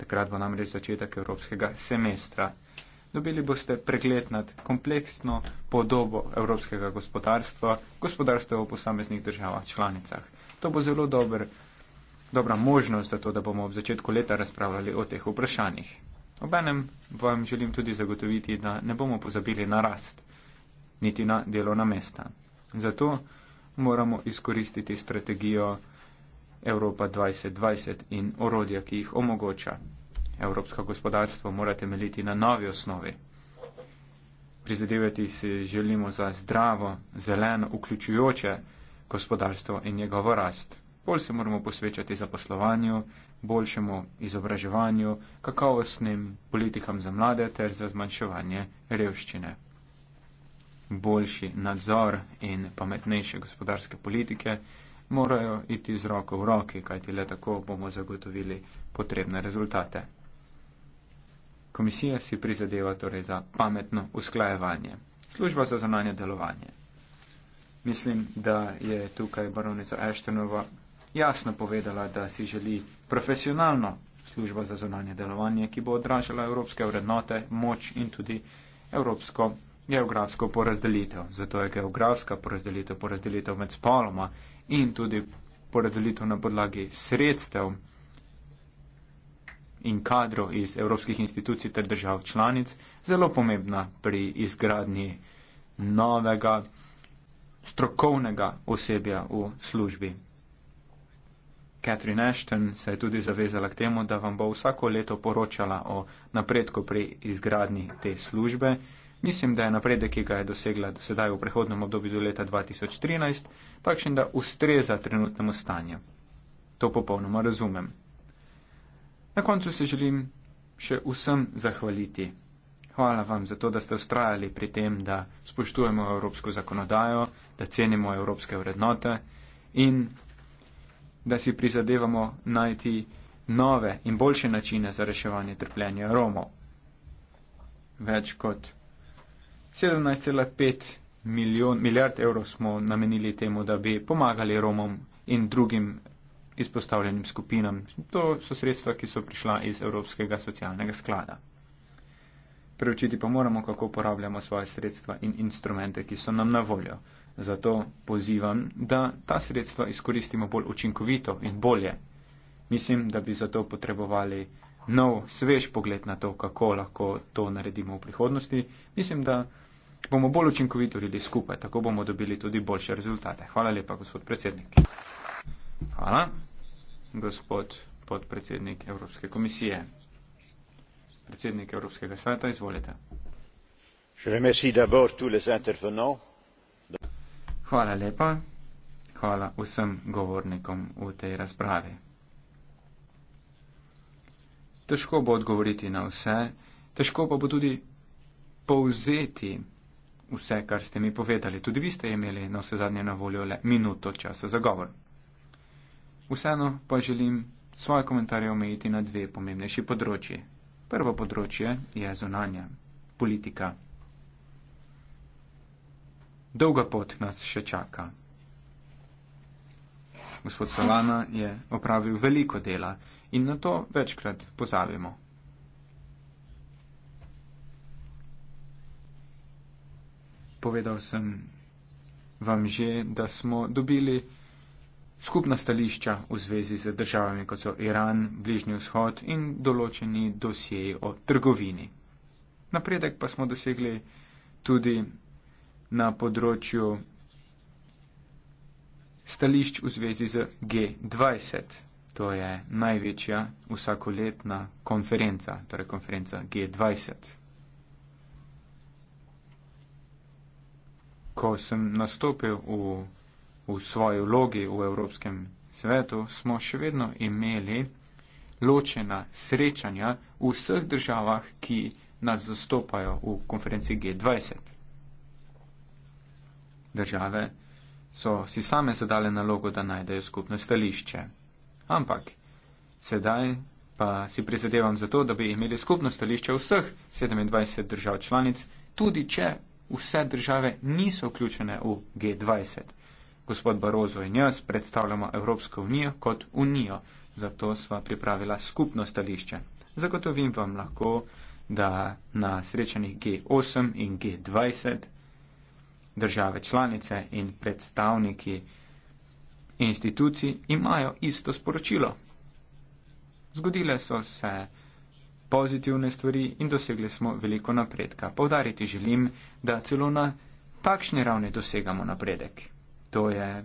takrat bo namreč začetek evropskega semestra. Dobili boste pregled nad kompleksno podobo evropskega gospodarstva, gospodarstva v posameznih državah članicah. To bo zelo dober, dobra možnost za to, da bomo v začetku leta razpravljali o teh vprašanjih. Obenem vam želim tudi zagotoviti, da ne bomo pozabili na rast, niti na delovna mesta. Zato moramo izkoristiti strategijo Evropa 2020 in orodja, ki jih omogoča. Evropsko gospodarstvo mora temeljiti na novi osnovi. Prizadevati se želimo za zdravo, zeleno, vključujoče gospodarstvo in njegovo rast. Bolj se moramo posvečati zaposlovanju, boljšemu izobraževanju, kakovostnim politikam za mlade ter za zmanjševanje revščine boljši nadzor in pametnejše gospodarske politike, morajo iti z roko v roki, kajti le tako bomo zagotovili potrebne rezultate. Komisija si prizadeva torej za pametno usklajevanje. Služba za zonanje delovanje. Mislim, da je tukaj baronica Ashtonova jasno povedala, da si želi profesionalno službo za zonanje delovanje, ki bo odražala evropske vrednote, moč in tudi evropsko geografsko porazdelitev. Zato je geografska porazdelitev, porazdelitev med spoloma in tudi porazdelitev na podlagi sredstev in kadrov iz evropskih institucij ter držav članic zelo pomembna pri izgradnji novega strokovnega osebja v službi. Catherine Ashton se je tudi zavezala k temu, da vam bo vsako leto poročala o napredku pri izgradnji te službe. Mislim, da je napredek, ki ga je dosegla do sedaj v prehodnem obdobju do leta 2013, takšen, da ustreza trenutnemu stanju. To popolnoma razumem. Na koncu se želim še vsem zahvaliti. Hvala vam za to, da ste ustrajali pri tem, da spoštujemo evropsko zakonodajo, da cenimo evropske vrednote in da si prizadevamo najti nove in boljše načine za reševanje trpljenja Romov. Več kot 17,5 milijon milijard evrov smo namenili temu, da bi pomagali Romom in drugim izpostavljenim skupinam. To so sredstva, ki so prišla iz Evropskega socialnega sklada. Preučiti pa moramo, kako uporabljamo svoje sredstva in instrumente, ki so nam na voljo. Zato pozivam, da ta sredstva izkoristimo bolj učinkovito in bolje. Mislim, da bi zato potrebovali nov, svež pogled na to, kako lahko to naredimo v prihodnosti. Mislim, da bomo bolj učinkovito delili skupaj, tako bomo dobili tudi boljše rezultate. Hvala lepa, gospod predsednik. Hvala, gospod podpredsednik Evropske komisije. Predsednik Evropskega sveta, izvolite. Hvala lepa. Hvala vsem govornikom v tej razpravi težko bo odgovoriti na vse, težko pa bo tudi povzeti vse, kar ste mi povedali. Tudi vi ste imeli na no, vse zadnje na voljo le minuto časa za govor. Vseeno pa želim svoje komentarje omejiti na dve pomembnejši področji. Prvo področje je zunanja, politika. Dolga pot nas še čaka. Gospod Solana je opravil veliko dela in na to večkrat pozabimo. Povedal sem vam že, da smo dobili skupna stališča v zvezi z državami, kot so Iran, Bližnji vzhod in določeni dosjeji o trgovini. Napredek pa smo dosegli tudi na področju stališč v zvezi z G20. To je največja vsakoletna konferenca, torej konferenca G20. Ko sem nastopil v, v svoji vlogi v Evropskem svetu, smo še vedno imeli ločena srečanja v vseh državah, ki nas zastopajo v konferenci G20. Države so si same zadale nalogo, da najdejo skupno stališče ampak sedaj pa si prizadevam za to, da bi imeli skupno stališče vseh 27 držav članic, tudi če vse države niso vključene v G20. Gospod Barozo in jaz predstavljamo Evropsko unijo kot unijo, zato sva pripravila skupno stališče. Zagotovim vam lahko, da na srečanih G8 in G20 države članice in predstavniki institucij imajo isto sporočilo. Zgodile so se pozitivne stvari in dosegli smo veliko napredka. Povdariti želim, da celo na takšni ravni dosegamo napredek. To je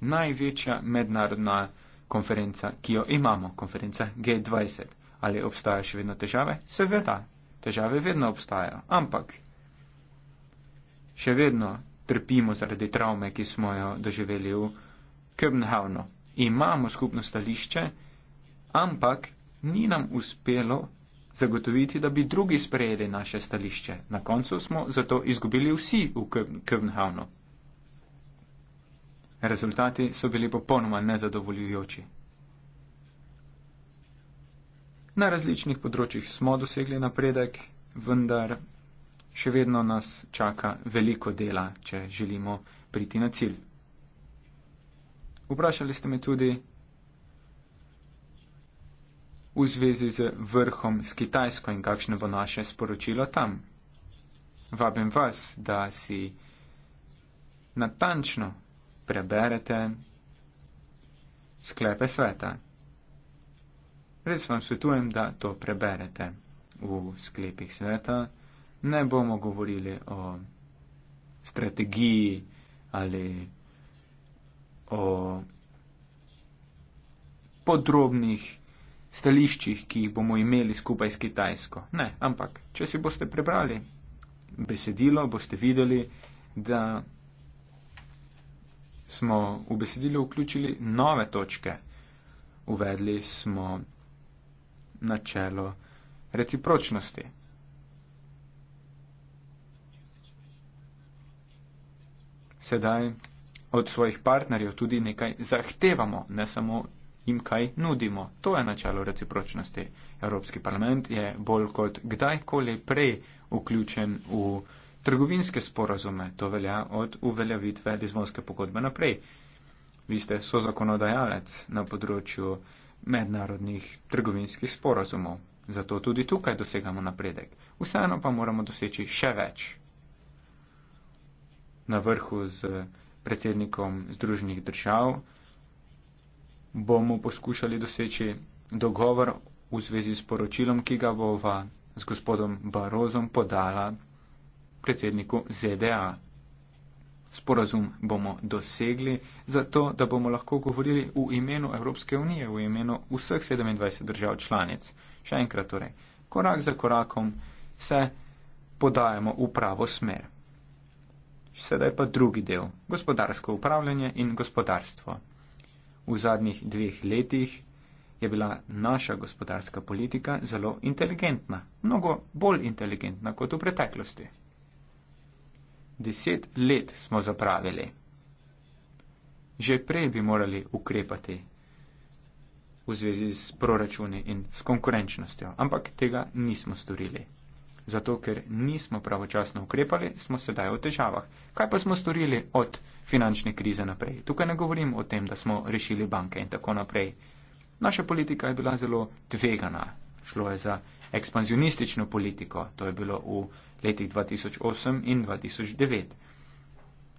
največja mednarodna konferenca, ki jo imamo, konferenca G20. Ali obstajajo še vedno težave? Seveda, težave vedno obstajajo, ampak še vedno trpimo zaradi travme, ki smo jo doživeli v Kebnhavno. Imamo skupno stališče, ampak ni nam uspelo zagotoviti, da bi drugi sprejeli naše stališče. Na koncu smo zato izgubili vsi v Kebnhavnu. Rezultati so bili popolnoma nezadovoljujoči. Na različnih področjih smo dosegli napredek, vendar še vedno nas čaka veliko dela, če želimo priti na cilj. Vprašali ste me tudi v zvezi z vrhom s Kitajsko in kakšno bo naše sporočilo tam. Vabim vas, da si natančno preberete sklepe sveta. Res vam svetujem, da to preberete. V sklepih sveta ne bomo govorili o strategiji ali o podrobnih stališčih, ki jih bomo imeli skupaj s Kitajsko. Ne, ampak če si boste prebrali besedilo, boste videli, da smo v besedilo vključili nove točke. Uvedli smo načelo recipročnosti. Sedaj od svojih partnerjev tudi nekaj zahtevamo, ne samo jim kaj nudimo. To je načelo recipročnosti. Evropski parlament je bolj kot kdajkoli prej vključen v trgovinske sporazume. To velja od uveljavitve Lizbonske pogodbe naprej. Vi ste so zakonodajalec na področju mednarodnih trgovinskih sporazumov. Zato tudi tukaj dosegamo napredek. Vseeno pa moramo doseči še več. Na vrhu z predsednikom Združenih držav, bomo poskušali doseči dogovor v zvezi s poročilom, ki ga bova z gospodom Barozom podala predsedniku ZDA. Sporazum bomo dosegli zato, da bomo lahko govorili v imenu Evropske unije, v imenu vseh 27 držav članic. Še enkrat torej, korak za korakom se podajemo v pravo smer. Sedaj pa drugi del - gospodarsko upravljanje in gospodarstvo. V zadnjih dveh letih je bila naša gospodarska politika zelo inteligentna, mnogo bolj inteligentna kot v preteklosti. Deset let smo zapravili. Že prej bi morali ukrepati v zvezi s proračuni in s konkurenčnostjo, ampak tega nismo storili. Zato, ker nismo pravočasno ukrepali, smo sedaj v težavah. Kaj pa smo storili od finančne krize naprej? Tukaj ne govorim o tem, da smo rešili banke in tako naprej. Naša politika je bila zelo tvegana. Šlo je za ekspanzionistično politiko. To je bilo v letih 2008 in 2009.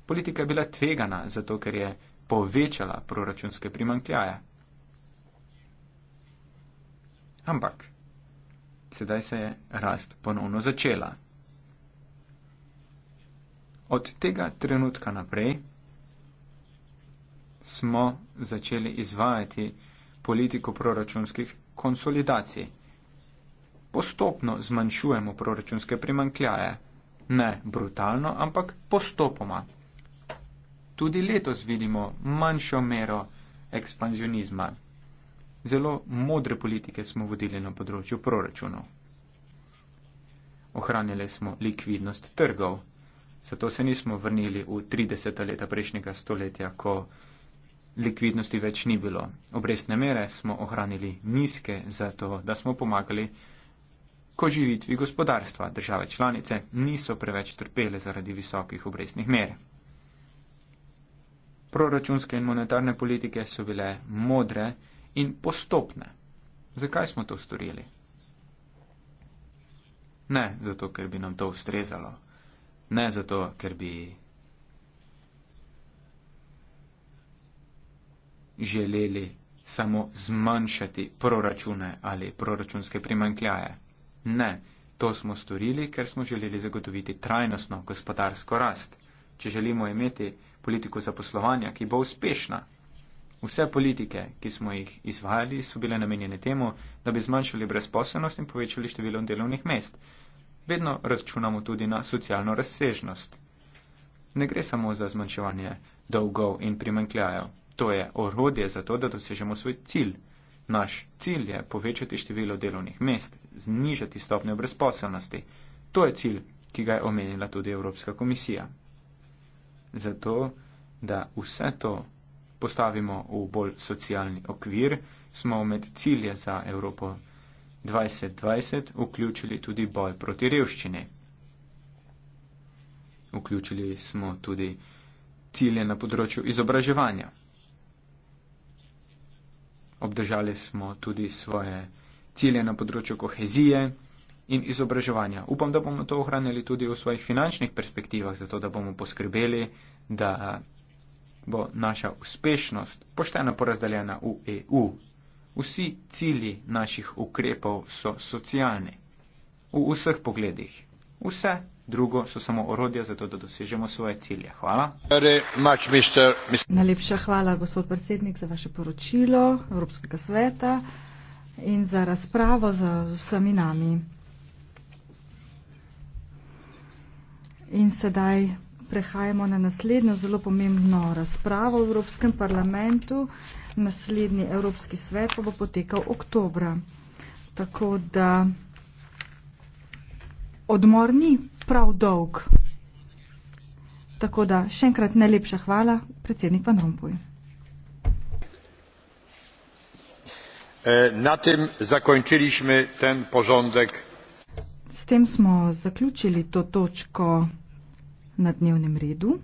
Politika je bila tvegana, zato ker je povečala proračunske primankljaje. Ampak sedaj se je rast ponovno začela. Od tega trenutka naprej smo začeli izvajati politiko proračunskih konsolidacij. Postopno zmanjšujemo proračunske primankljaje. Ne brutalno, ampak postopoma. Tudi letos vidimo manjšo mero ekspanzionizma zelo modre politike smo vodili na področju proračunov. Ohranjali smo likvidnost trgov, zato se nismo vrnili v 30. leta prejšnjega stoletja, ko likvidnosti več ni bilo. Obrestne mere smo ohranili nizke, zato da smo pomagali koživitvi gospodarstva. Države članice niso preveč trpele zaradi visokih obrestnih mer. Proračunske in monetarne politike so bile modre, in postopne. Zakaj smo to storili? Ne zato, ker bi nam to ustrezalo, ne zato, ker bi želeli samo zmanjšati proračune ali proračunske primankljaje. Ne, to smo storili, ker smo želeli zagotoviti trajnostno gospodarsko rast. Če želimo imeti politiko zaposlovanja, ki bo uspešna, Vse politike, ki smo jih izvajali, so bile namenjene temu, da bi zmanjšali brezposelnost in povečali število delovnih mest. Vedno računamo tudi na socialno razsežnost. Ne gre samo za zmanjševanje dolgov in primankljajev. To je orodje za to, da dosežemo svoj cilj. Naš cilj je povečati število delovnih mest, znižati stopnjo brezposelnosti. To je cilj, ki ga je omenila tudi Evropska komisija. Zato, da vse to postavimo v bolj socialni okvir, smo med cilje za Evropo 2020 vključili tudi boj proti revščini. Vključili smo tudi cilje na področju izobraževanja. Obdržali smo tudi svoje cilje na področju kohezije in izobraževanja. Upam, da bomo to ohranili tudi v svojih finančnih perspektivah, zato da bomo poskrbeli, da bo naša uspešnost pošteno porazdeljena v EU. Vsi cilji naših ukrepov so socialni. V vseh pogledih. Vse drugo so samo orodja za to, da dosežemo svoje cilje. Hvala. Much, mister, mister. Najlepša hvala, gospod predsednik, za vaše poročilo Evropskega sveta in za razpravo z vsemi nami. In sedaj prehajamo na naslednjo zelo pomembno razpravo v Evropskem parlamentu. Naslednji Evropski svet pa bo potekal oktobra. Tako da odmor ni prav dolg. Tako da še enkrat najlepša hvala, predsednik Van Rompuy. E, na tem zakončili smo ten požondek. S tem smo zaključili to točko na dnevnem redu.